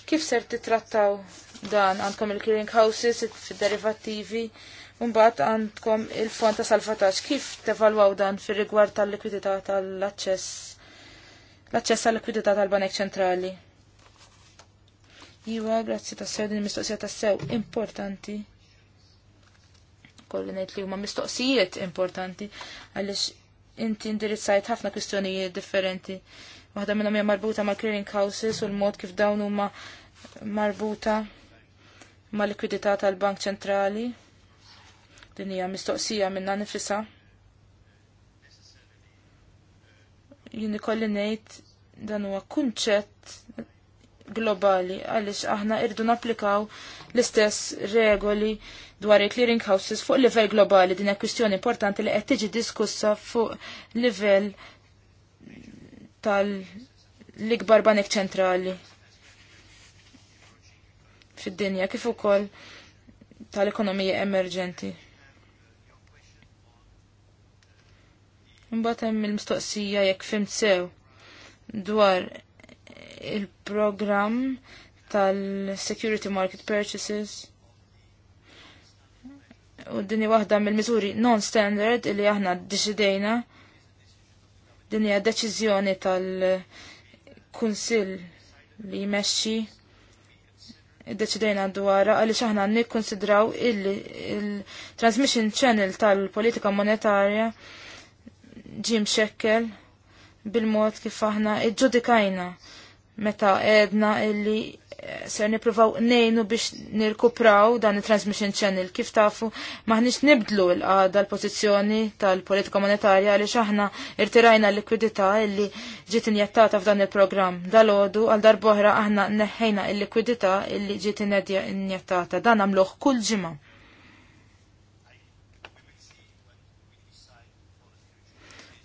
Kif ser titrattaw dan għandkom il-clearing houses, il-derivativi, Umbat għandkom il-fond ta' salvataġġ. Kif tevalwaw dan fir rigward tal-likwidità tal-aċċess l-aċċess għal likwidità tal-Banek Ċentrali. Iwa, grazzi ta' sew din mistoqsija ta' sew importanti. Kolli ngħid li huma mistoqsijiet importanti għaliex inti indirizzajt ħafna kwistjonijiet differenti. Waħda minnhom hija marbuta ma' clearing houses u l-mod kif dawn huma marbuta ma' likwidità tal-Bank Ċentrali. Din hija mistoqsija minna nifisa' jini kolli ngħid dan huwa kunċett globali għaliex aħna irdu napplikaw l-istess regoli dwar il-clearing houses fuq livell globali din hekk kwistjoni importanti li qed tiġi diskussa fuq livell tal-ikbar banek ċentrali fid-dinja kif ukoll tal-ekonomija emerġenti. Imbagħad hemm il-mistoqsija jekk fimt sew dwar il-programm tal-Security Market Purchases. U dini waħda mill-miżuri non-standard li aħna deċidejna. Dini hija deċiżjoni tal-Kunsill li jmexxi deċidejna dwarha għaliex aħna nikkonsidraw il-transmission channel tal-politika monetarja ġim xekkel bil-mod kif aħna iġġudikajna meta edna illi eh, ser nipruvaw nejnu biex nirkupraw dan il-transmission channel. Kif tafu, maħnix nibdlu l għada l-pozizjoni tal-politika monetarja li xaħna irtirajna l-likwidità illi ġiet injettata f'dan il-programm. Dal-ħodu għal darboħra aħna neħħejna l-likwidità illi ġiet injettata. Dan għamluħ kull ġimgħa.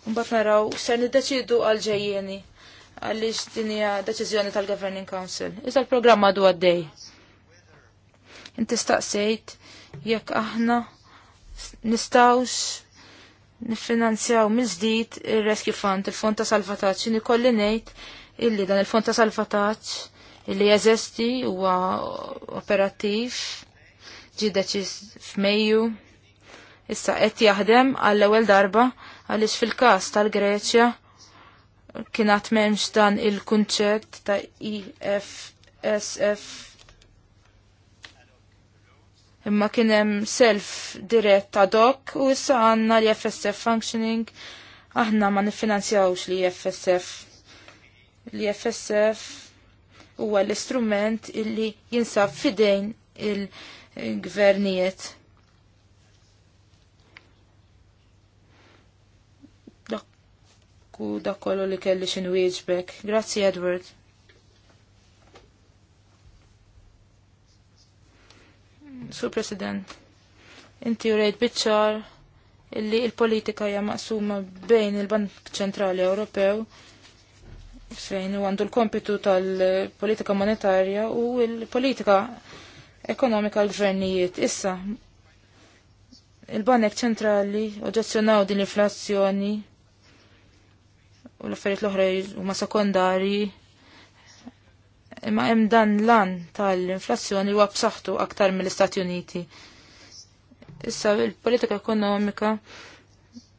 Mbagħad naraw ser niddeċidu għal ġejjeni għaliex din hija deċiżjoni tal-Governing Council. Iżda l-programm għadu għaddej. Inti staqsejt jekk aħna nistawx nifinanzjaw mill ġdid ir-Rescue Fund, il-Fond ta' Salvataġġ, kolli ngħid illi dan il-Fond ta' Salvataġġ illi jeżesti huwa operattiv ġi deċiż f'Mejju issa qed jaħdem għall-ewwel darba għaliex fil-każ tal-Greċja kien memx dan il-kunċett ta' IFSF. E Imma kien hemm self dirett ad hoc u issa għandna l-IFSF functioning aħna ma nifinanzjawx l-IFSF. L-IFSF huwa l-istrument illi jinsab fidejn il-gvernijiet. il gvernijiet u dakollu li kelli xin wieġbek. Grazzi, Edward. Sur President, inti urejt bitxar illi il-politika hija maqsuma bejn il-Bank Ċentrali Ewropew fejn u għandu l-kompitu tal-politika monetarja u l-politika ekonomika l-gvernijiet. Issa, il-Banek Ċentrali oġġezzjonaw din l-inflazzjoni u l-affarijiet l-oħra huma sekondari. Imma hemm dan lan tal-inflazzjoni huwa b'saħħtu aktar mill-Istati Uniti. Issa il-politika ekonomika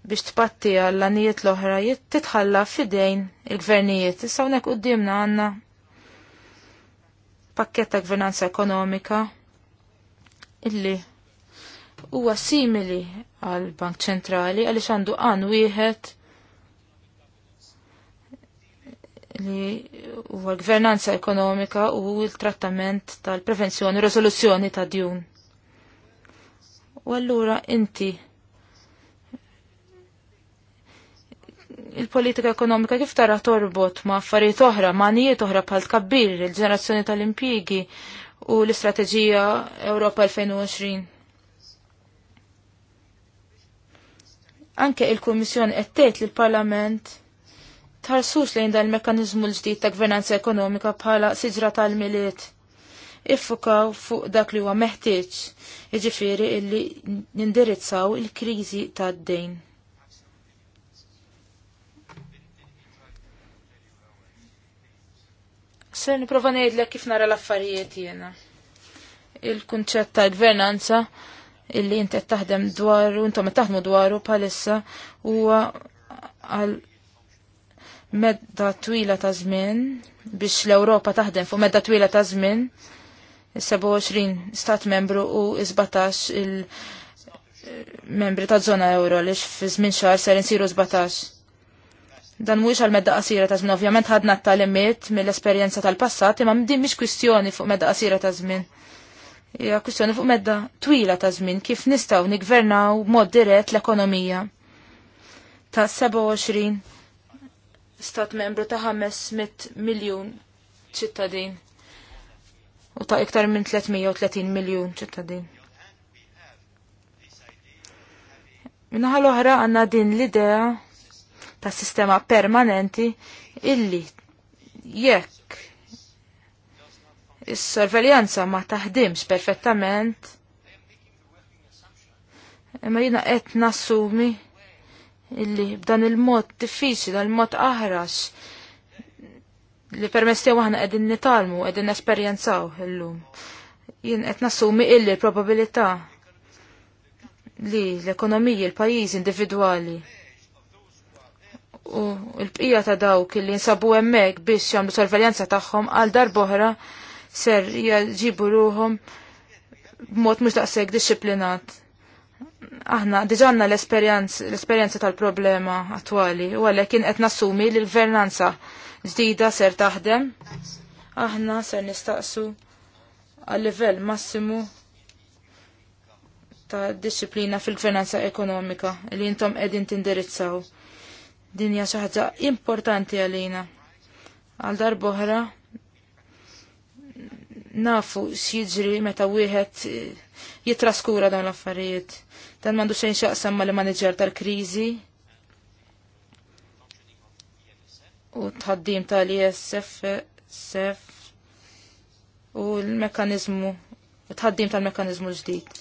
biex tpatti għall-anijiet l-oħra titħalla fidejn il-gvernijiet. Issa hawnhekk qudiemna għandna pakket ta' gvernanza ekonomika illi huwa simili għal Bank Ċentrali għaliex għandu għan wieħed li huwa l-gvernanza ekonomika u l-trattament tal-prevenzjoni u resoluzzjoni ta' djun. U allura inti il-politika ekonomika kif tara torbot ma' affarijiet oħra, ma' nijiet oħra bħal kabbir il-ġenerazzjoni tal-impjigi u l-istrateġija Ewropa 2020. Anke il-Kummissjoni qed tgħid l parlament tħarsux lejn dan il-mekanizmu l-ġdid ta' gvernanza ekonomika bħala siġra tal-miliet. Iffukaw fuq dak li huwa meħtieġ, jiġifieri illi nindirizzaw il-kriżi tad-dejn. Se niprofa ngħidlek kif nara l-affarijiet jiena. Il-kunċett ta' gvernanza illi inti taħdem dwaru, intom taħdmu dwaru bħalissa huwa għal medda twila ta' żmien biex l-Ewropa taħdem fuq medda twila ta' żmien 27 stat membru u 17 il eh, membri ta' zona euro li fi żmien xahar ser insiru 17. Dan mhuwiex għal medda qasira ta' żmien, ovvjament ħadna t-talimiet mill-esperjenza tal-passat, imma din mhix kwistjoni fuq medda qasira ta' żmien. Hija kwistjoni fuq medda twila ta' żmien kif nistgħu nigvernaw mod dirett l-ekonomija ta' 27 stat membru ta' 500 miljun ċittadin u ta' iktar minn 330 miljun ċittadin. Minnaħal oħra għanna din l-idea ta' sistema permanenti illi jekk is-sorveljanza ma taħdimx perfettament imma jina qed nassumi illi b'dan il-mod diffiċli, dan il-mod aħrax li permess tiegħu aħna qegħdin nitalmu, qegħdin nesperjenzaw illum. Jien qed nassumi illi l-probabilità li l-ekonomiji, l-pajjiż individwali u l-bqija ta' dawk li nsabu hemmhekk biex jagħmlu sorveljanza tagħhom għal darb'oħra ser jaġibu ruhom b'mod mhux daqshekk disċiplinat aħna diġanna l-esperienza tal-problema attwali u għalek kien qed nassumi li l-vernanza ġdida ser taħdem. Aħna ser nistaqsu għal livell massimu ta' disciplina fil-gvernanza ekonomika li jintom edin tindirizzaw. Din hija xi ħaġa importanti għalina. Għal darboħra nafu x'jiġri meta wieħed jitraskura dawn l-affarijiet Dan mandu xejn xaqsam ma l-manager tal-krizi u tħaddim tal-ISF sef u l-mekanizmu tħaddim tal-mekanizmu l-ġdid.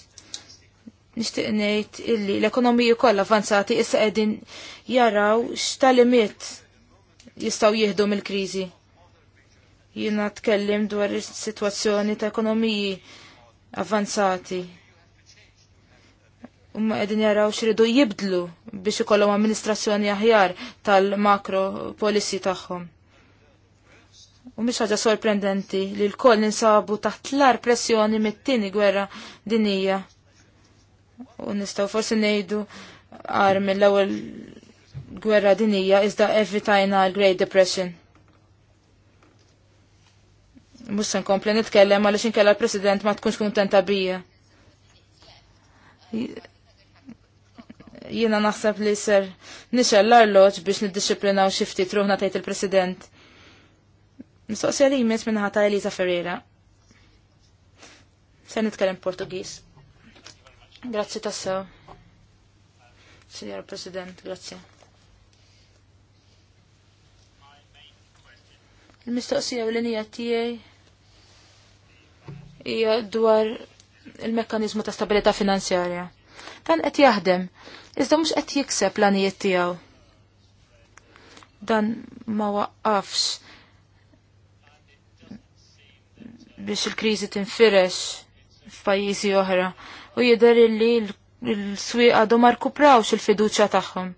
Nishtiq ngħid illi l-ekonomiji kollha avanzati issa qegħdin jaraw x'talimiet jistgħu jieħdu mill-kriżi. Jiena tkellim dwar is-sitwazzjoni ta' ekonomiji avanzati Umma qegħdin jaraw xridu jibdlu biex ikollhom amministrazzjoni aħjar tal-makro policy tagħhom. U mhix ħaġa sorprendenti li l-koll ninsabu taħt l-ar pressjoni mit-tieni gwerra dinija. U nistgħu forsi ngħidu għar mill-ewwel gwerra dinija iżda evitajna l-Great Depression. Mhux se nkompli nitkellem għaliex inkella l-President ma tkunx kuntenta bija Jiena naħseb li ser nixel l-arloġ biex nid-disciplina xi ftit ruħna tgħid il-President. Nistoqsija li jmiss minnaħa ta' Elisa Ferreira. Se nitkellem Portugiż. Grazzi tassew. Signor President, grazzi. Il-mistoqsija u l-inija tijaj hija dwar il-mekkanizmu ta' stabilita finanzjarja. Dan qed jaħdem, iżda mhux qed jikseb l-għanijiet tiegħu. Dan ma waqqafx biex il-kriżi tinfirex f'pajjiżi oħra u jidher li l-swieq għadhom ma rkuprawx il-fiduċja tagħhom.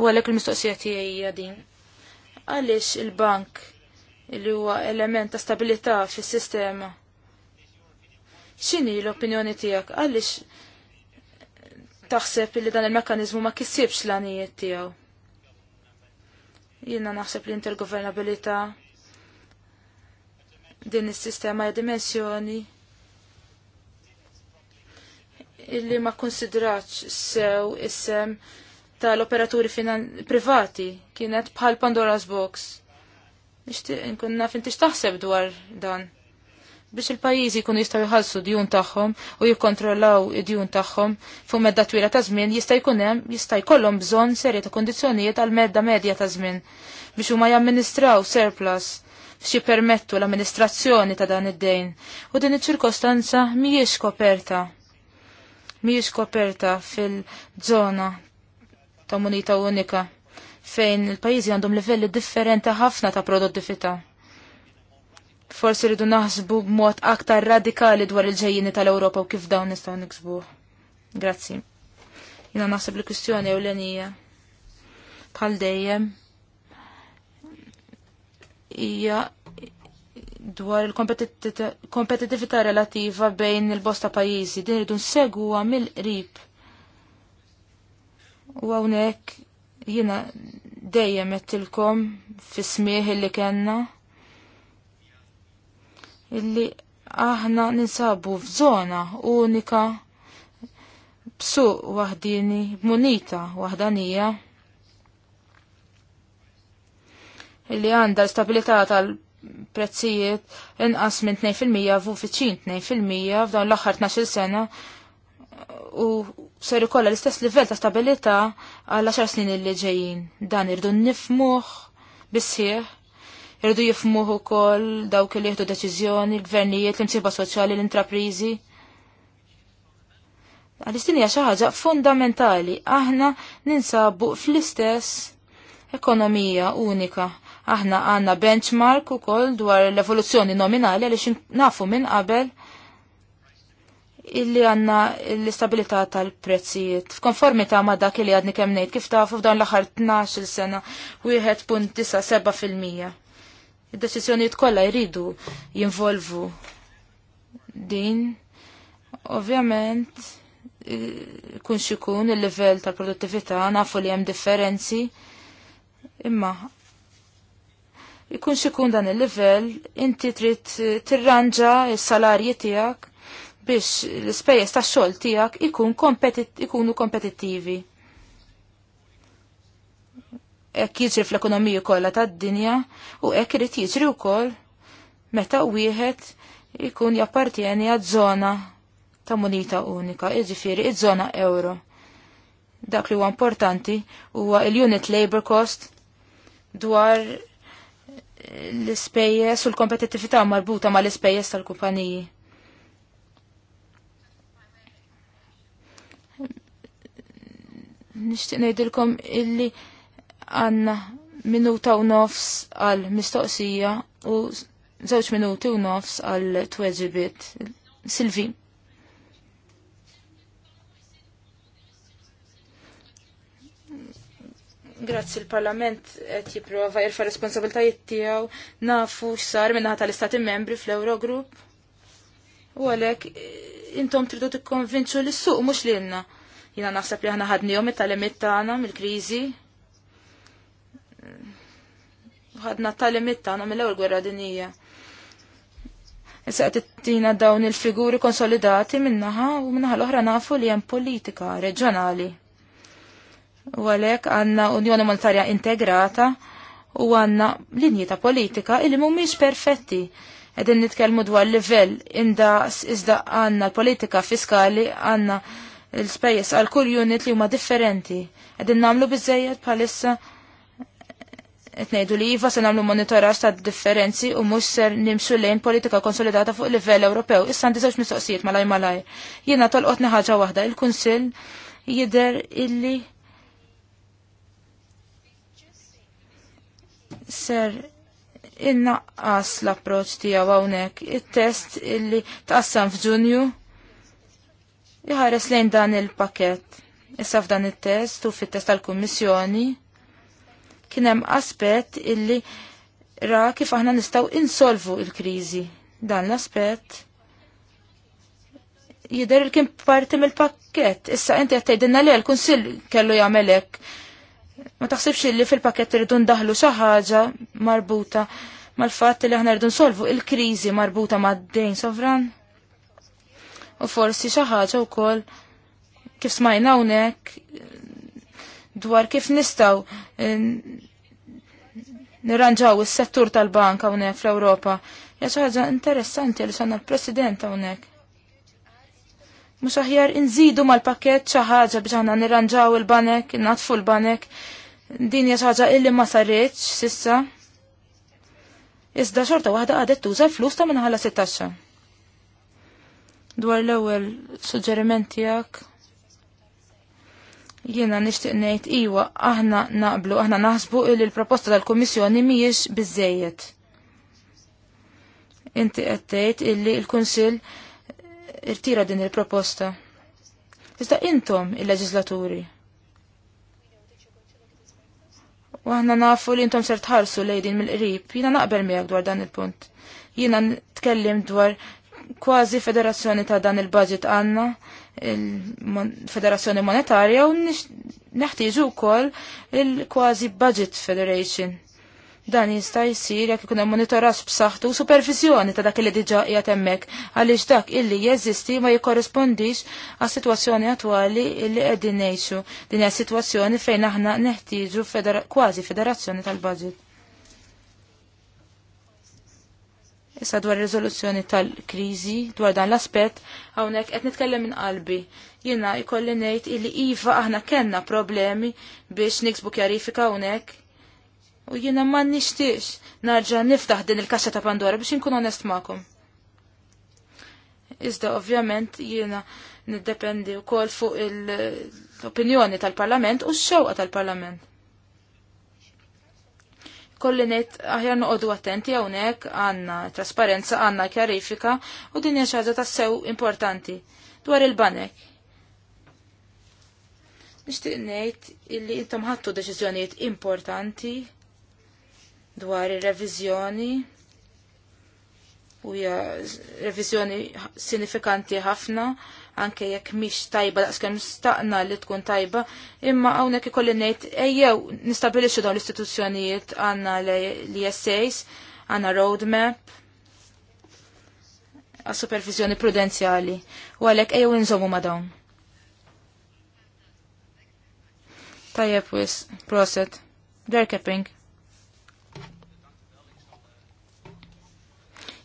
U għalhekk il-mistoqsija tiegħi hija din. Għaliex il-bank li huwa element ta' stabilità fis-sistema. X'inhi l-opinjoni tiegħek għaliex taħseb li dan il-mekanizmu ma kisibx l-għanijiet tiegħu. Jiena naħseb li intergovernabilità din is-sistema hija dimensjoni illi ma konsidraċ sew isem tal-operaturi privati kienet bħal Pandora's Box. Nixtieq nkun naf intix dwar dan biex il-pajjiżi jkunu jistgħu jħallsu djun tagħhom u jikkontrollaw id-djun tagħhom fuq medda twila ta' żmien jista' jkun hemm jista' jkollhom bżonn serje ta' kondizzjonijiet għal medda medja ta' żmien biex huma jamministraw surplus biex jippermettu l-amministrazzjoni ta' dan id-dejn u din iċ-ċirkostanza mhijiex koperta mhijiex koperta fil-żona ta' munita unika fejn il-pajjiżi għandhom livelli differenti ħafna ta' prodotti fita' Forsi rridu naħsbu b'mod aktar radikali dwar il-ġejjini tal-Ewropa u kif dawn nistgħu niksbu. Grazzi. Jina naħseb li kwistjoni ewlenija bħal dejjem hija dwar il-kompetitività relativa bejn il-bosta pajjiżi din irridu nsegwa mill-qrib. U hawnhekk jiena dejjem tilkom fi smieħ li kellna illi aħna ninsabu f'żona unika b'suq waħdini, b'munita waħdanija illi għandha l-stabilità tal-prezzijiet inqas minn 2% vu fiċin 2% f'dawn l-aħħar 12 sena u ser ikolla l-istess livell ta' stabilità għal 10 snin illi ġejjin. Dan irdu nifmuħ bisħieħ irridu jifmuh ukoll dawk li jieħdu deċiżjoni, l-gvernijiet, l-imsiba soċjali, l-intraprizi. Għal-istinija xaħġa fundamentali, aħna ninsabu fl-istess ekonomija unika. Aħna għanna benchmark u kol dwar l-evoluzzjoni nominali għalix nafu minn qabel illi għanna l-istabilità tal-prezzijiet. F'konformità ma dak li għadni kemnejt kif tafu f'dan l-aħħar 12 sena 1.97%. Id-deċiżjonijiet kollha jridu jinvolvu din. Ovvjament, kun xikun il-level tal-produttività, nafu li hemm differenzi, imma ikun xikun dan il-level, inti trid tirranġa s-salarji tiegħek biex l-ispejjeż tax-xogħol tiegħek ikun ikunu kompetittivi hekk jiġri fl-ekonomija kollha tad-dinja u hekk irid jiġri wkoll meta wieħed ikun jappartieni għad żona ta' munita unika, jiġifieri iż-żona euro. Dak li huwa importanti huwa il-unit labor cost dwar l-ispejjeż u l-kompetittività marbuta mal ispejjeż tal-kumpaniji. Nixtieq ngħidilkom illi għanna minuta u nofs għal mistoqsija u zewċ minuti u nofs għal tweġibit. Silvi. Grazzi l-Parlament qed jipprova jirfa' responsabiltajiet tiegħu nafu x'sar minn tal-Istati Membri fl-Eurogroup. U għalhekk intom tridu tikkonvinċu l-suq mhux lilna. Jiena naħseb li aħna ħadnihom it-talimit tagħna mill-kriżi ħadna tal-limit tagħna mill-ewwel gwerra dinija. Issa qed tittina dawn il-figuri konsolidati minnaħa u minnaħa l-oħra nafu li hemm politika reġjonali. U għalhekk għandna Unjoni Monetarja integrata u għandna linji ta' politika illi mhumiex perfetti. Qegħdin nitkellmu dwar livell indaqs iżda għandna l-politika fiskali għandna l-spejjeż għal kull unit li huma differenti. Qegħdin nagħmlu biżejjed bħalissa etnejdu li jiva se namlu monitoraż ta' differenzi u mux ser nimxu lejn politika konsolidata fuq livell Ewropew. Issa għandi żewġ mistoqsijiet malaj malaj. Jiena tolqotni ħaġa waħda, il-Kunsill jider illi ser innaqqas l-approċ tiegħu hawnhekk. It-test illi tqassam f'Ġunju iħares lejn dan il-pakett. Issa f'dan it-test u fit-test tal-Kummissjoni kien hemm aspett illi ra kif aħna nistgħu insolvu il-kriżi. Dan l-aspett jidher il kien parti mill-pakkett. Issa inti qed tgħidilna li għal kunsill kellu jagħmel hekk. Ma taħsibx li fil-pakkett irridu ndaħlu xi ħaġa marbuta mal-fatt li aħna rridu nsolvu il-kriżi marbuta mad-dejn sovran. U forsi xi ħaġa wkoll kif smajna unek dwar kif nistaw eh, nirranġaw is-settur tal-banka hawnhekk fl-Ewropa. Ja xi ħaġa interessanti li sanna l-President hawnhekk. Mhux aħjar inżidu mal-pakkett xi ħaġa biex aħna nirranġaw il-banek, natfu l-banek. Din hija xi ħaġa illi ma saritx sissa. Iżda xorta waħda għadet tuża l-flus ta' minħalla sittaxxa. Dwar l-ewwel suġġerimenti tiegħek Jiena nixtieq ngħid iwa aħna naqblu, aħna naħsbu li l-proposta tal-Kummissjoni mhijiex biżejjed. Inti qed tgħid illi l-Kunsill irtira din il-proposta. Iżda intom il-leġislaturi. U aħna nafu li intom ser tħarsu lejdin mill-qrib, jiena naqbel miegħek dwar dan il-punt. Jiena nitkellem dwar kważi federazzjoni ta' dan il-budget għanna il-Federazzjoni Monetarja u neħtieġu wkoll il-Quasi Budget Federation. Dan jista' jsir jekk ikun hemm monitoraġġ b'saħħtu u supervizjoni ta' dak li diġà qiegħed hemmhekk għaliex dak illi jeżisti ma jikkorrispondix għas-sitwazzjoni attwali illi qegħdin ngħixu. Din hija sitwazzjoni fejn aħna neħtieġu kważi federazzjoni tal-budget. Issa dwar riżoluzzjoni tal-kriżi, dwar dan l-aspett, hawnhekk qed nitkellem minn qalbi. Jiena jkolli ngħid illi iva aħna kellna problemi biex niksbu kjarifika hawnhekk. U jiena ma nixtiex narġa' niftaħ din il-kaxxa ta' Pandora biex nkun onest ma'kom. Iżda ovvjament jiena niddependi wkoll fuq l-opinjoni tal-Parlament u x-xewqa tal-Parlament kolli net aħjar noqodu attenti għawnek għanna trasparenza, għanna kjarifika u din xaġa ta' sew importanti dwar il-banek. Nishtiq nejt illi intom ħattu deċizjoniet importanti dwar il-revizjoni u hija revizjoni sinifikanti ħafna anke jekk mhix tajba daqskemm staqna li tkun tajba, imma hawnhekk ikolli ngħid ejjew nistabilixxu dawn l-istituzzjonijiet għandna li essays, għandna roadmap għas supervizjoni prudenzjali u għalhekk ejjew inżommu ma' dawn. Tajjeb wis, proset, derkepping.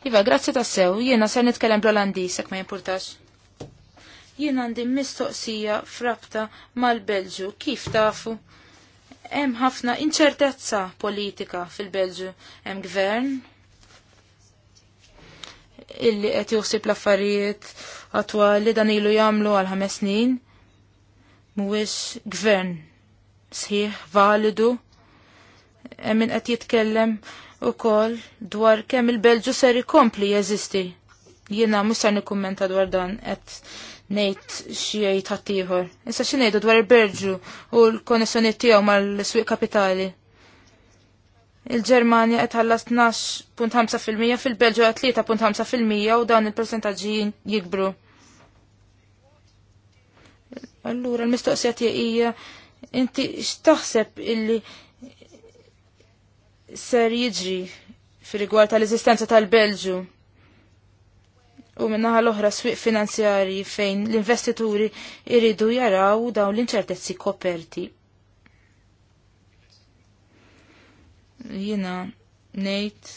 Iva, grazzi tassew, jiena ser nitkellem bl-Olandis, jekk ma jimpurtax jien għandi mistoqsija frabta mal-Belġu kif tafu hemm ħafna inċertezza politika fil-Belġu hemm gvern illi qed joħsib l-affarijiet attwali dan ilu jagħmlu għal ħames snin mhuwiex gvern sħiħ validu hemm min qed jitkellem ukoll dwar kemm il-Belġu ser ikompli jeżisti. Jiena mhux sar nikkummenta dwar dan qed ngħid xi ħaddieħor. Issa xi ngħidu dwar il-Berġu u l-konnessjoni tiegħu mal-swieq kapitali. Il-Ġermanja qed ħallas 12.5% fil-Belġu għet 3.5% u dawn il-persentaġġi jikbru. Allura l-mistoqsija tiegħi inti x'taħseb illi ser jiġri fil-rigward tal-eżistenza tal-Belġu? u minnaħa l-oħra swieq finanzjari fejn l-investituri iridu jaraw dawn l-inċertezzi koperti. Jina nejt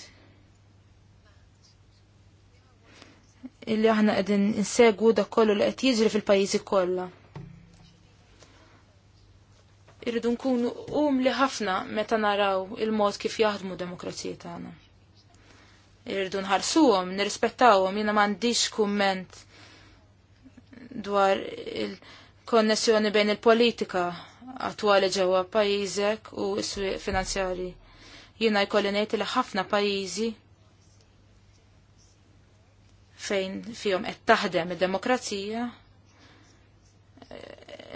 illi aħna qegħdin insegwu dak kollu li qed jiġri fil pajizi kollha. Irridu nkunu li ħafna meta naraw il-mod kif jaħdmu demokrazija tagħna irridu nħarsuhom, nirrispettawhom, jiena m'għandix kumment dwar il-konnessjoni bejn il-politika attwali ġewwa pajjiżek u s-swieq finanzjarji. Jiena jkolli ngħid li ħafna pajjiżi fejn fihom qed taħdem id-demokrazija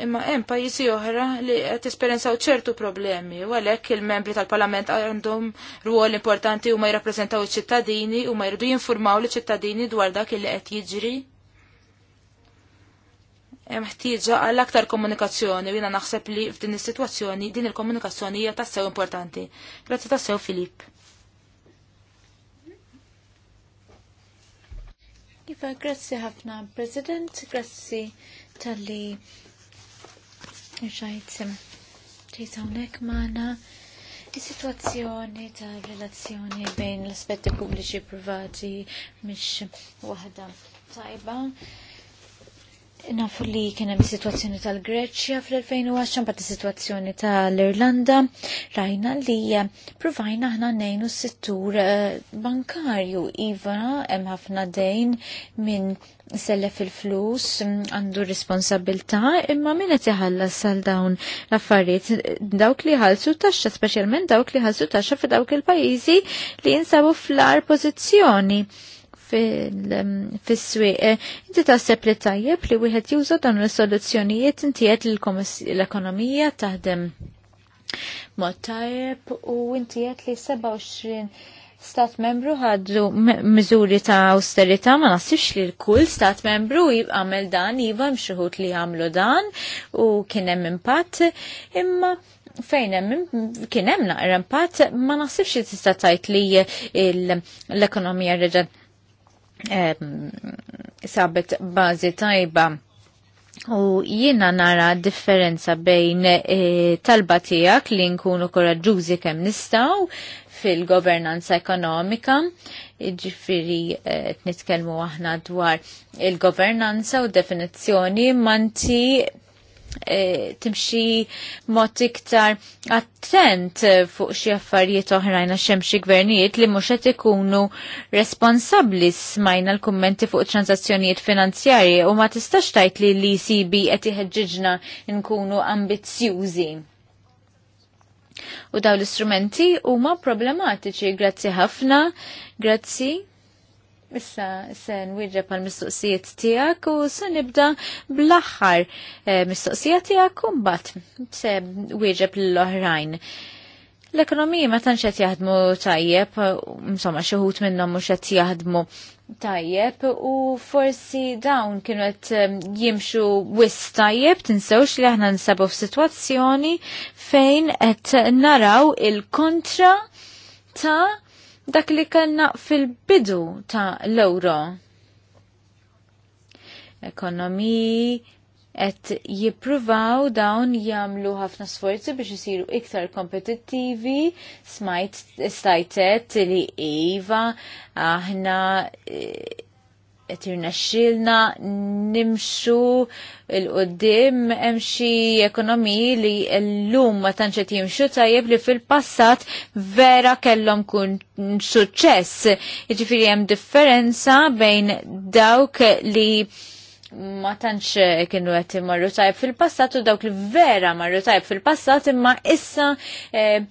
Imma hemm pajjiżi oħra li qed tisperjenzaw ċertu problemi u għalhekk il-membri tal-Parlament għandhom ruol importanti u ma jirrappreżentaw iċ-ċittadini u ma jridu jinformaw li ċittadini dwar dak li qed jiġri. Hemm ħtieġa għal aktar komunikazzjoni u jiena naħseb li f'din is-sitwazzjoni din il-komunikazzjoni hija tassew importanti. Grazzi tassew Filip. Iva, grazzi ħafna, President, grazzi tal-li sem. ġejt hawnhekk magħna is-sitwazzjoni tar-relazzjoni bejn l-aspetti pubbliċi privati mhix waħda tajba nafu li kienem situazzjoni tal-Greċja fl-2010, bat situazzjoni tal-Irlanda, rajna li eh, provajna ħna nejnu s-settur eh, bankarju. Iva, hemm ħafna dejn minn selle fil-flus għandu responsabilta imma min qed sal dawn l-affarijiet dawk li ħalsu taxxa speċjalment dawk li ħalsu taxxa fi dawk il-pajjiżi li jinsabu fl-ar pożizzjoni fil-swieq. Eh, inti taħseb li tajjeb li wieħed juża dan l-soluzzjonijiet inti qed l-ekonomija taħdem mod tajjeb u inti qed li 27 stat membru ħaddu miżuri ta' austerita ma nasibx li l-kull stat membru għamel dan, jiva mxuħut li jgħamlu dan u kienem impatt imma fejn hemm kien hemm naqra impatt ma nasibx li tista' tgħid li l-ekonomija reġgħet sabet bazi tajba. U jiena nara differenza bejn e, talba tiegħek li nkunu koraġġużi kemm nistaw fil-governanza ekonomika, ġifiri e, t-nitkelmu aħna dwar il-governanza u definizzjoni manti E, timxi mod iktar attent e, fuq xi affarijiet oħrajn għax hemm xi gvernijiet li mhux qed ikunu responsabbli smajna l-kummenti fuq transazzjonijiet finanzjarji u ma tistax tajt li l-ECB qed iħeġġiġna nkunu ambizzjużi. U daw l-istrumenti huma problematiċi, grazzi ħafna, grazzi. Issa sen wieġeb pal mistoqsijiet tiegħek u se nibda bl-aħħar eh, mistoqsija tiegħek u mbagħad se wieġeb l-oħrajn. L-ekonomija ma tantx qed jaħdmu tajjeb, insomma xi wħud minnhom mhux qed jaħdmu tajjeb u forsi dawn kienu qed eh, jimxu wis tajjeb tinsewx li aħna nsabu f'sitwazzjoni fejn qed naraw il-kontra ta' dak li kellna fil-bidu ta' l-euro. Ekonomi qed jippruvaw dawn jagħmlu ħafna sforzi biex isiru iktar kompetittivi, smajt stajtet li iva aħna e etirna xilna nimxu l-qoddim hemm xi ekonomiji li llum ma tantx qed jimxu tajjeb li fil-passat vera kellhom kun suċċess. Iġifiri hemm differenza bejn dawk li ma tantx kienu qed marru tajb fil-passat u dawk li vera marru tajb fil-passat imma issa eh,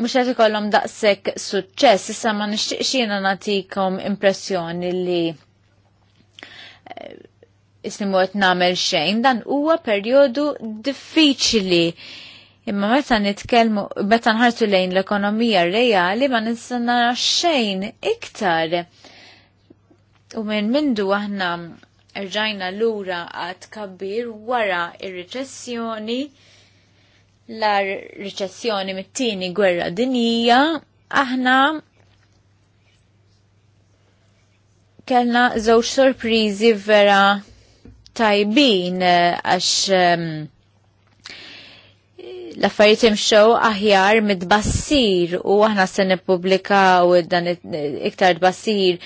mux għati kollom daqsek suċċess, issa ma nixtieqx jiena nagħtikom impressjoni li eh, isnimu għet namel xejn, dan huwa perjodu diffiċli. Imma meta nitkellmu, meta nħartu lejn l-ekonomija reali ma nistanna xejn iktar. U minn mindu aħna rġajna lura għad kabir wara ir-reċessjoni l-ar riċessjoni mit-tieni gwerra dinija, aħna kellna żewġ sorpriżi vera tajbin eh, għax um, l-affarijiet imxew aħjar mid-bassir u aħna se nippubblikaw dan iktar bassir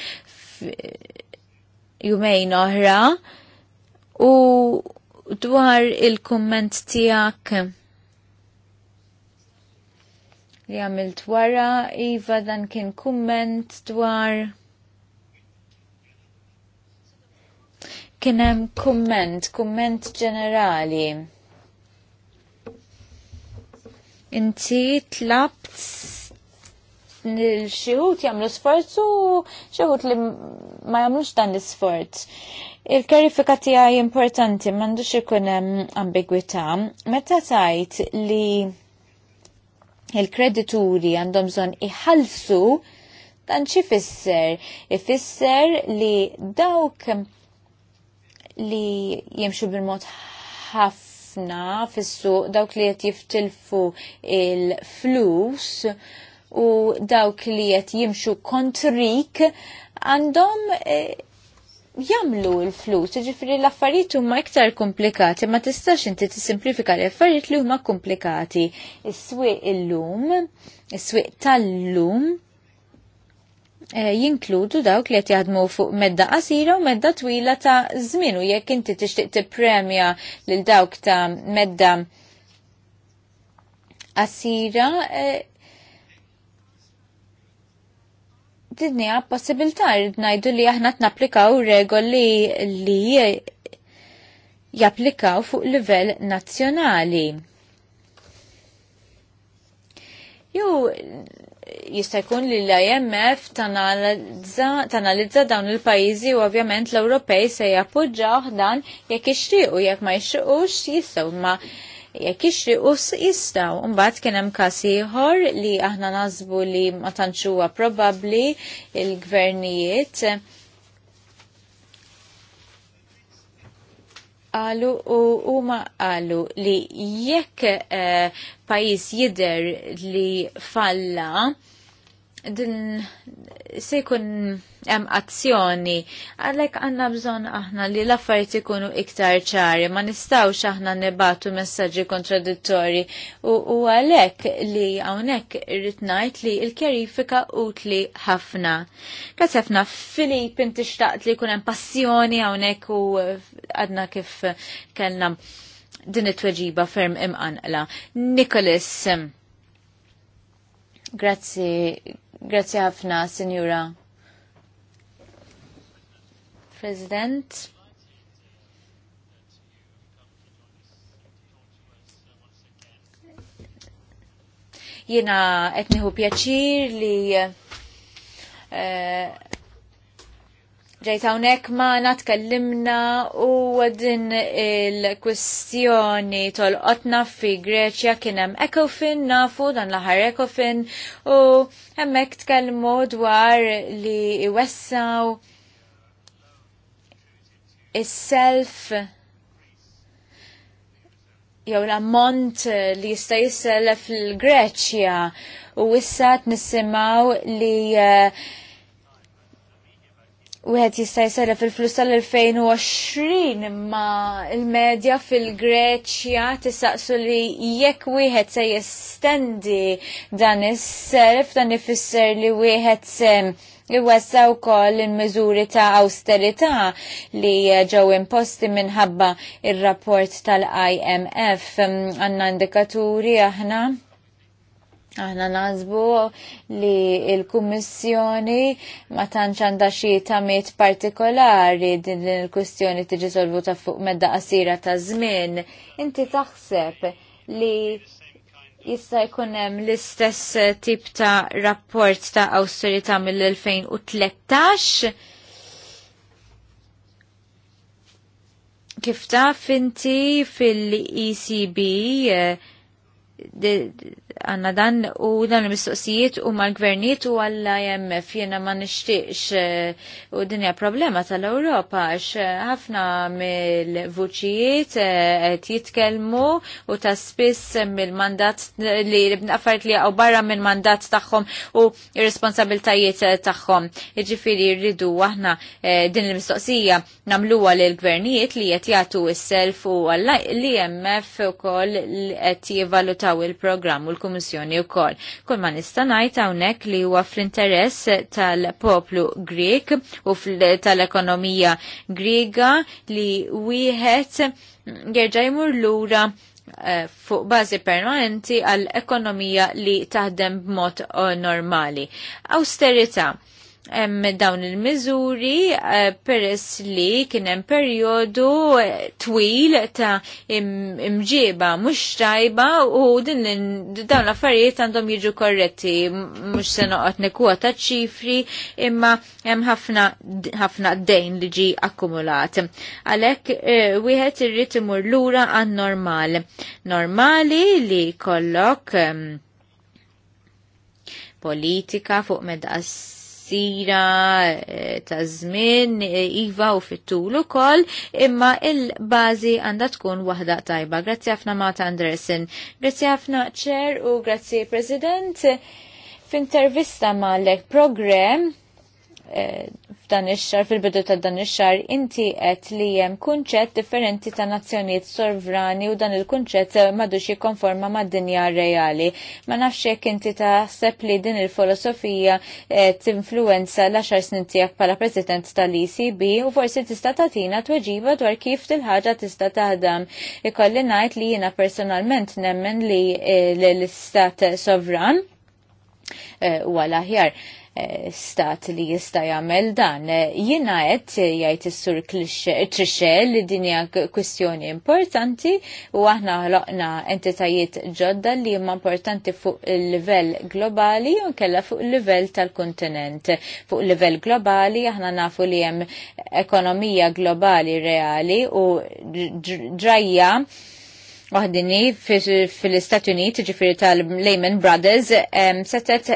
jumejn oħra u dwar il-kumment tiegħek li għamilt wara, Iva dan kien kumment dwar. Kien hemm kumment, kumment ġenerali. Inti tlabt xieħut jamlu sforz u xieħut li ma jamlux dan l-sforz. Il-karifika tijaj importanti xie ikun ambigwita. Meta tajt li il-kredituri għandhom bżonn iħallsu dan xi fisser? Ifisser li dawk li jimxu bil-mod ħafna fissu dawk li qed jiftilfu il-flus u dawk li qed jimxu kontrik għandhom eh, jamlu l-flus, ġifri l-affarijiet huma iktar komplikati, ma tistax inti t-simplifika l-affarijiet li huma komplikati. Is-swieq illum, is-swieq tal-lum, eh, jinkludu dawk li qed jaħdmu fuq medda qasira u medda twila ta' żmien u jekk inti tixtieq tippremja lil dawk ta' medda qasira eh, dinja possibilità ngħidu li aħna t-naplikaw regoli li japplikaw fuq livell nazzjonali. Ju jista' jkun li l-IMF tanalizza dawn il-pajjiżi u ovvjament l-Ewropej se jappoġġaw dan jekk ixtiequ jekk ma jixtiequx jistgħu ma' jekk u jistgħu. Mbagħad kien hemm każ ieħor li aħna nażbu li ma tantx huwa probabbli il-gvernijiet qalu u huma qalu li jekk uh, pajjiż jidher li falla din se jkun hemm azzjoni għalhekk għandna bżonn aħna li l-affarijiet ikunu iktar ċari ma nistgħux aħna nibatu messaġġi kontradittorji u għalhekk li hawnhekk irrid ngħid li l-kjarifika utli ħafna. Kas ħafna Filip inti xtaqt li jkun hemm passjoni hawnhekk u għadna kif kellna din it-tweġiba ferm imqanqla. Nicholas, Grazie. Grazie ħafna, Signora. President. Jena etniħu pjaċir li uh, ġejt hawnhekk magħna tkellimna u din il-kwistjoni tolqotna fi Greċja kien hemm Ecofin nafu dan l-aħħar Ecofin u hemmhekk tkellmu dwar li iwessaw is-self jew l-ammont li jista' jissellef l-Greċja u issa nisimgħu li uh, wieħed jista' jsara fil-flus tal-2020 imma il-medja fil-Greċja tisaqsu li jekk wieħed se jestendi dan is-serf dan ifisser li wieħed se Iwessa wkoll il-miżuri ta' austerità li ġew imposti minħabba ir-rapport tal-IMF għandna indikaturi aħna Aħna nazbu li il-Kummissjoni ma tantx għandha xi tamiet partikolari din il-kwistjoni tiġi solvuta fuq medda qasira ta' żmien. Inti taħseb li jista' jkun hemm l-istess tip ta' rapport ta' awsterità mill-2013? Kif taf inti fil-ECB eh, għanna dan u dan il-mistoqsijiet u l gvernijiet u għall-IMF jena ma nishtiqx eh, u dinja problema tal-Europa għax eh, ħafna mill-vuċijiet għet eh, jitkelmu u ta' spiss mill-mandat li b'naqfart li għaw barra mill-mandat tagħhom u responsabiltajiet tagħhom. Iġifiri rridu aħna din il-mistoqsija għal l gvernijiet li għet jgħatu s-self u għall-IMF u koll li jivaluta taw il program u l-Kummissjoni wkoll. Kull ma nista' ngħid hawnhekk li huwa fl-interess tal-poplu Grek u tal-ekonomija Griega li wieħed jerġa' jmur lura eh, fuq bażi permanenti għal ekonomija li taħdem b'mod eh, normali. Austerita hemm dawn il-miżuri eh, peress li kien hemm perjodu eh, twil ta' imġieba mhux tajba u din dawn l-affarijiet għandhom jiġu korretti mhux se noqgħod nekwota ċifri imma hemm ħafna ħafna dejn li ġi akkumulat. Għalhekk eh, wieħed irrid imur lura għan normal. Normali li kollok politika fuq medqas sira eh, ta' żmien eh, iva u fit-tul ukoll, imma il-bażi għandha tkun waħda tajba. Grazzi ħafna Mata Anderson. Grazzi ħafna Chair u grazzi President. F'intervista ma' Leg Program Eh, f'dan ix-xar fil-bidu ta' dan ix-xar inti qed li hemm kunċett differenti ta' nazzjonijiet sovrani u dan il-kunċett m'għadux jikkonforma mad-dinja reali. Ma nafx jekk inti taħseb li din il-filosofija eh, tinfluwenza l-10 snin tiegħek bħala President tal-ECB u forsi tista' tagħtina tweġiba dwar kif til-ħaġa tista' taħdem. Ikolli ngħid li jiena personalment nemmen li eh, l-istat sovran u għal aħjar. Eh, stat li jista' jagħmel dan. Eh, jiena qed jgħid is-sur Trixxe li din hija kwistjoni importanti u aħna ħloqna entitajiet ġodda li huma importanti fuq il-livell globali u nkella fuq il-livell tal-kontinent. Fuq il-livell globali aħna nafu li hemm ekonomija globali reali u drajja. dr oħdini fil-Istati Uniti, ġifiri tal-Lehman Brothers, setet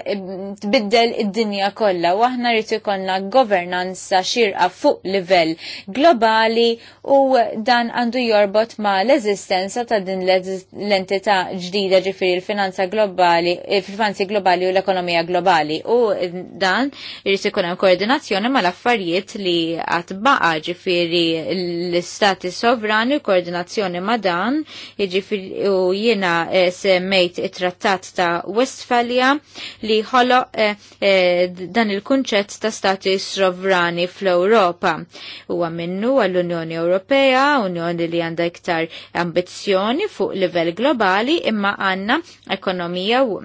tbiddel id-dinja kollha u aħna rrid ikollna governanza xirqa fuq livell globali u dan għandu jorbot ma l-eżistenza ta' din l-entità ġdida ġifiri l-finanza globali, il-finanzi eh, globali u l-ekonomija globali. U dan rritu ikun hemm koordinazzjoni mal-affarijiet li għatbaqa ġifiri l-istati sovrani u koordinazzjoni ma' dan jiġifieri u jiena eh, semmejt it-Trattat ta' Westfalia li ħoloq eh, eh, dan il-kunċett ta' stati sovrani fl-Ewropa. Huwa minnu għall-Unjoni Ewropea, Unjoni li għandha iktar ambizzjoni fuq livell globali imma għandna ekonomija u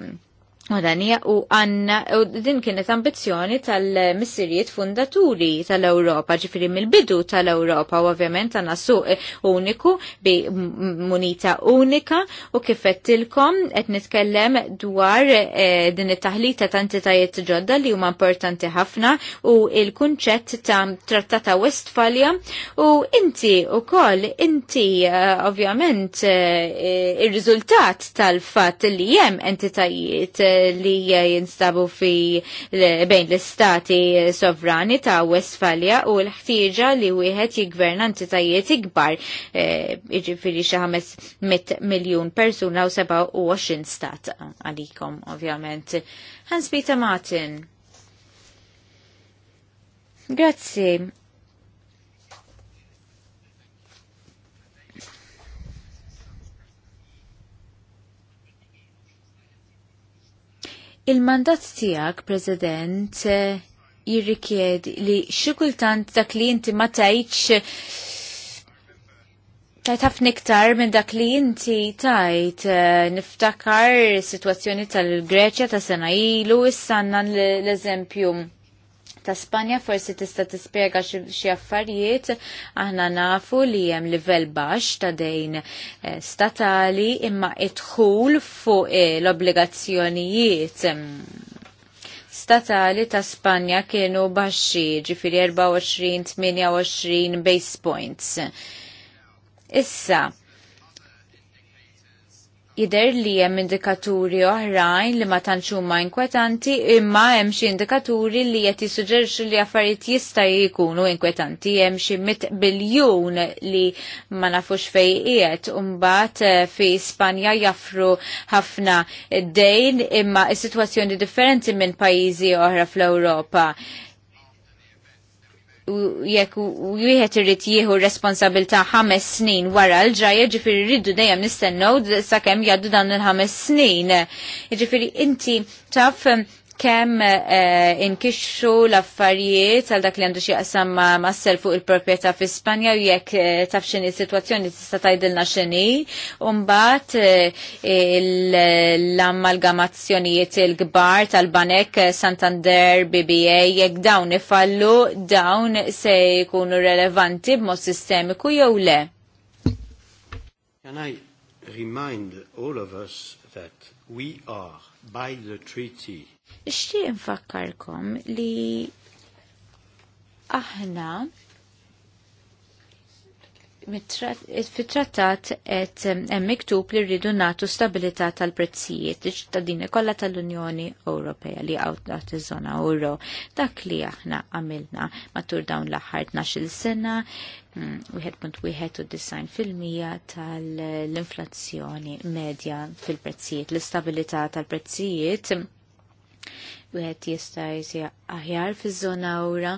Uranija u għanna, u din kienet ambizjoni tal-missirijiet fundaturi tal-Europa, ġifiri mill-bidu tal-Europa, u ovvjament għanna suq uniku bi munita unika u tilkom, et nitkellem dwar eh, din it-taħlita ta' entitajiet ġodda li huma importanti ħafna u il-kunċett ta' trattata Westfalia u inti u koll inti eh, ovvjament eh, il-riżultat tal-fat li jem entitajiet li jinstabu fi bejn l-istati sovrani ta' Westfalia u l-ħtieġa li wieħed jigverna entitajiet ikbar e, iġifiri xi ħames miljun persuna u 27 stat għalikom ovvjament. Hans Peter Martin. Grazzi. Il-mandat tijak, President, eh, jirrikjed li xikultant dak li inti ma tajċ tajt ħafna iktar minn dak li inti tajt eh, niftakar situazzjoni tal-Greċja ta' sena ilu issanna l-eżempju ta' Spanja forsi tista' tispjega xi affarijiet aħna nafu li hemm livell baxx ta' dejn eh, statali imma idħul fuq eh, l-obbligazzjonijiet mm, statali ta' Spanja kienu baxxi ġifiri 24-28 base points. Issa, jider li hemm indikaturi oħrajn li ma tantx huma inkwetanti, imma hemm xi indikaturi li qed jissuġġerixxu li affarijiet jista' jkunu inkwetanti, hemm xi mit biljun li ma nafux fej qiegħed. Imbagħad eh, fi Spanja jaffru ħafna dejn imma is-sitwazzjoni differenti minn pajjiżi oħra fl-Ewropa jekk u wieħed irid jieħu responsabilta ħames snin wara l ġraja ġifieri rridu dejjem nistennew sakemm jgħaddu dan il-ħames snin. Ġifieri inti taf kemm eh, eh, inkixxu l-affarijiet għal dak li għandu xi jaqsam massel fuq il-proprjetà fi Spanja u jekk eh, taf x'inhi sitwazzjoni tista' tgħidilna x'inhi u mbagħad eh, l-amalgamazzjonijiet il-kbar tal-Banek eh, Santander BBA jekk dawn ifallu dawn se jkunu relevanti b'mod sistemiku jew le. Can I remind all of us that we are by the treaty Ixtieq infakkarkom li aħna fit-trattat et hemm miktub li rridu natu stabilità tal-prezzijiet iċ-ċittadini kollha tal-Unjoni Ewropea li għaw taħt iż-żona euro. Dak li aħna għamilna matul dawn l-aħħar 12-il sena 1.1 mm, u design fil-mija tal-inflazzjoni medja fil-prezzijiet, l-istabilità tal-prezzijiet Wieħed jista' jsieq aħjar fiż-żona ewra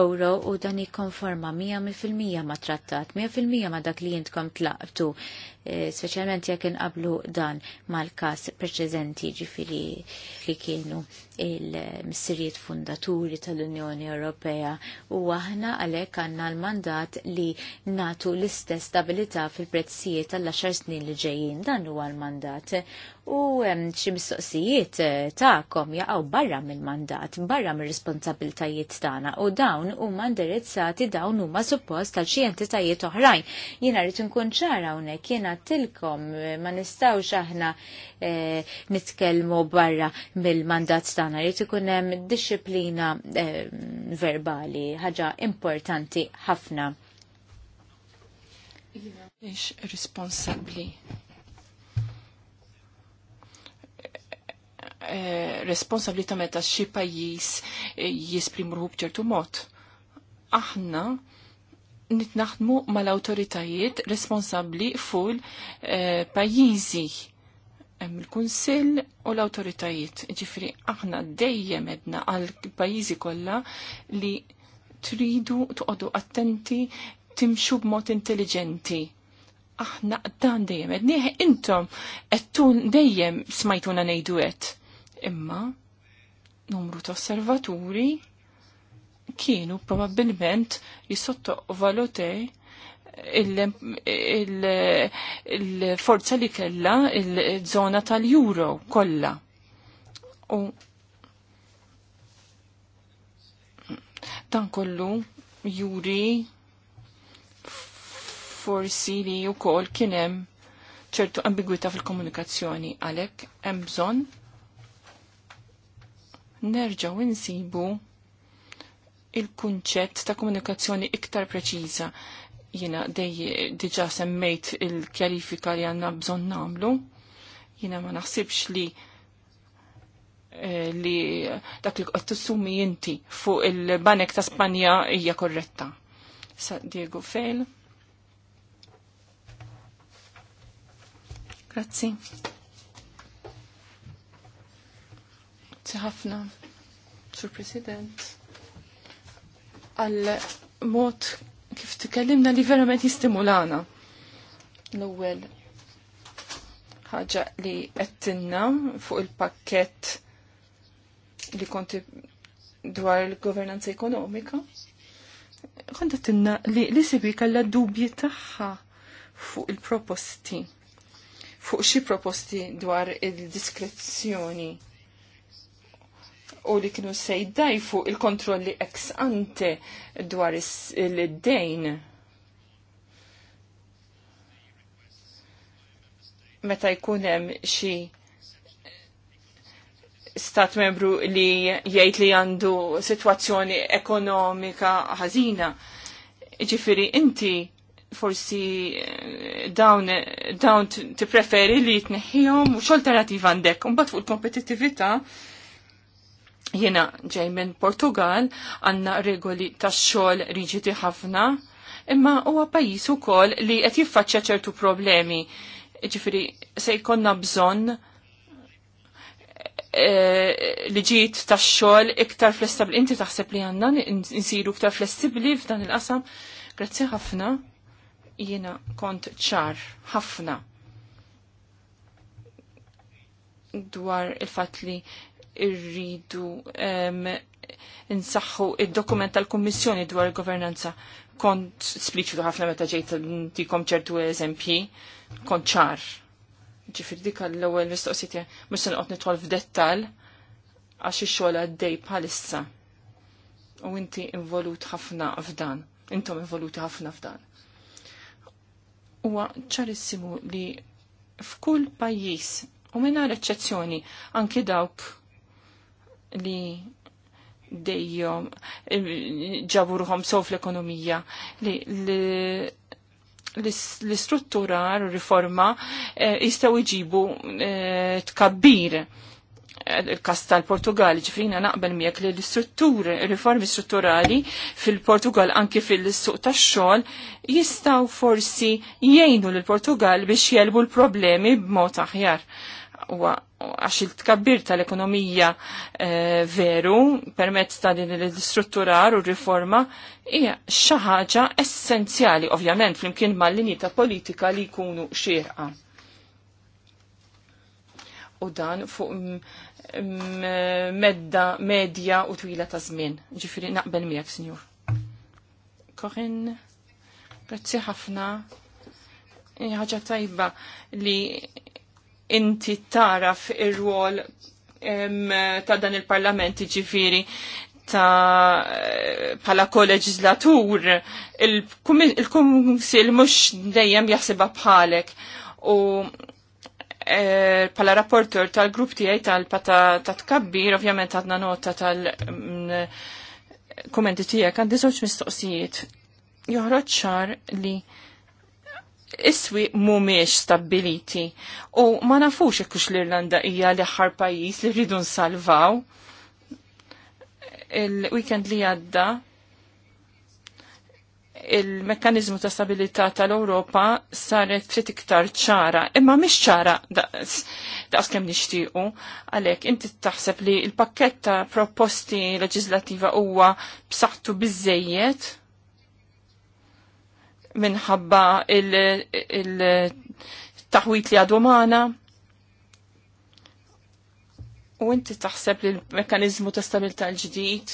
euro u dan ikkonforma 100% ma' trattat, 100% ma' dak li jintkom tlaqtu, eh, speċjalment jekk inqablu dan mal-każ preċeżenti ġifiri li kienu il-missirijiet fundaturi tal-Unjoni Ewropea u aħna għalhekk għandna l-mandat li natu l-istess stabilità fil-prezzijiet tal-10 snin li ġejjin dan huwa l-mandat u ehm, xi mistoqsijiet eh, tagħkom jaqgħu barra mill-mandat, barra mill responsabiltajiet tagħna u dawn huma indirizzati dawn huma suppost għal xi entitajiet oħrajn. Jiena rrid inkun ċara hawnhekk jiena tilkom eh, ma nistgħux aħna eh, nitkellmu barra mill-mandat tagħna rrid ikun hemm disciplina eh, verbali ħaġa importanti ħafna. mhix responsabbli Eh, ta' meta xi pajjiż eh, jisprimruhu b'ċertu mod. Aħna nitnaħdmu mal-awtoritajiet responsabbli fuq eh, pajjiżi hemm il-Kunsill u l-awtoritajiet. Ġifri aħna dejjem edna għal pajjiżi kollha li tridu toqgħodu attenti timxu b'mod intelligenti aħna dan dejjem, nieħ intom, tun dejjem smajtuna ngħidu għet imma numru ta' osservaturi kienu probabbilment jisottovalutej il-forza li kella il-zona tal juro kolla. U dan kollu juri forsi li u kol kienem ċertu ambigwita fil-komunikazzjoni għalek hemm bżonn nerġaw insibu il-kunċett ta' komunikazzjoni iktar preċiża. Jina dej diġa semmejt il-kjarifika li għanna bżon namlu. Jina ma naħsibx li eh, li dak li qed tissumi inti fuq il-banek ta' Spanja hija korretta. Sa Diego Fel. Grazzi. Grazie ħafna, Sur President, għal mod kif tkellimna li verament jistimulana. L-ewwel ħaġa li qed fuq il-pakkett li konti dwar il-governanza ekonomika. Konta tinna li li sibi kalla dubji taħħa fuq il-proposti. Fuq xi proposti dwar il-diskrezzjoni u li kienu se fuq il-kontrolli ex ante dwar il-dejn. Meta jkun hemm xi stat membru li jgħid li għandu situazzjoni ekonomika ħażina. Ġifiri, inti forsi dawn, dawn t-preferi li t u x għandek. Unbat fuq il kompetittività Jena ġej minn Portugal għanna regoli ta' xogħol riġiti ħafna, imma huwa pajjiż ukoll li qed jiffaċċja ċertu problemi. Ġifieri se jkollna bżonn e, li ġiet tax xogħol iktar flessibbli. Inti taħseb li għandna nsiru iktar flessibbli f'dan il-qasam. Grazzi ħafna. Jiena kont ċar ħafna dwar il-fatt li irridu insaħħu id-dokument tal-Kummissjoni dwar il-governanza. Kont spliċitu ħafna meta ġejt tikom ċertu eżempji, kont ċar. Ġifir dik l-ewwel mistoqsija mhux se noqgħod nidħol f'dettall għax ix-xogħol għaddej bħalissa. U inti involut ħafna f'dan, intom involuti ħafna f'dan. Huwa ċarissimu li f'kull pajjiż u minn eċċezzjoni anke dawk li dejjom ġaburuħom sow fl-ekonomija li l-istruttura u riforma eh, jistaw iġibu eh, tkabbir il-kas eh, tal-Portugal, ġifrina naqbel miegħek li l-istrutturi, riformi strutturali fil-Portugal anki fil-suq tax-xogħol jistgħu forsi jgħinu lill-Portugal biex jelbu l-problemi b'mod aħjar għax il-tkabbir tal-ekonomija eh, veru permezz ta' din l-istrutturar u riforma hija xi ħaġa essenzjali ovvjament flimkien mal-linji ta' politika li jkunu xierqa. U dan fuq medda medja u twila ta' żmien. Ġifiri, naqbel miegħek, Sinjur. Korin, grazzi ħafna ħaġa tajba li inti taraf ir-rwol ta' dan il-parlament ġifiri ta' pala koleġislatur il-kumsil mux dejjem jaxseba bħalek u e, pala rapporter tal-grupp tiegħi tal-pata ta' tkabbir ovvjament għadna nota tal- mm, kommenti tiegħek għandi żewġ mistoqsijiet. Joħroġ ċar li iswi mumiex stabiliti u ma nafux ekkux l-Irlanda hija l-aħħar pajjiż li rridu nsalvaw. Il-weekend li għadda il-mekkanizmu ta' stabilità tal-Ewropa saret trid iktar ċara, imma mhix ċara daqs kemm nixtiequ, għalhekk inti taħseb li l-pakkett ta' proposti leġislativa huwa b'saħħtu biżejjed minħabba il-taħwit li għadu maħna. U inti taħseb li l-mekanizmu ta' stabilta l-ġdijt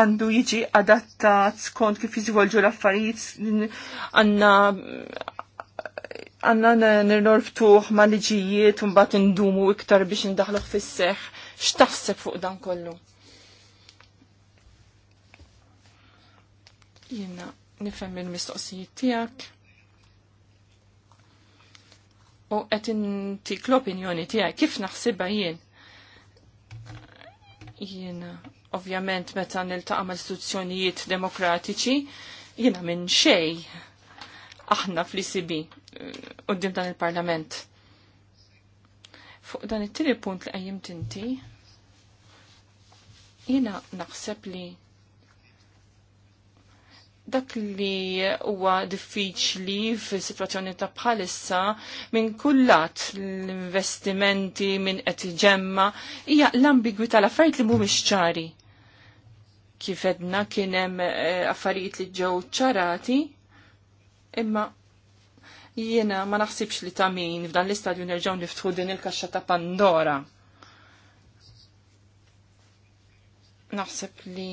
għandu jiġi adattat skont kif jiżvolġu l-affarijiet għanna għanna nirnorftuħ ma liġijiet un bat indumu iktar biex ndaħluħ fis X'taħseb fuq dan kollu? Jina nifhem il-mistoqsijiet tiegħek. U qed intik l-opinjoni tijak, kif naħsibha jien. Jiena ovvjament meta niltaqa' mal-istituzzjonijiet demokratiċi, jiena minn xej aħna fl-ICB eh, qudiem dan il-Parlament. Fuq dan it-tieni punt li qajjim tinti, jiena naħseb li dak li huwa diffiċli f'sitwazzjoni ta' bħalissa minn kullat l-investimenti minn qed ġemma hija l-ambigwità l-affarijiet li mhumiex ċari. Kif edna kien hemm eh, affarijiet li ġew ċarati, imma jiena ma naħsibx li ta' min f'dan l-istadju nerġgħu niftħu din il-kaxxa ta' Pandora. Naħseb li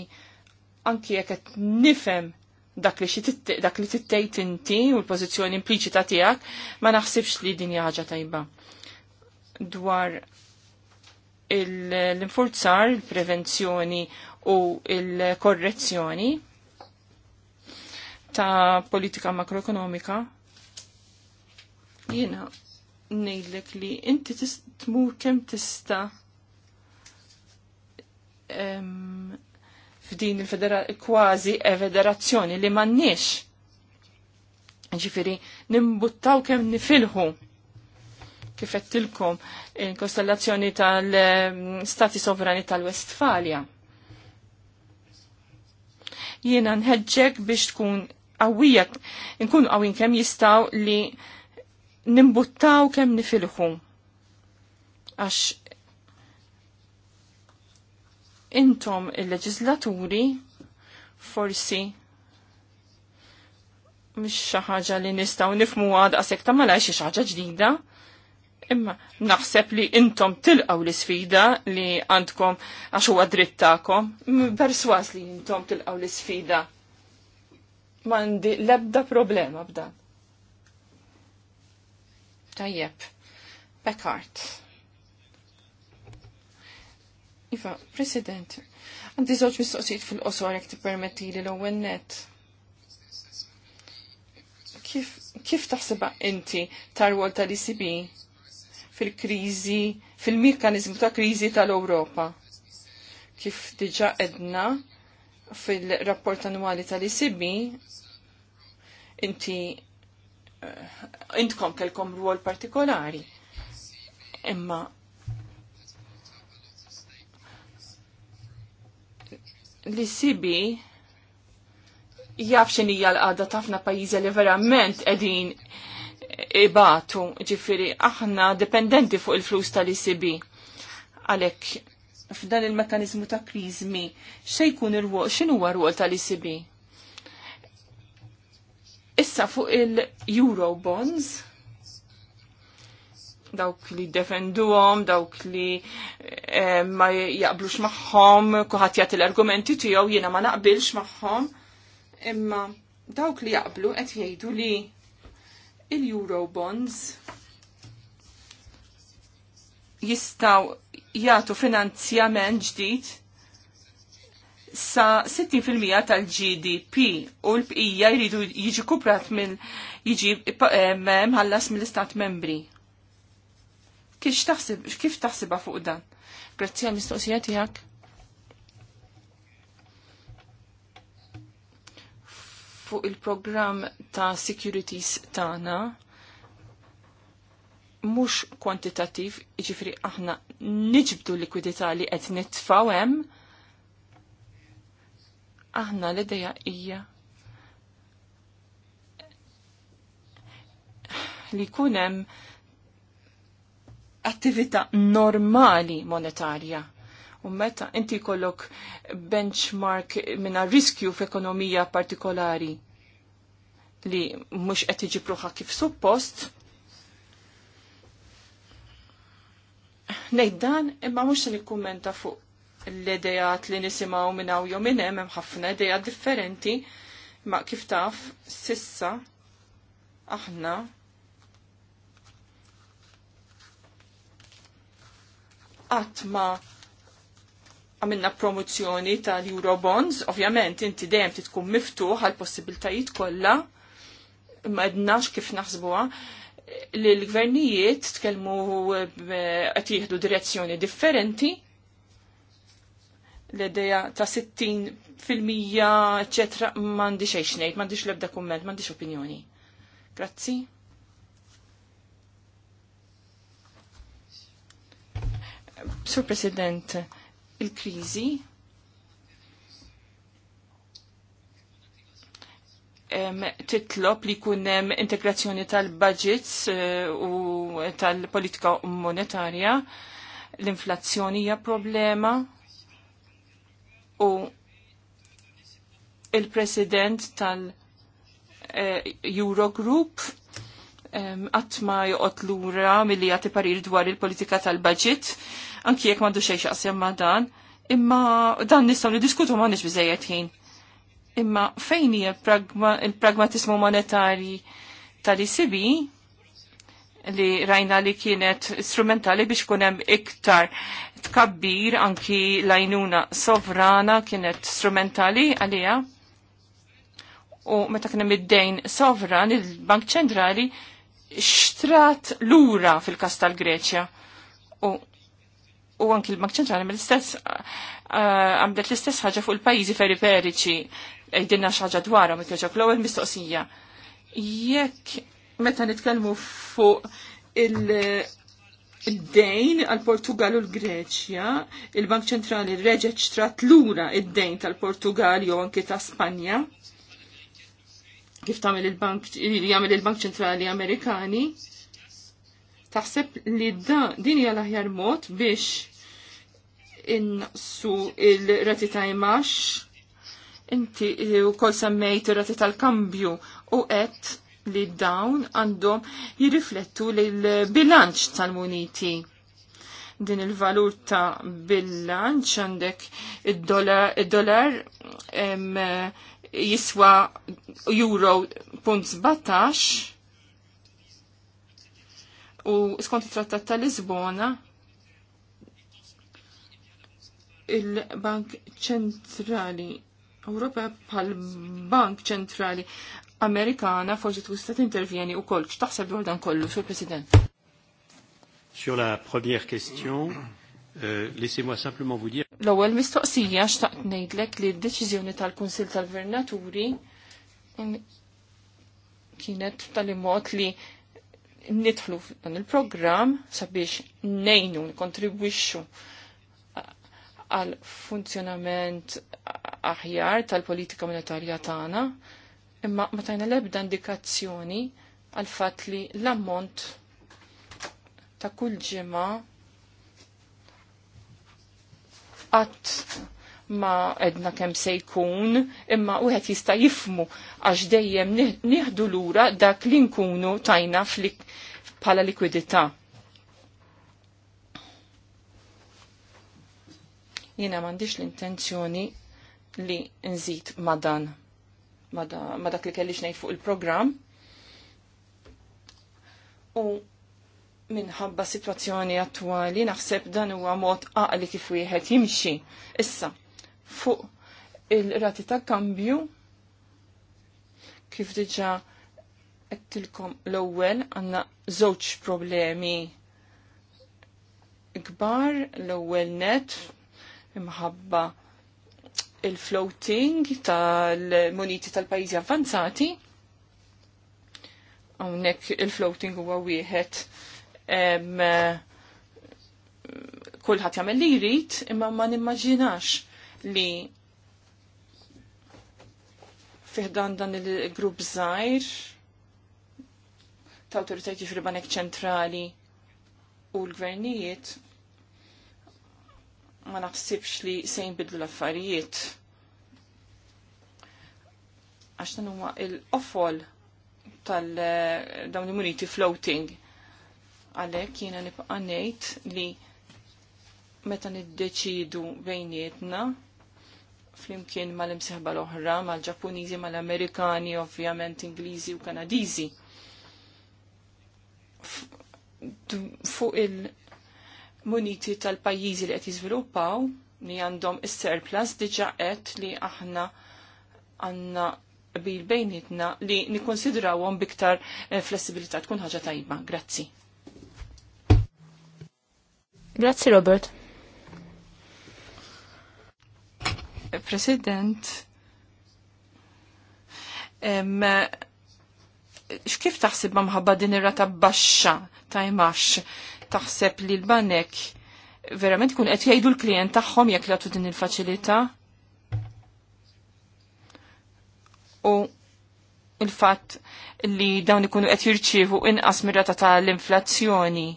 anki jekk qed nifhem dak li dak li tittejt inti u l-pożizzjoni impliċita tiegħek ma naħsibx li din ħaġa tajba. Dwar l-infurzar, il-prevenzjoni u l korrezzjoni ta' politika makroekonomika jiena ngħidlek li inti tmur kemm tista' f'din il-kważi federazzjoni li mannix. Ġifiri, nimbuttaw kem nifilħu kifettilkom il-kostellazzjoni tal-Stati Sovrani tal-Westfalia. Jiena nħedġek biex tkun għawijak, nkun għawin kem jistaw li nimbuttaw kem nifilħu. Għax intom il-leġislaturi forsi mish xi ħaġa li nistgħu nifmu għasek ta' malaj xi ħaġa ġdida. Imma naħseb li intom tilqaw l-sfida li għandkom għax huwa dritt perswas li intom tilqaw l-sfida. M'għandi l-ebda problema b'dan. Tajjeb, Beckart. Iva, President, għandi żewġ mistoqsijiet fil-qosor jekk permetti li l-ewwel net. Kif, kif taħseba inti tar-rwol tal icb fil-kriżi, fil-mekkaniżmu ta' kriżi tal-Ewropa? Kif diġà edna fil-rapport annwali tal icb inti eh, intkom kelkom rwol partikolari. Imma li sibi jaf xinija l-għada tafna pajiza li verament edin ibatu, ġifiri, aħna dependenti fuq il-flus tal-ICB. E Għalek, f'dan il-mekanizmu ta' krizmi, xejkun il-wol, xinu rwol tal-ICB? E Issa fuq il eurobonds dawk li defenduhom, dawk li eh, ma jaqblux magħhom, kuħat jagħti l-argumenti tiegħu jiena ma naqbilx magħhom. Imma dawk li jaqblu qed jgħidu li il-Eurobonds jistaw jagħtu finanzjament ġdid sa 60% tal-GDP u l-bqija jridu jiġi kuprat minn jiġi eh, mħallas mill-istat membri. Kif taħseb, kif taħsibha fuq dan? Grazzi għal mistoqsija tiegħek. Fuq il-programm ta' securities tagħna mhux kwantitattiv, jiġifieri aħna niġbdu likwidità li qed nitfgħu hemm, aħna l-idea hija li jkun hemm attività normali monetarja. U meta inti kollok benchmark minna riskju f'ekonomija partikolari li mhux qed iġi pruħa kif suppost, Nej, dan, imma mhux se nikkumenta fuq l-idejat li nisimaw minn hawn jew minn hemm hemm ħafna idejat differenti, ma kif taf sissa aħna għatma għamilna promozzjoni tal-Eurobonds, ovvjament inti dejjem titkun miftuħ għal possibiltajiet kollha, ma għednax kif naħsbuha, li l-gvernijiet tkellmu eh, qed jieħdu direzzjoni differenti, l-ideja ta' 60 fil-mija, eccetera, m'għandix xejn ngħid, m'għandix l-ebda kumment, m'għandix opinjoni. Grazzi. Sur President, il-krizi titlop li kunem integrazzjoni tal-budgets eh, u tal-politika monetarja, l-inflazzjoni hija problema u il-president tal-Eurogroup eh, għatma joqot lura mill-li għati parir dwar il-politika tal-budget anki jekk mandu xejn xaqsjem ma' dan, imma dan nistgħu niddiskutu ma' nix biżejjed ħin. Imma fejn hija il-pragmatismu monetari tal-ICB li rajna li kienet strumentali biex kunem iktar tkabbir anki lajnuna sovrana kienet strumentali għalija. U meta kienem id-dejn sovran, il-Bank ċentrali xtrat lura fil kastal tal-Greċja. U u anki l-Bank ċentrali mill-istess eh, eh, għamlet l-istess ħaġa fuq il-pajjiżi periferiċi għidinna xaġa dwarhom ikkeġok l-ewwel mistoqsija. Jekk meta nitkellmu fuq il-dejn għal Portugal u l-Greċja, il-Bank ċentrali reġeċ l lura id-dejn tal-Portugal jew anki ta' Spanja, kif tagħmel il-Bank il-Bank ċentrali Amerikani, Taħseb li din hija l-aħjar mod biex innaqsu il-rati ta' imax, inti eh, u kol semmejt ir-rati tal-kambju u qed li dawn għandhom jirriflettu l-bilanċ tal-muniti din il-valur ta' bilanċ għandek id-dollar eh, jiswa euro punt zbatax u skont it-trattat ta' Lisbona il-Bank Ċentrali Ewropea bħal Bank Ċentrali Amerikana forsi tista' tintervjeni wkoll x'taħseb dwar dan kollu, Sur President. Sur la première question, euh, laissez-moi simplement vous dire. L-ewwel mistoqsija xtaqt ngħidlek li d-deċiżjoni tal-Kunsill tal-Gvernaturi kienet tal-imot li nidħlu dan il-programm sabiex nejnu nkontribwixxu għal funzjonament aħjar tal-politika monetarja tagħna, imma ma tajna l-ebda indikazzjoni għal fatt li l-ammont ta' kull ġimgħa qatt ma edna kem se jkun, imma u għet jista jifmu għax dejjem nieħdu lura dak li nkunu tajna bħala likwidità. Jiena m'għandix l-intenzjoni li nżid ma dan, ma dak li kellix ngħid fuq il-programm. U minħabba situazzjoni attwali naħseb dan huwa mod aqli kif wieħed jimxi. Issa, fuq il-rati ta' kambju kif diġa għettilkom l-ewwel għanna żewġ problemi kbar l-ewwel net imħabba il-floating tal-muniti tal-pajjiżi avvanzati hawnhekk il-floating huwa wieħed kulħadd jagħmel li jrid imma ma nimmaġinax li fiħdan dan il-grupp zaħir ta' autoritajti fil-Banek ċentrali u l-gvernijiet ma naħsibx li se jinbidlu l-affarijiet. Għax dan huma l-offol tal-dawn eh, immuniti floating. Għalhekk jiena nibqa' ngħid li meta niddeċidu bejnietna flimkien mal-imsieħba l-oħra, mal-Ġappuniżi, mal-Amerikani, ovvjament Ingliżi u Kanadiżi. Fuq il-muniti tal-pajjiżi li qed jiżviluppaw li għandhom is-surplus diġà qed li aħna għandna bil bejnietna li nikkonsidrawhom biktar eh, flessibilità tkun ħaġa tajba. Grazzi. Grazzi Robert. President, xkif taħseb mħabba din ir-rata baxxa tajmax taħseb li l-banek verament kun qed jgħidu l klijent tagħhom jekk jagħtu din il-faċilità? U il-fatt li dawn ikunu qed jirċievu inqas mir-rata tal-inflazzjoni.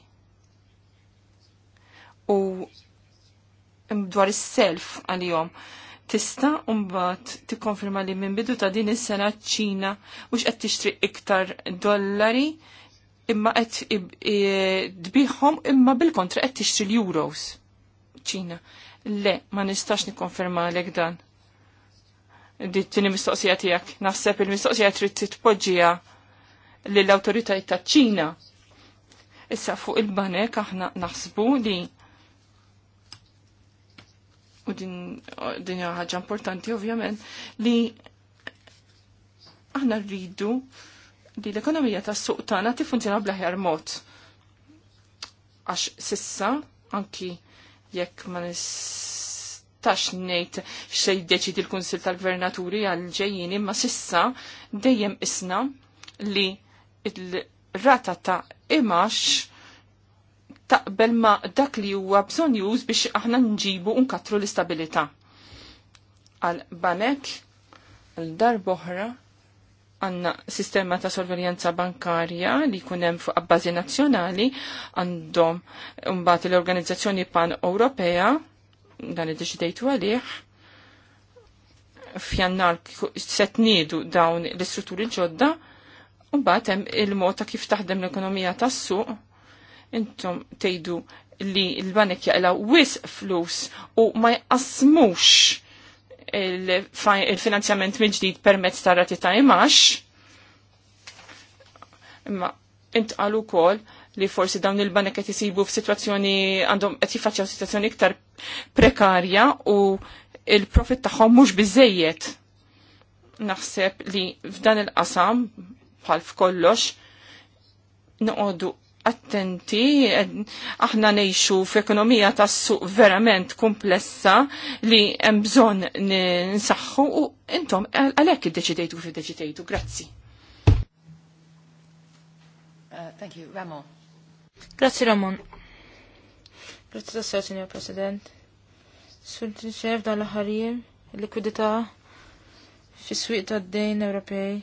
U dwar is-self għalihom tista' mbagħad tikkonferma li minn bidu ta' din is-sena ċ-Ċina mhux qed tixtri iktar dollari imma qed tbieħhom imma bil-kontra qed tixtri l-euros. ċina. Le, ma nistax nikkonferma lek dan. Di tini mistoqsija tiegħek. Naħseb il-mistoqsija trid titpoġġija lill-awtoritajiet taċ-Ċina. Issa fuq il-banek aħna naħsbu li u din din ħaġa importanti ovvjament li aħna rridu li l-ekonomija tas suq tagħna tiffunzjona bl-aħjar mod. Għax sissa anki jekk ma nistax ngħid xej deċid il kunsill tal-Gvernaturi għal ġejjin imma sissa dejjem isna li il-rata ta' imax taqbel ma dak li huwa bżonn już biex aħna nġibu nkatru l-istabilità. Għal banek, għal darboħra, għanna sistema ta' sorveljanza bankarja li kunem fuq abbażi nazzjonali għandhom mbagħad l-organizzazzjoni pan-Ewropea dan id-deċidejtu għalih f'jannar set nidu dawn l-istrutturi ġodda u mbagħad hemm il-mod ta' kif taħdem l-ekonomija tas-suq intom tejdu li l-banek jaqla wis flus u ma jqasmux il-finanzjament il mill-ġdid permezz ta' rati ta' imax. Imma intqalu kol li forsi dawn il-banek qed isibu f'sitwazzjoni għandhom qed jiffaċċjaw sitwazzjoni iktar prekarja u il-profit tagħhom mhux biżejjed. Naħseb li f'dan il-qasam bħal f'kollox noqogħdu attenti, aħna nejxu f'ekonomija tas suq verament komplessa li hemm bżonn u intom għalhekk iddeċidejtu fi deċidejtu. Grazzi. Uh, thank you, Ramon. Grazzi Ramon. Grazzi ta' sew, Signor President. Sur ċef dan l fi likwidità fis-swieq tad-dejn Ewropej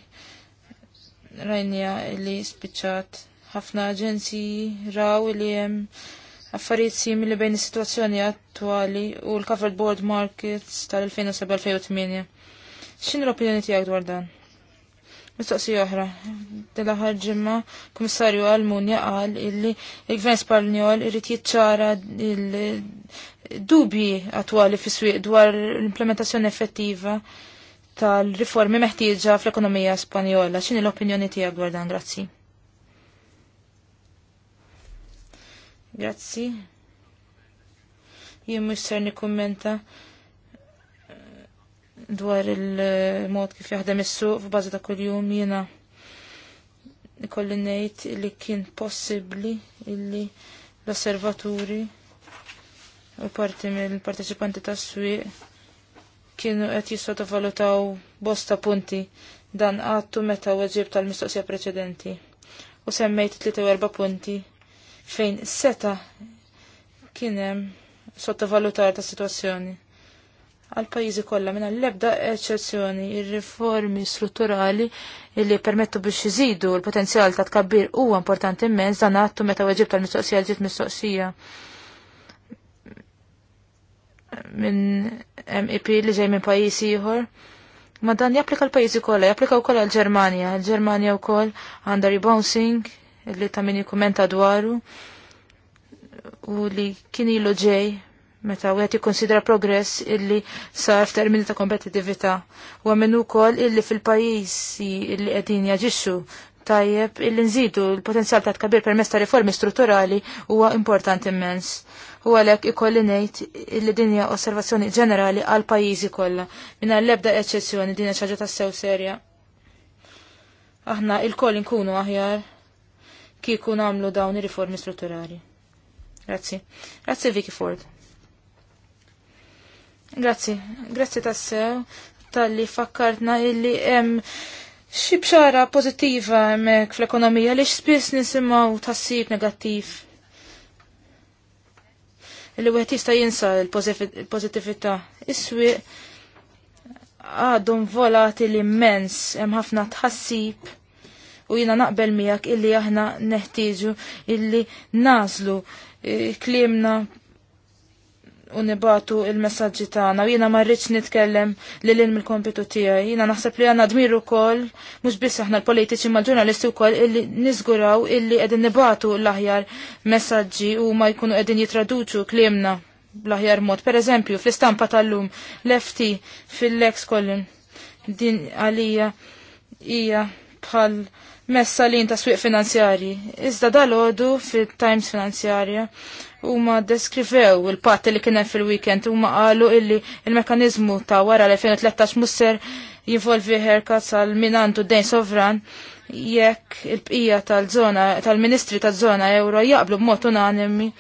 rajnija li spiċċat ħafna aġenziji raw li hemm affarijiet simili bejn is-sitwazzjoni attwali u l-covered board markets tal-2007-2008. X'in l-opinjoni tiegħek dwar dan? Mistoqsija oħra. Dela aħħar komissarju Kummissarju Al-Munja qal illi l-Gvern Spanjol irid jiċċara il-dubji attwali fis-swieq dwar l-implementazzjoni effettiva tal-riformi meħtieġa fl-ekonomija Spanjola. X'in l-opinjoni tiegħek dwar dan? Grazzi. Grazzi. Jien mhux ser nikkummenta eh, dwar il-mod kif jaħdem is-suq f'bażi ta' kuljum jiena ikolli ngħid li kien possibbli illi l-osservaturi u parti mill-parteċipanti tas-swieq kienu qed jissotovalutaw bosta punti dan għattu meta weġib tal-mistoqsija preċedenti u semmejt 34 punti fejn seta kienem sottovalutar ta' situazzjoni. Għal pajjiżi kollha minn l-ebda eċċezzjoni ir-riformi strutturali li permettu biex iżidu l-potenzjal ta' tkabbir huwa importanti immens dan għattu meta weġib tal-mistoqsija ġiet mistoqsija minn MEP li ġej minn pajjiż ieħor. Ma dan japplika l-pajjiżi kollha, japplika wkoll għall-Ġermanja. L-Ġermanja wkoll għandha rebouncing, li ta' min kumenta dwaru u li kien ilu ġej meta u jikkonsidra progress illi sar f'termini ta' kompetitività. U għamenu kol illi fil-pajisi illi qegħdin jaġixxu tajjeb illi nżidu l-potenzjal ta' tkabir permess ta' riformi strutturali huwa importanti immens. U għalhekk ikolli ngħid illi din hija osservazzjoni ġenerali għal pajjiżi kollha mingħajr l-ebda eċċezzjoni din hija ta' sew serja. Aħna il-koll inkunu aħjar kieku namlu dawn ir-riformi strutturali. Grazzi. Grazzi Vicky Ford. Grazzi. Grazzi tassew tal-li fakkartna illi hemm xi bxara pożittiva hemmhekk fl-ekonomija li spiss nisimgħu tassib negattiv. Illi wieħed jista' jinsa l-pożittività. Is-swieq għadhom il immens hemm ħafna tħassib u jina naqbel miegħek illi aħna neħtieġu illi nażlu eh, kliemna u nibatu il-messagġi tagħna u jiena ma rridx nitkellem l ilm il-kompitu tiegħi. Jiena naħseb li għandna dmir ukoll mhux biss aħna l-politiċi mal-ġurnalisti wkoll illi niżguraw illi qegħdin nibatu l-aħjar messaġġi u ma jkunu qegħdin jitraduċu klimna bl-aħjar mod. Per eżempju, fl-istampa tal-lum, lefti fil-lex kollin din għalija hija bħal messa lin ta' swieq finanzjarji. Iżda dal-ħodu fil-Times finanzjarja huma deskrivew il patti li kien hemm fil-weekend huma qalu illi il-mekkaniżmu ta' wara l-2013 musser jivolvi haircuts għal min għandu dejn sovran jekk il-bqija tal-żona tal-Ministri taż-żona euro jaqblu b'mod unanimi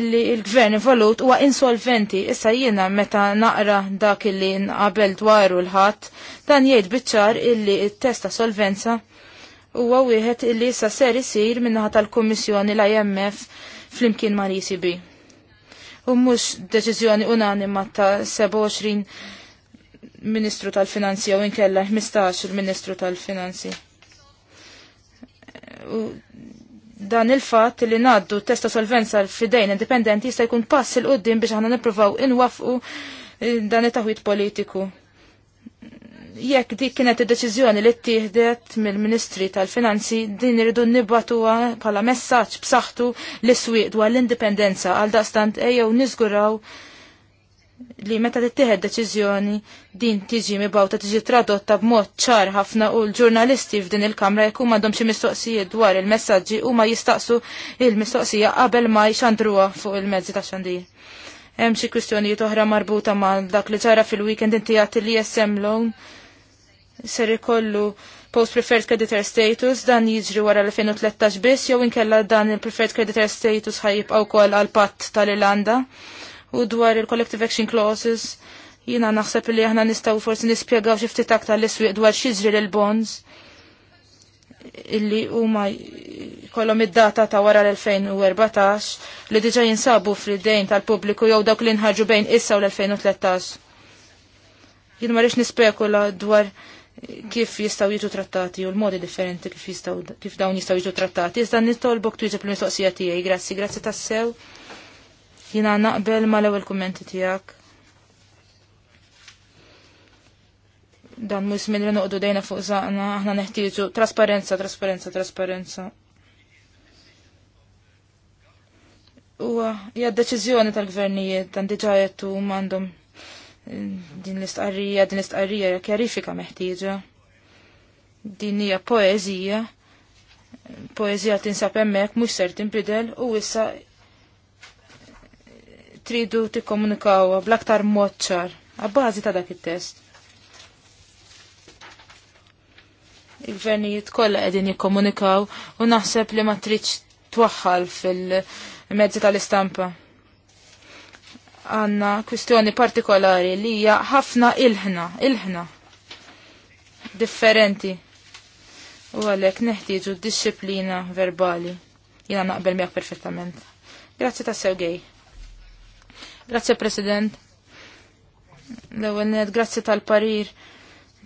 illi il-gvern valut huwa insolventi. Issa jiena meta naqra dak illi nqabel dwaru l-ħadd dan jgħid biċ-ċar illi t-test ta' solvenza huwa wieħed illi sa ser isir minnaħa tal-Kummissjoni l-IMF flimkien mal ECB. U mhux deċiżjoni unanima ta' 27 Ministru tal-Finanzi jew inkella 15 il-Ministru tal-Finanzi. U dan il-fatt li ngħaddu testa solvenza fidejn indipendenti jista' jkun pass il qoddim biex aħna nippruvaw inwafqu eh, dan it-taħwit politiku jekk dik kienet id-deċiżjoni li ttieħdet mill-Ministri tal-Finanzi din iridu nibbatuha bħala messaġġ b'saħħtu li swieq dwar l-indipendenza għal daqstant ejjew niżguraw li meta tittieħed deċiżjoni din tiġi mibgħuta tiġi tradotta b'mod ċar ħafna u l-ġurnalisti f'din il-kamra jekk huma għandhom xi mistoqsijiet dwar il-messaġġi huma jistaqsu il-mistoqsija qabel ma jxandruha fuq il-mezzi tax-xandir hemm xi kwistjonijiet oħra marbuta ma' dak li ġara fil-weekend inti għat li jessem ser ikollu post preferred creditor status dan jiġri wara l-2013 biss jew inkella dan il-preferred creditor status ħajibqa' wkoll għal patt tal-Irlanda. U dwar il-collective action clauses jiena naħseb li aħna nistgħu forsi nispjegaw xi ftit aktar l-iswieq dwar xiżri l-bonds illi huma kolom id-data ta' wara l-2014 li diġa' jinsabu fl dejn tal-pubbliku jew dawk li nħarġu bejn issa u l-2013. Jien ma rridx nispekula dwar kif jistaw jiġu trattati u l-modi differenti kif, jistaw, kif dawn jistaw jiġu trattati. Iżda nitolbok tuġib l-mistoqsija tiegħi, grazzi, grazzi tassew. Jina naqbel ma l-ewwel kommenti tiegħek. Dan mu jismin li noqdu dejna fuq zaqna, aħna neħtieġu trasparenza, trasparenza, trasparenza. Huwa hija deċiżjoni tal-gvernijiet dan diġajetu mandum din l-istqarrija, din l-istqarrija kjarifika meħtieġa. Din hija poezija, poezija tinsab hemmhekk mhux ser tinbidel u issa tridu tikkomunikawha bl-aktar mod ċar għabbażi ta' dak it-test. Il-gvernijiet kollha qegħdin jikkomunikaw u naħseb li ma tridx twaħħal fil-mezzi tal-istampa għanna kwistjoni partikolari li hija ħafna ilħna, ilħna differenti. U għalek neħtieġu disciplina verbali. Jina naqbel miegħek perfettament. Grazzi ta' Sergej. Grazzi President. L-ewwel grazzi tal-parir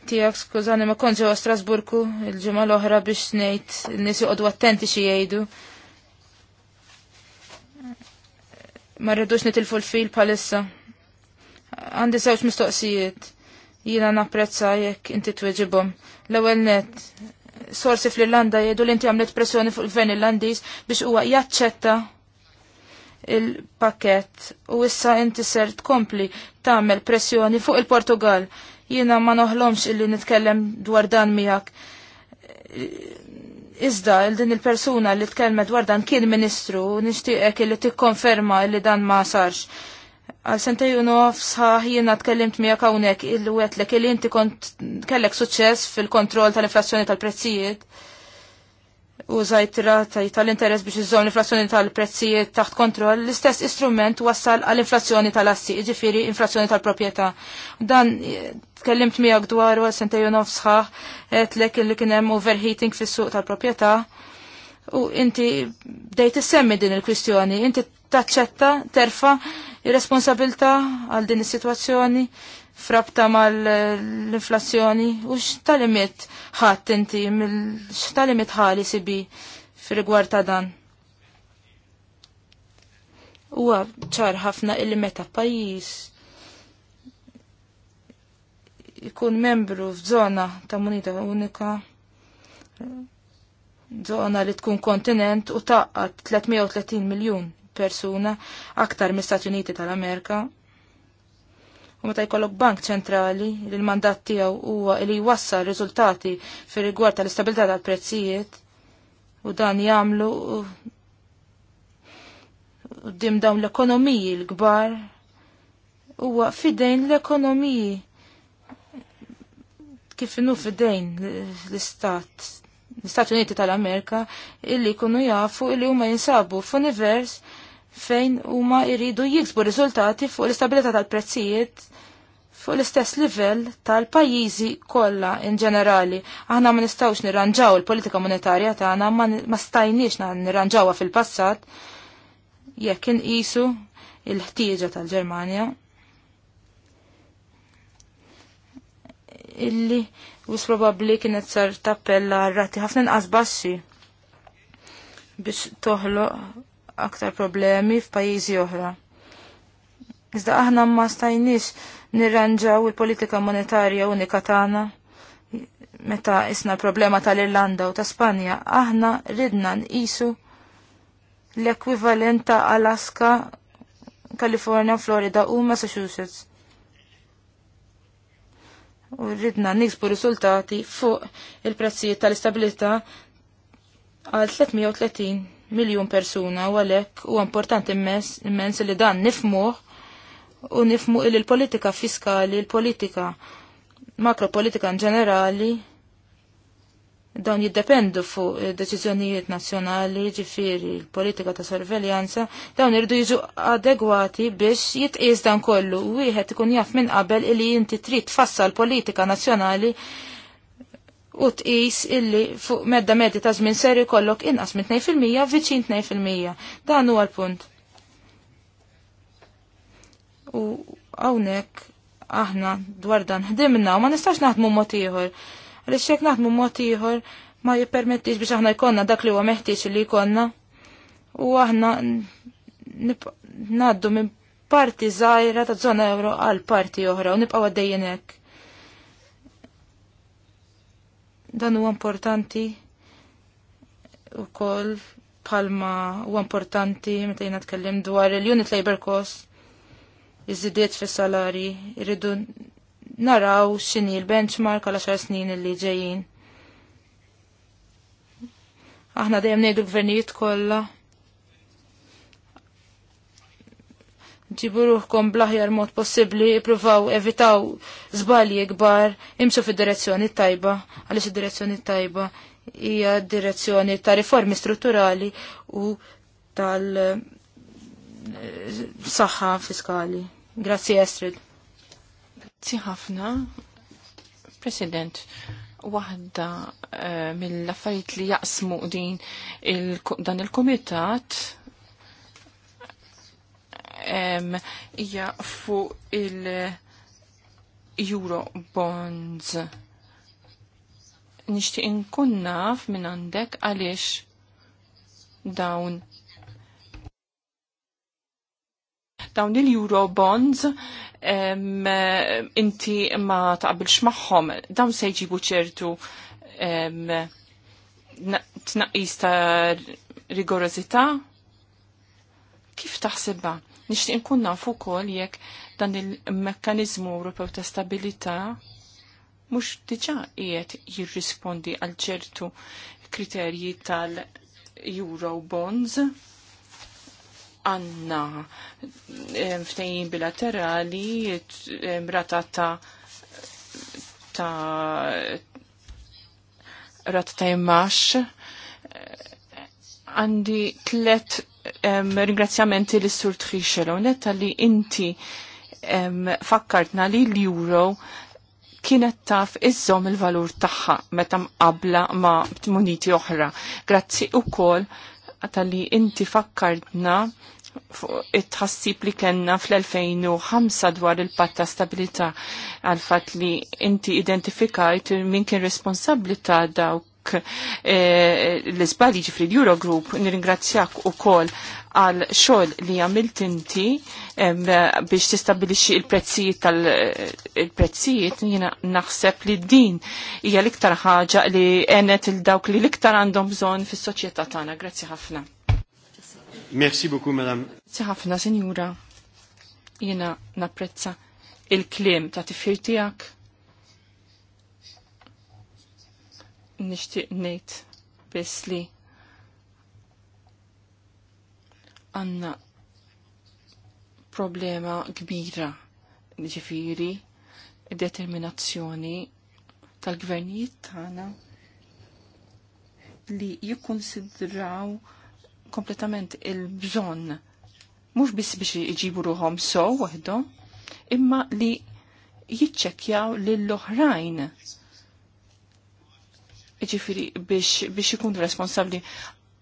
tiegħek skużani ma konġew Strasburgu Strasburku il-ġimgħa l-oħra biex ngħid nies joqogħdu attenti xi jgħidu. ma rridux nitilfu l-fil palissa. Għandi żewġ mistoqsijiet. Jiena napprezza jekk inti tweġibhom. L-ewwel net, sorsi fl-Irlanda jgħidu li inti għamlet pressjoni fuq il-gvern Irlandiż biex huwa jaċċetta il-pakket u issa inti ser tkompli tagħmel pressjoni fuq il-Portugal. Jiena ma noħlomx illi nitkellem dwar dan miegħek Iżda din il-persuna li tkellmet dwar dan kien ministru, nixtieqek li tikkonferma li dan ma sarx. Għal sentej unof sħaħ jiena tkellimt mija hawnhekk il-wetlek li inti kont kellek suċċess fil-kontroll tal-inflazzjoni tal-prezzijiet użajt rataj tal-interess biex iżżomm l-inflazzjoni tal-prezzijiet taħt kontroll, l-istess istrument wassal għall-inflazzjoni tal-assi, ġifiri inflazzjoni tal-propieta. Dan tkellimt miegħek dwaru sentej nofs sħaħ għetlek li kien hemm overheating fis-suq tal-proprjetà. U inti dejt issemmi din il-kwistjoni, inti taċċetta, terfa ir-responsabilità għal din is-sitwazzjoni frabta mal-inflazzjoni u x'talimit ħadd inti x'talimit ħali sibi fir-rigward ta' dan. Huwa ċar ħafna illi meta pajjiż jkun membru f'żona ta' munita unika, żona li tkun kontinent u taqqat 330 miljun persuna aktar mis-Stati Uniti tal-Amerika. U meta jkollok bank ċentrali li l-mandat tiegħu huwa li jwassal riżultati fir rigward tal-istabilità tal-prezzijiet u dan jagħmlu Dim dawn l-ekonomiji l-kbar huwa fidejn l-ekonomiji kif innu fidejn l-istat, l-Istat Uniti tal-Amerika, illi kunu jafu illi huma jinsabu f'univers fejn huma jridu jiksbu riżultati fuq l-istabilità tal-prezzijiet fuq l-istess livell tal-pajjiżi kollha in ġenerali. Aħna ma nistgħux nirranġaw il-politika monetarja tagħna ma stajniex nirranġawha fil-passat jekk inqisu il-ħtieġa tal-Ġermanja illi wis probabbli kienet sar tappella rati ħafna inqas baxxi biex toħloq aktar problemi f'pajjiżi oħra. Iżda aħna ma stajniex nirranġaw il-politika monetarja unika tagħna meta isna problema tal-Irlanda u ta' Spanja, aħna ridna nqisu l-ekwivalent ta' Alaska, California, Florida u Massachusetts u rridna niksbu riżultati fuq il-prezzijiet tal-istabilità għal 330 miljun persuna u għalhekk huwa importanti immens li dan nifmuh u nifmu il-politika fiskali, il-politika makropolitika in ġenerali dawn jiddependu fuq deċiżjonijiet nazzjonali, ġifiri l-politika ta' sorveljanza, dawn irdu jiġu adegwati biex jitqis dan kollu. Wieħed ikun jaf minn qabel illi inti trid tfassal politika nazzjonali u tqis illi fuq medda medi ta' żmien ser ikollok inqas minn 2% viċin 2%. Dan huwa l-punt. U hawnhekk aħna dwar dan ħdimna u ma nistax naħdmu mod ieħor Għaliex xek naħdmu mod ieħor ma jippermettix biex aħna jkollna dak li huwa meħtieġ li jkollna. U aħna ngħaddu minn parti żgħira ta' żona euro għal parti oħra u nibqgħu għaddejjin hekk. Dan huwa importanti ukoll palma u importanti meta jiena tkellem dwar il-unit labor cost iż-żidiet fis-salari irridu naraw x'inhi l-benchmark għal xar snin li ġejjin. Aħna dejjem ngħidu gvernijiet kollha. ġibu ruħkom blaħjar mod possibli, ipruvaw evitaw zbalji kbar, imxu fi direzzjoni tajba, għalix direzzjoni tajba hija direzzjoni ta' riformi strutturali u tal eh, saħħa fiskali. Grazie Estrid. Grazzi ħafna, President. Waħda uh, mill-affarijiet li jaqsmu din il dan il-komitat hija um, fuq il-Euro bonds. Nixtieq inkun naf minn għandek għaliex dawn dawn il-euro bonds inti ma taqbilx magħhom, dawn se jġibu ċertu tnaqqis ta' rigorozità? Kif taħsibha? Nixtieq nkun naf ukoll jekk dan il-mekkaniżmu Ewropew ta' stabilità mhux diġà qiegħed jirrispondi għal ċertu kriterji tal-euro bonds għanna ftejjin bilaterali rata ta' ta' rata ta' imax għandi tlet ringrazzjamenti l sur Trixelo, netta li inti fakkartna li l juro kienet taf iżżom il-valur tagħha meta qabla ma' muniti oħra. Grazzi ukoll tal-li inti fakkartna it-tħassib li kellna fl-2005 dwar il-patt ta' stabilità għal fat li inti identifikajt min kien responsabli ta' dawk eh, l-izbali ġifri l-Eurogroup nir-ingrazzjak u kol għal xogħol li għamilt inti biex tistabilixxi il-prezzijiet tal-prezzijiet jiena naħseb li din hija l-iktar ħaġa li għenet il dawk li l-iktar għandhom bżonn fis-soċjetà tagħna. Grazzi ħafna. Merci beaucoup, madame. Grazzi ħafna, senjura. Jiena napprezza il-klim ta' tifir tiegħek. Nixtieq ngħid biss li għanna problema kbira ġifiri determinazzjoni tal-gvernijiet tagħna li jikkonsidraw kompletament il-bżonn mhux biss biex iġibu ruhom so waħdhom, imma li jiċċekkjaw lill-oħrajn ġifiri biex, biex ikun responsabli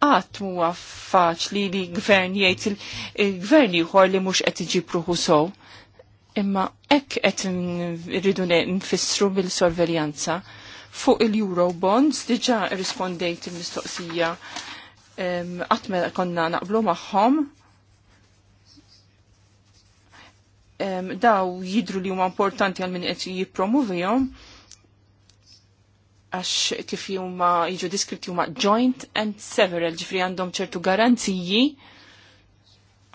qatt mu faċli li gvern jgħid il-gvern ieħor li mhux qed iġib ruħu sow. Imma hekk qed rridu nfissru bil-sorveljanza fuq il-euro bonds diġà rispondejt il-mistoqsija qatt mela konna naqblu magħhom daw jidru li huma importanti għal min qed jippromovihom għax kif juma jiġu diskritti huma joint and several ġifri għandhom ċertu garanziji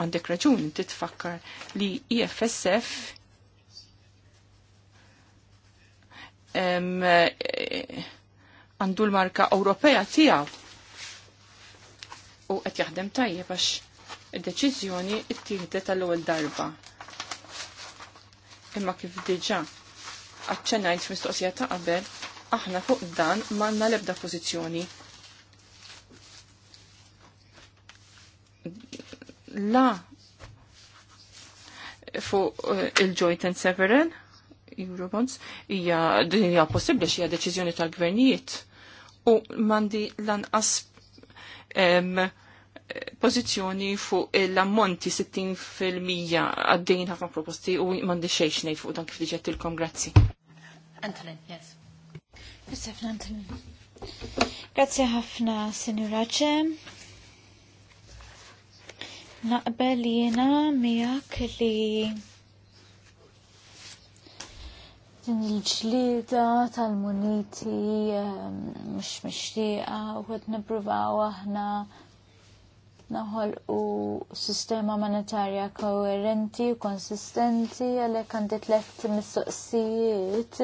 għandek raġun titfakkar li IFSF e għandu l-marka Ewropea tiegħu u qed jaħdem tajjeb għax id-deċiżjoni ttieħdet tal-ewwel darba. Imma kif diġà aċċenajt mistoqsija ta' qabel aħna fuq dan manna lebda pozizjoni. La fuq eh, il-joint and several Eurobonds hija din hija possibbli xi hija deċiżjoni tal-gvernijiet u mandi lanqas pozizjoni fuq l-ammonti 60% għaddejn ħafna proposti u mandi xejn fuq dan kif il kongrazzi Antolin, yes. Grazie ħafna, Signora Cem. Naqbel jena miegħek li din il-ġlida tal-muniti ehm, mhux mixtieqa u għed nippruvaw aħna naħolqu sistema monetarja koerenti u konsistenti għalhekk għandi tlet mistoqsijiet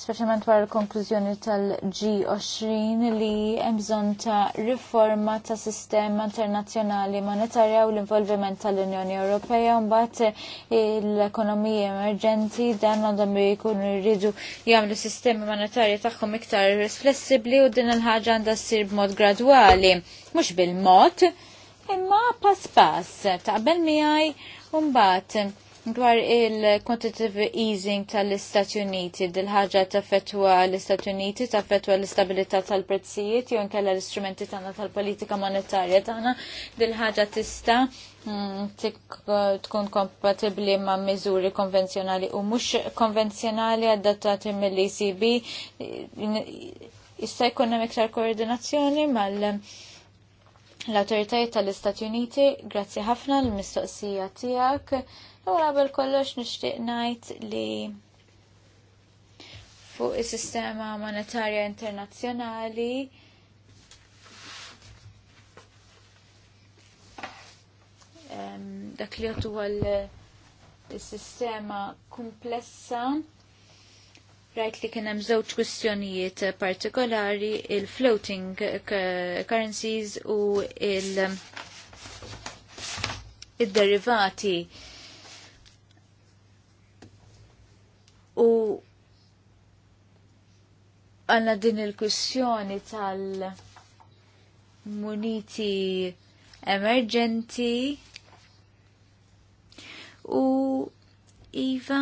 specialment wara l-konklużjoni tal-G20 li hemm bżonn ta' riforma ta' sistema internazzjonali monetarja u l-involviment tal-Unjoni Ewropea un mbagħad l ekonomija emerġenti dan għandhom jkunu jridu jagħmlu sistemi monetarji tagħhom iktar flessibbli u din il-ħaġa għandha ssir b'mod gradwali, mhux bil-mod, imma pass pass taqbel miegħi u mbagħad Dwar il-quantitative easing tal-Istati Uniti, dil-ħagġa taffetwa l-Istati Uniti, taffetwa l-istabilità tal-prezzijiet, jew nkella l-istrumenti tagħna tal-politika monetarja tagħna, dil-ħagġa tista' mm, tkun kompatibbli ma' miżuri konvenzjonali u mhux konvenzjonali adattati mill-ECB. Jista' jkun hemm iktar koordinazzjoni mal- l-autoritajiet tal-Istati Uniti, grazzi ħafna l-mistoqsija tiegħek U għabel kollox nishtiq najt li fuq il-sistema monetarja internazjonali dak li għatu għal sistema komplessa rajt li kienem żewġ kwistjonijiet partikolari il-floating currencies u il-derivati il derivati U għanna din il-kwissjoni tal-muniti emerġenti u Iva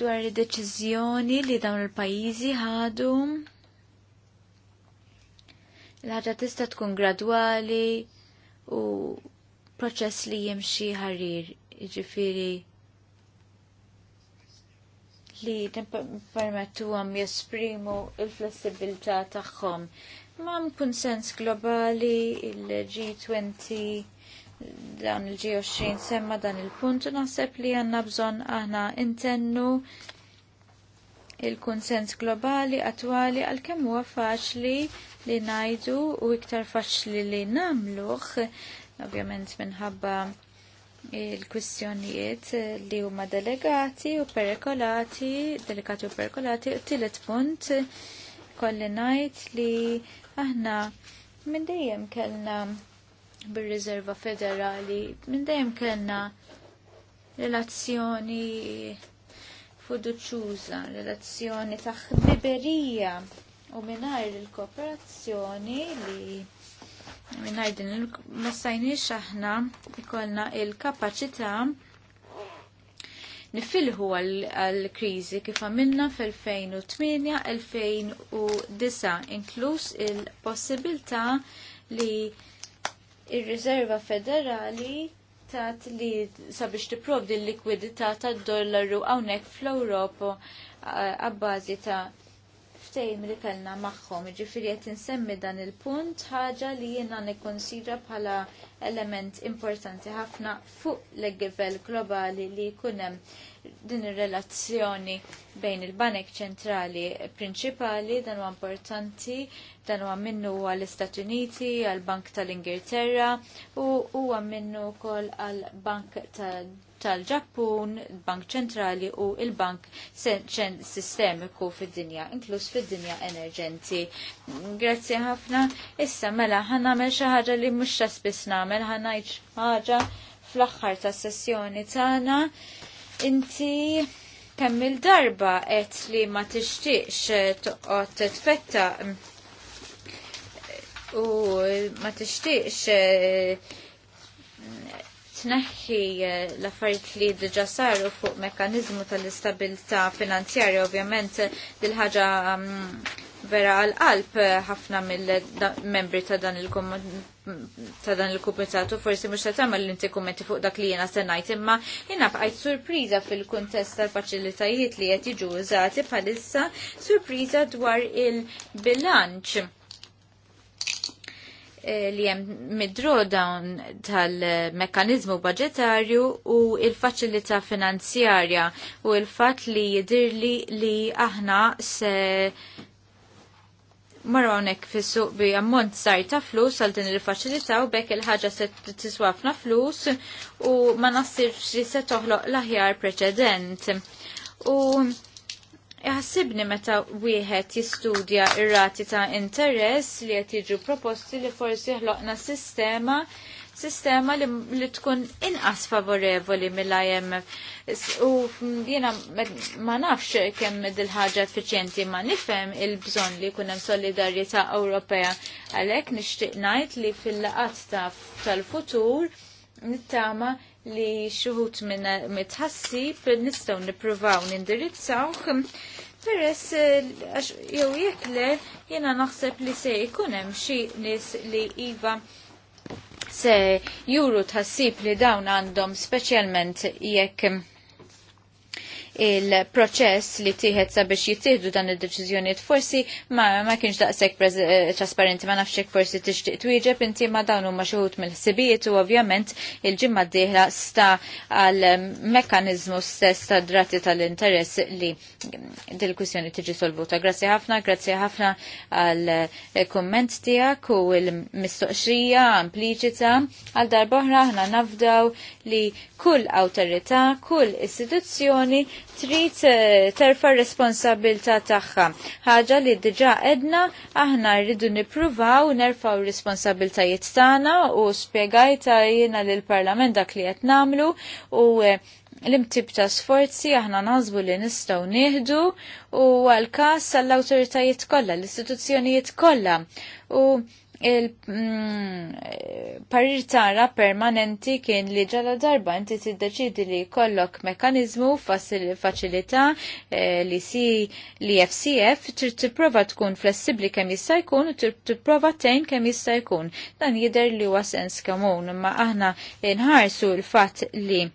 dwar id-deċiżjoni li dawn il-pajjiżi ħadu l-ħaġa tista' tkun gradwali u proċess li jimxi ħarir, ġifiri li permettu għam jesprimu il-flessibilità tagħhom. Mam konsens globali, il-G20, dan il-G20 semma dan il-punt, naħseb li għanna bżon aħna intennu il-konsens globali attwali għal kemm huwa faċli li najdu u iktar faċli li namluħ ovvjament minħabba il-kwistjonijiet li huma delegati u perikolati, delegati u perikolati, u tillet punt kolli najt li aħna minn dejjem kellna bir-Riserva Federali, minn dejjem kellna relazzjoni fiduċuża, relazzjoni ta' ħbiberija u mingħajr il-kooperazzjoni li Minnaj din ma stajniex aħna ikolna il kapacita nifilħu għal-krizi kif għamilna f-2008-2009 inkluż il-possibilità li il riserva Federali tat li sabiex tipprovdi l-likwidità tad-dollaru hawnhekk fl europa għabbażi ta' il-ftejm li kellna magħhom, jiġifieri qed insemmi dan il-punt ħaġa li jiena nikkonsidra bħala element importanti ħafna fuq l-livell globali li jkun hemm din ir-relazzjoni bejn il-banek ċentrali prinċipali dan huwa importanti dan huwa minnu għall istati Uniti, għall Bank tal-Ingilterra u huwa minnu wkoll għall Bank tal tal-Ġappun, il-Bank Ċentrali u il-Bank Sistemiku fid-dinja, inkluż fid-dinja enerġenti. Grazzi ħafna. Issa mela nagħmel xi ħaġa li mhux ta' spiss nagħmel, ħanajġ ħaġa fl-aħħar ta' sessjoni tagħna. Inti kemm il-darba qed li ma tixtieqx toqgħod fetta u ma tixtieqx tneħħi eh, l-affarijiet li diġa saru fuq mekkanizmu tal-istabilità finanzjarja ovvjament eh, dil-ħaġa mm, vera għal-qalb eh, ħafna mill-membri ta' dan il-kumitatu, forsi mux ta' tamma l-inti kummenti fuq dak li jena senajt, imma jena bqajt surpriza fil-kontest tal-faċilitajiet li jett iġu użati bħalissa surpriza dwar il-bilanċ Eh, li jem mid-drawdown tal-mekkanizmu budgetarju u il-facilita finanzjarja u il-fat li jidirli li aħna se marronek fissu bi ammont sar ta' flus għal din il-faċilità u bekk il-ħaġa se tiswafna flus u ma nasibx li se toħloq l-aħjar preċedent. U Jaħsibni meta wieħed jistudja ir-rati ta' interess li qed jiġu proposti li forsi ħloqna sistema sistema li, li tkun inqas favorevoli mill-IMF. U jiena ma nafx kemm dil-ħaġa effiċjenti ma nifhem il-bżonn li jkun hemm solidarjetà Ewropea. Għalhekk nixtieq ngħid li fil-laqat tal-futur nittama li xuħut mitħassi per nistaw nipruvaw nindirizzawk peress jew jekk le jena naħseb li se jkun hemm xi nies li iva se juru tħassib li dawn għandhom speċjalment jekk il-proċess li tieħed sabiex jittieħdu dan id-deċiżjonijiet forsi ma ma kienx daqshekk eh, trasparenti ma nafx forsi tixtieq twieġeb inti ma dawn huma xi wħud mill-ħsibijiet u ovvjament il-ġimma d-dieħla sta għal mekkaniżmu stess ta' drati tal-interess li dil-kwistjoni tiġi solvuta. Grazzi ħafna, grazzi ħafna għal eh, kumment tiegħek u l-mistoqsija ampliċita għal darba oħra aħna nafdaw li kull awtorità, kull istituzzjoni trid eh, terfa' responsabilità tagħha. Ħaġa li diġà edna aħna rridu nippruvaw nerfaw responsabiltajiet tagħna u spjegajta jiena lill-Parlament dak li qed nagħmlu u eh, l-imtib ta' sforzi aħna nazbu li nistaw nieħdu u għal-kas għall-autoritajiet kollha, l-istituzzjonijiet kollha. U il-parir mm, tara permanenti kien li ġala darba inti tiddeċidi li kollok mekanizmu faċilità eh, li si li FCF trid tipprova tkun flessibbli kemm jista' jkun u tipprova tgħin kemm jista' jkun. Dan jidher li huwa sens komun, imma aħna nħarsu l-fatt li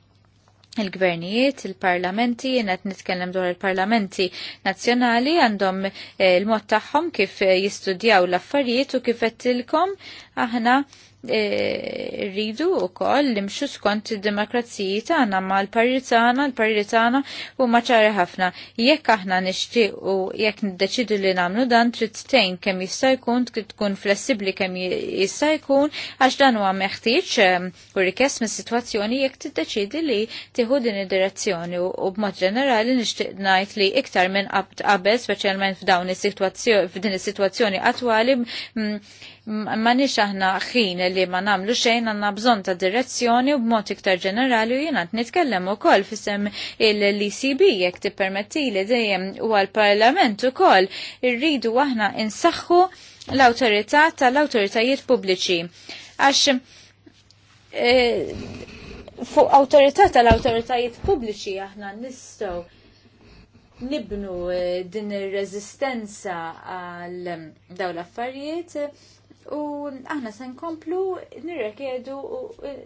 il-gvernijiet, il-parlamenti, jenet nitkellem dwar il-parlamenti nazzjonali għandhom eh, il-mod tagħhom kif jistudjaw l-affarijiet u kif qedtilkom aħna E, rridu u koll li mxu skont id-demokrazija tagħna ma l-paritana, l-paritana u maċari ħafna. Jekk aħna nixtieq u jekk niddeċidu li nagħmlu dan trid tejn kemm jista' jkun tkun flessibbli kemm jista' jkun għax dan huwa meħtieġ ehm, u rikess mis-sitwazzjoni jekk tiddeċidi li tieħu din id-direzzjoni u b'mod ġenerali nixtieq ngħid li iktar minn qabel speċjalment f'dawn is-sitwazzjoni f'din is-sitwazzjoni attwali ma nix aħna ħin li ma namlu xejn għanna bżon ta' direzzjoni u b'mod iktar ġenerali u jenat nitkellem u kol fissem il-LCB e jek ti permetti li dejjem u għal-parlament u kol irridu aħna insaxħu l-autorità tal-autoritajiet pubbliċi. Għax e, fuq autorità tal-autoritajiet pubbliċi aħna nistgħu nibnu e, din ir-reżistenza għal dawn l-affarijiet U aħna se nkomplu nirrekedu u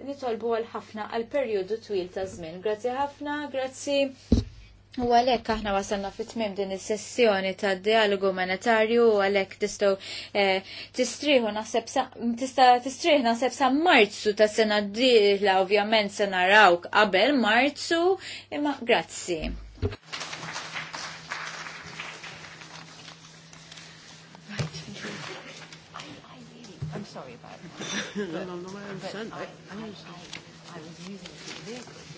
nitolbu għal ħafna għal perjodu twil ta' żmien. Grazzi ħafna, grazzi. U għalek aħna wasalna fit tmim din is-sessjoni ta' dialogu monetarju u għalek tistgħu eh, tistriħu naħseb tista' tistrieħ naħseb sa' Marzu ta' sena d ovvjament se narawk qabel Marzu imma grazzi. I'm sorry about it. no, no, no, I understand. I, I, I, I, I was using the vehicle.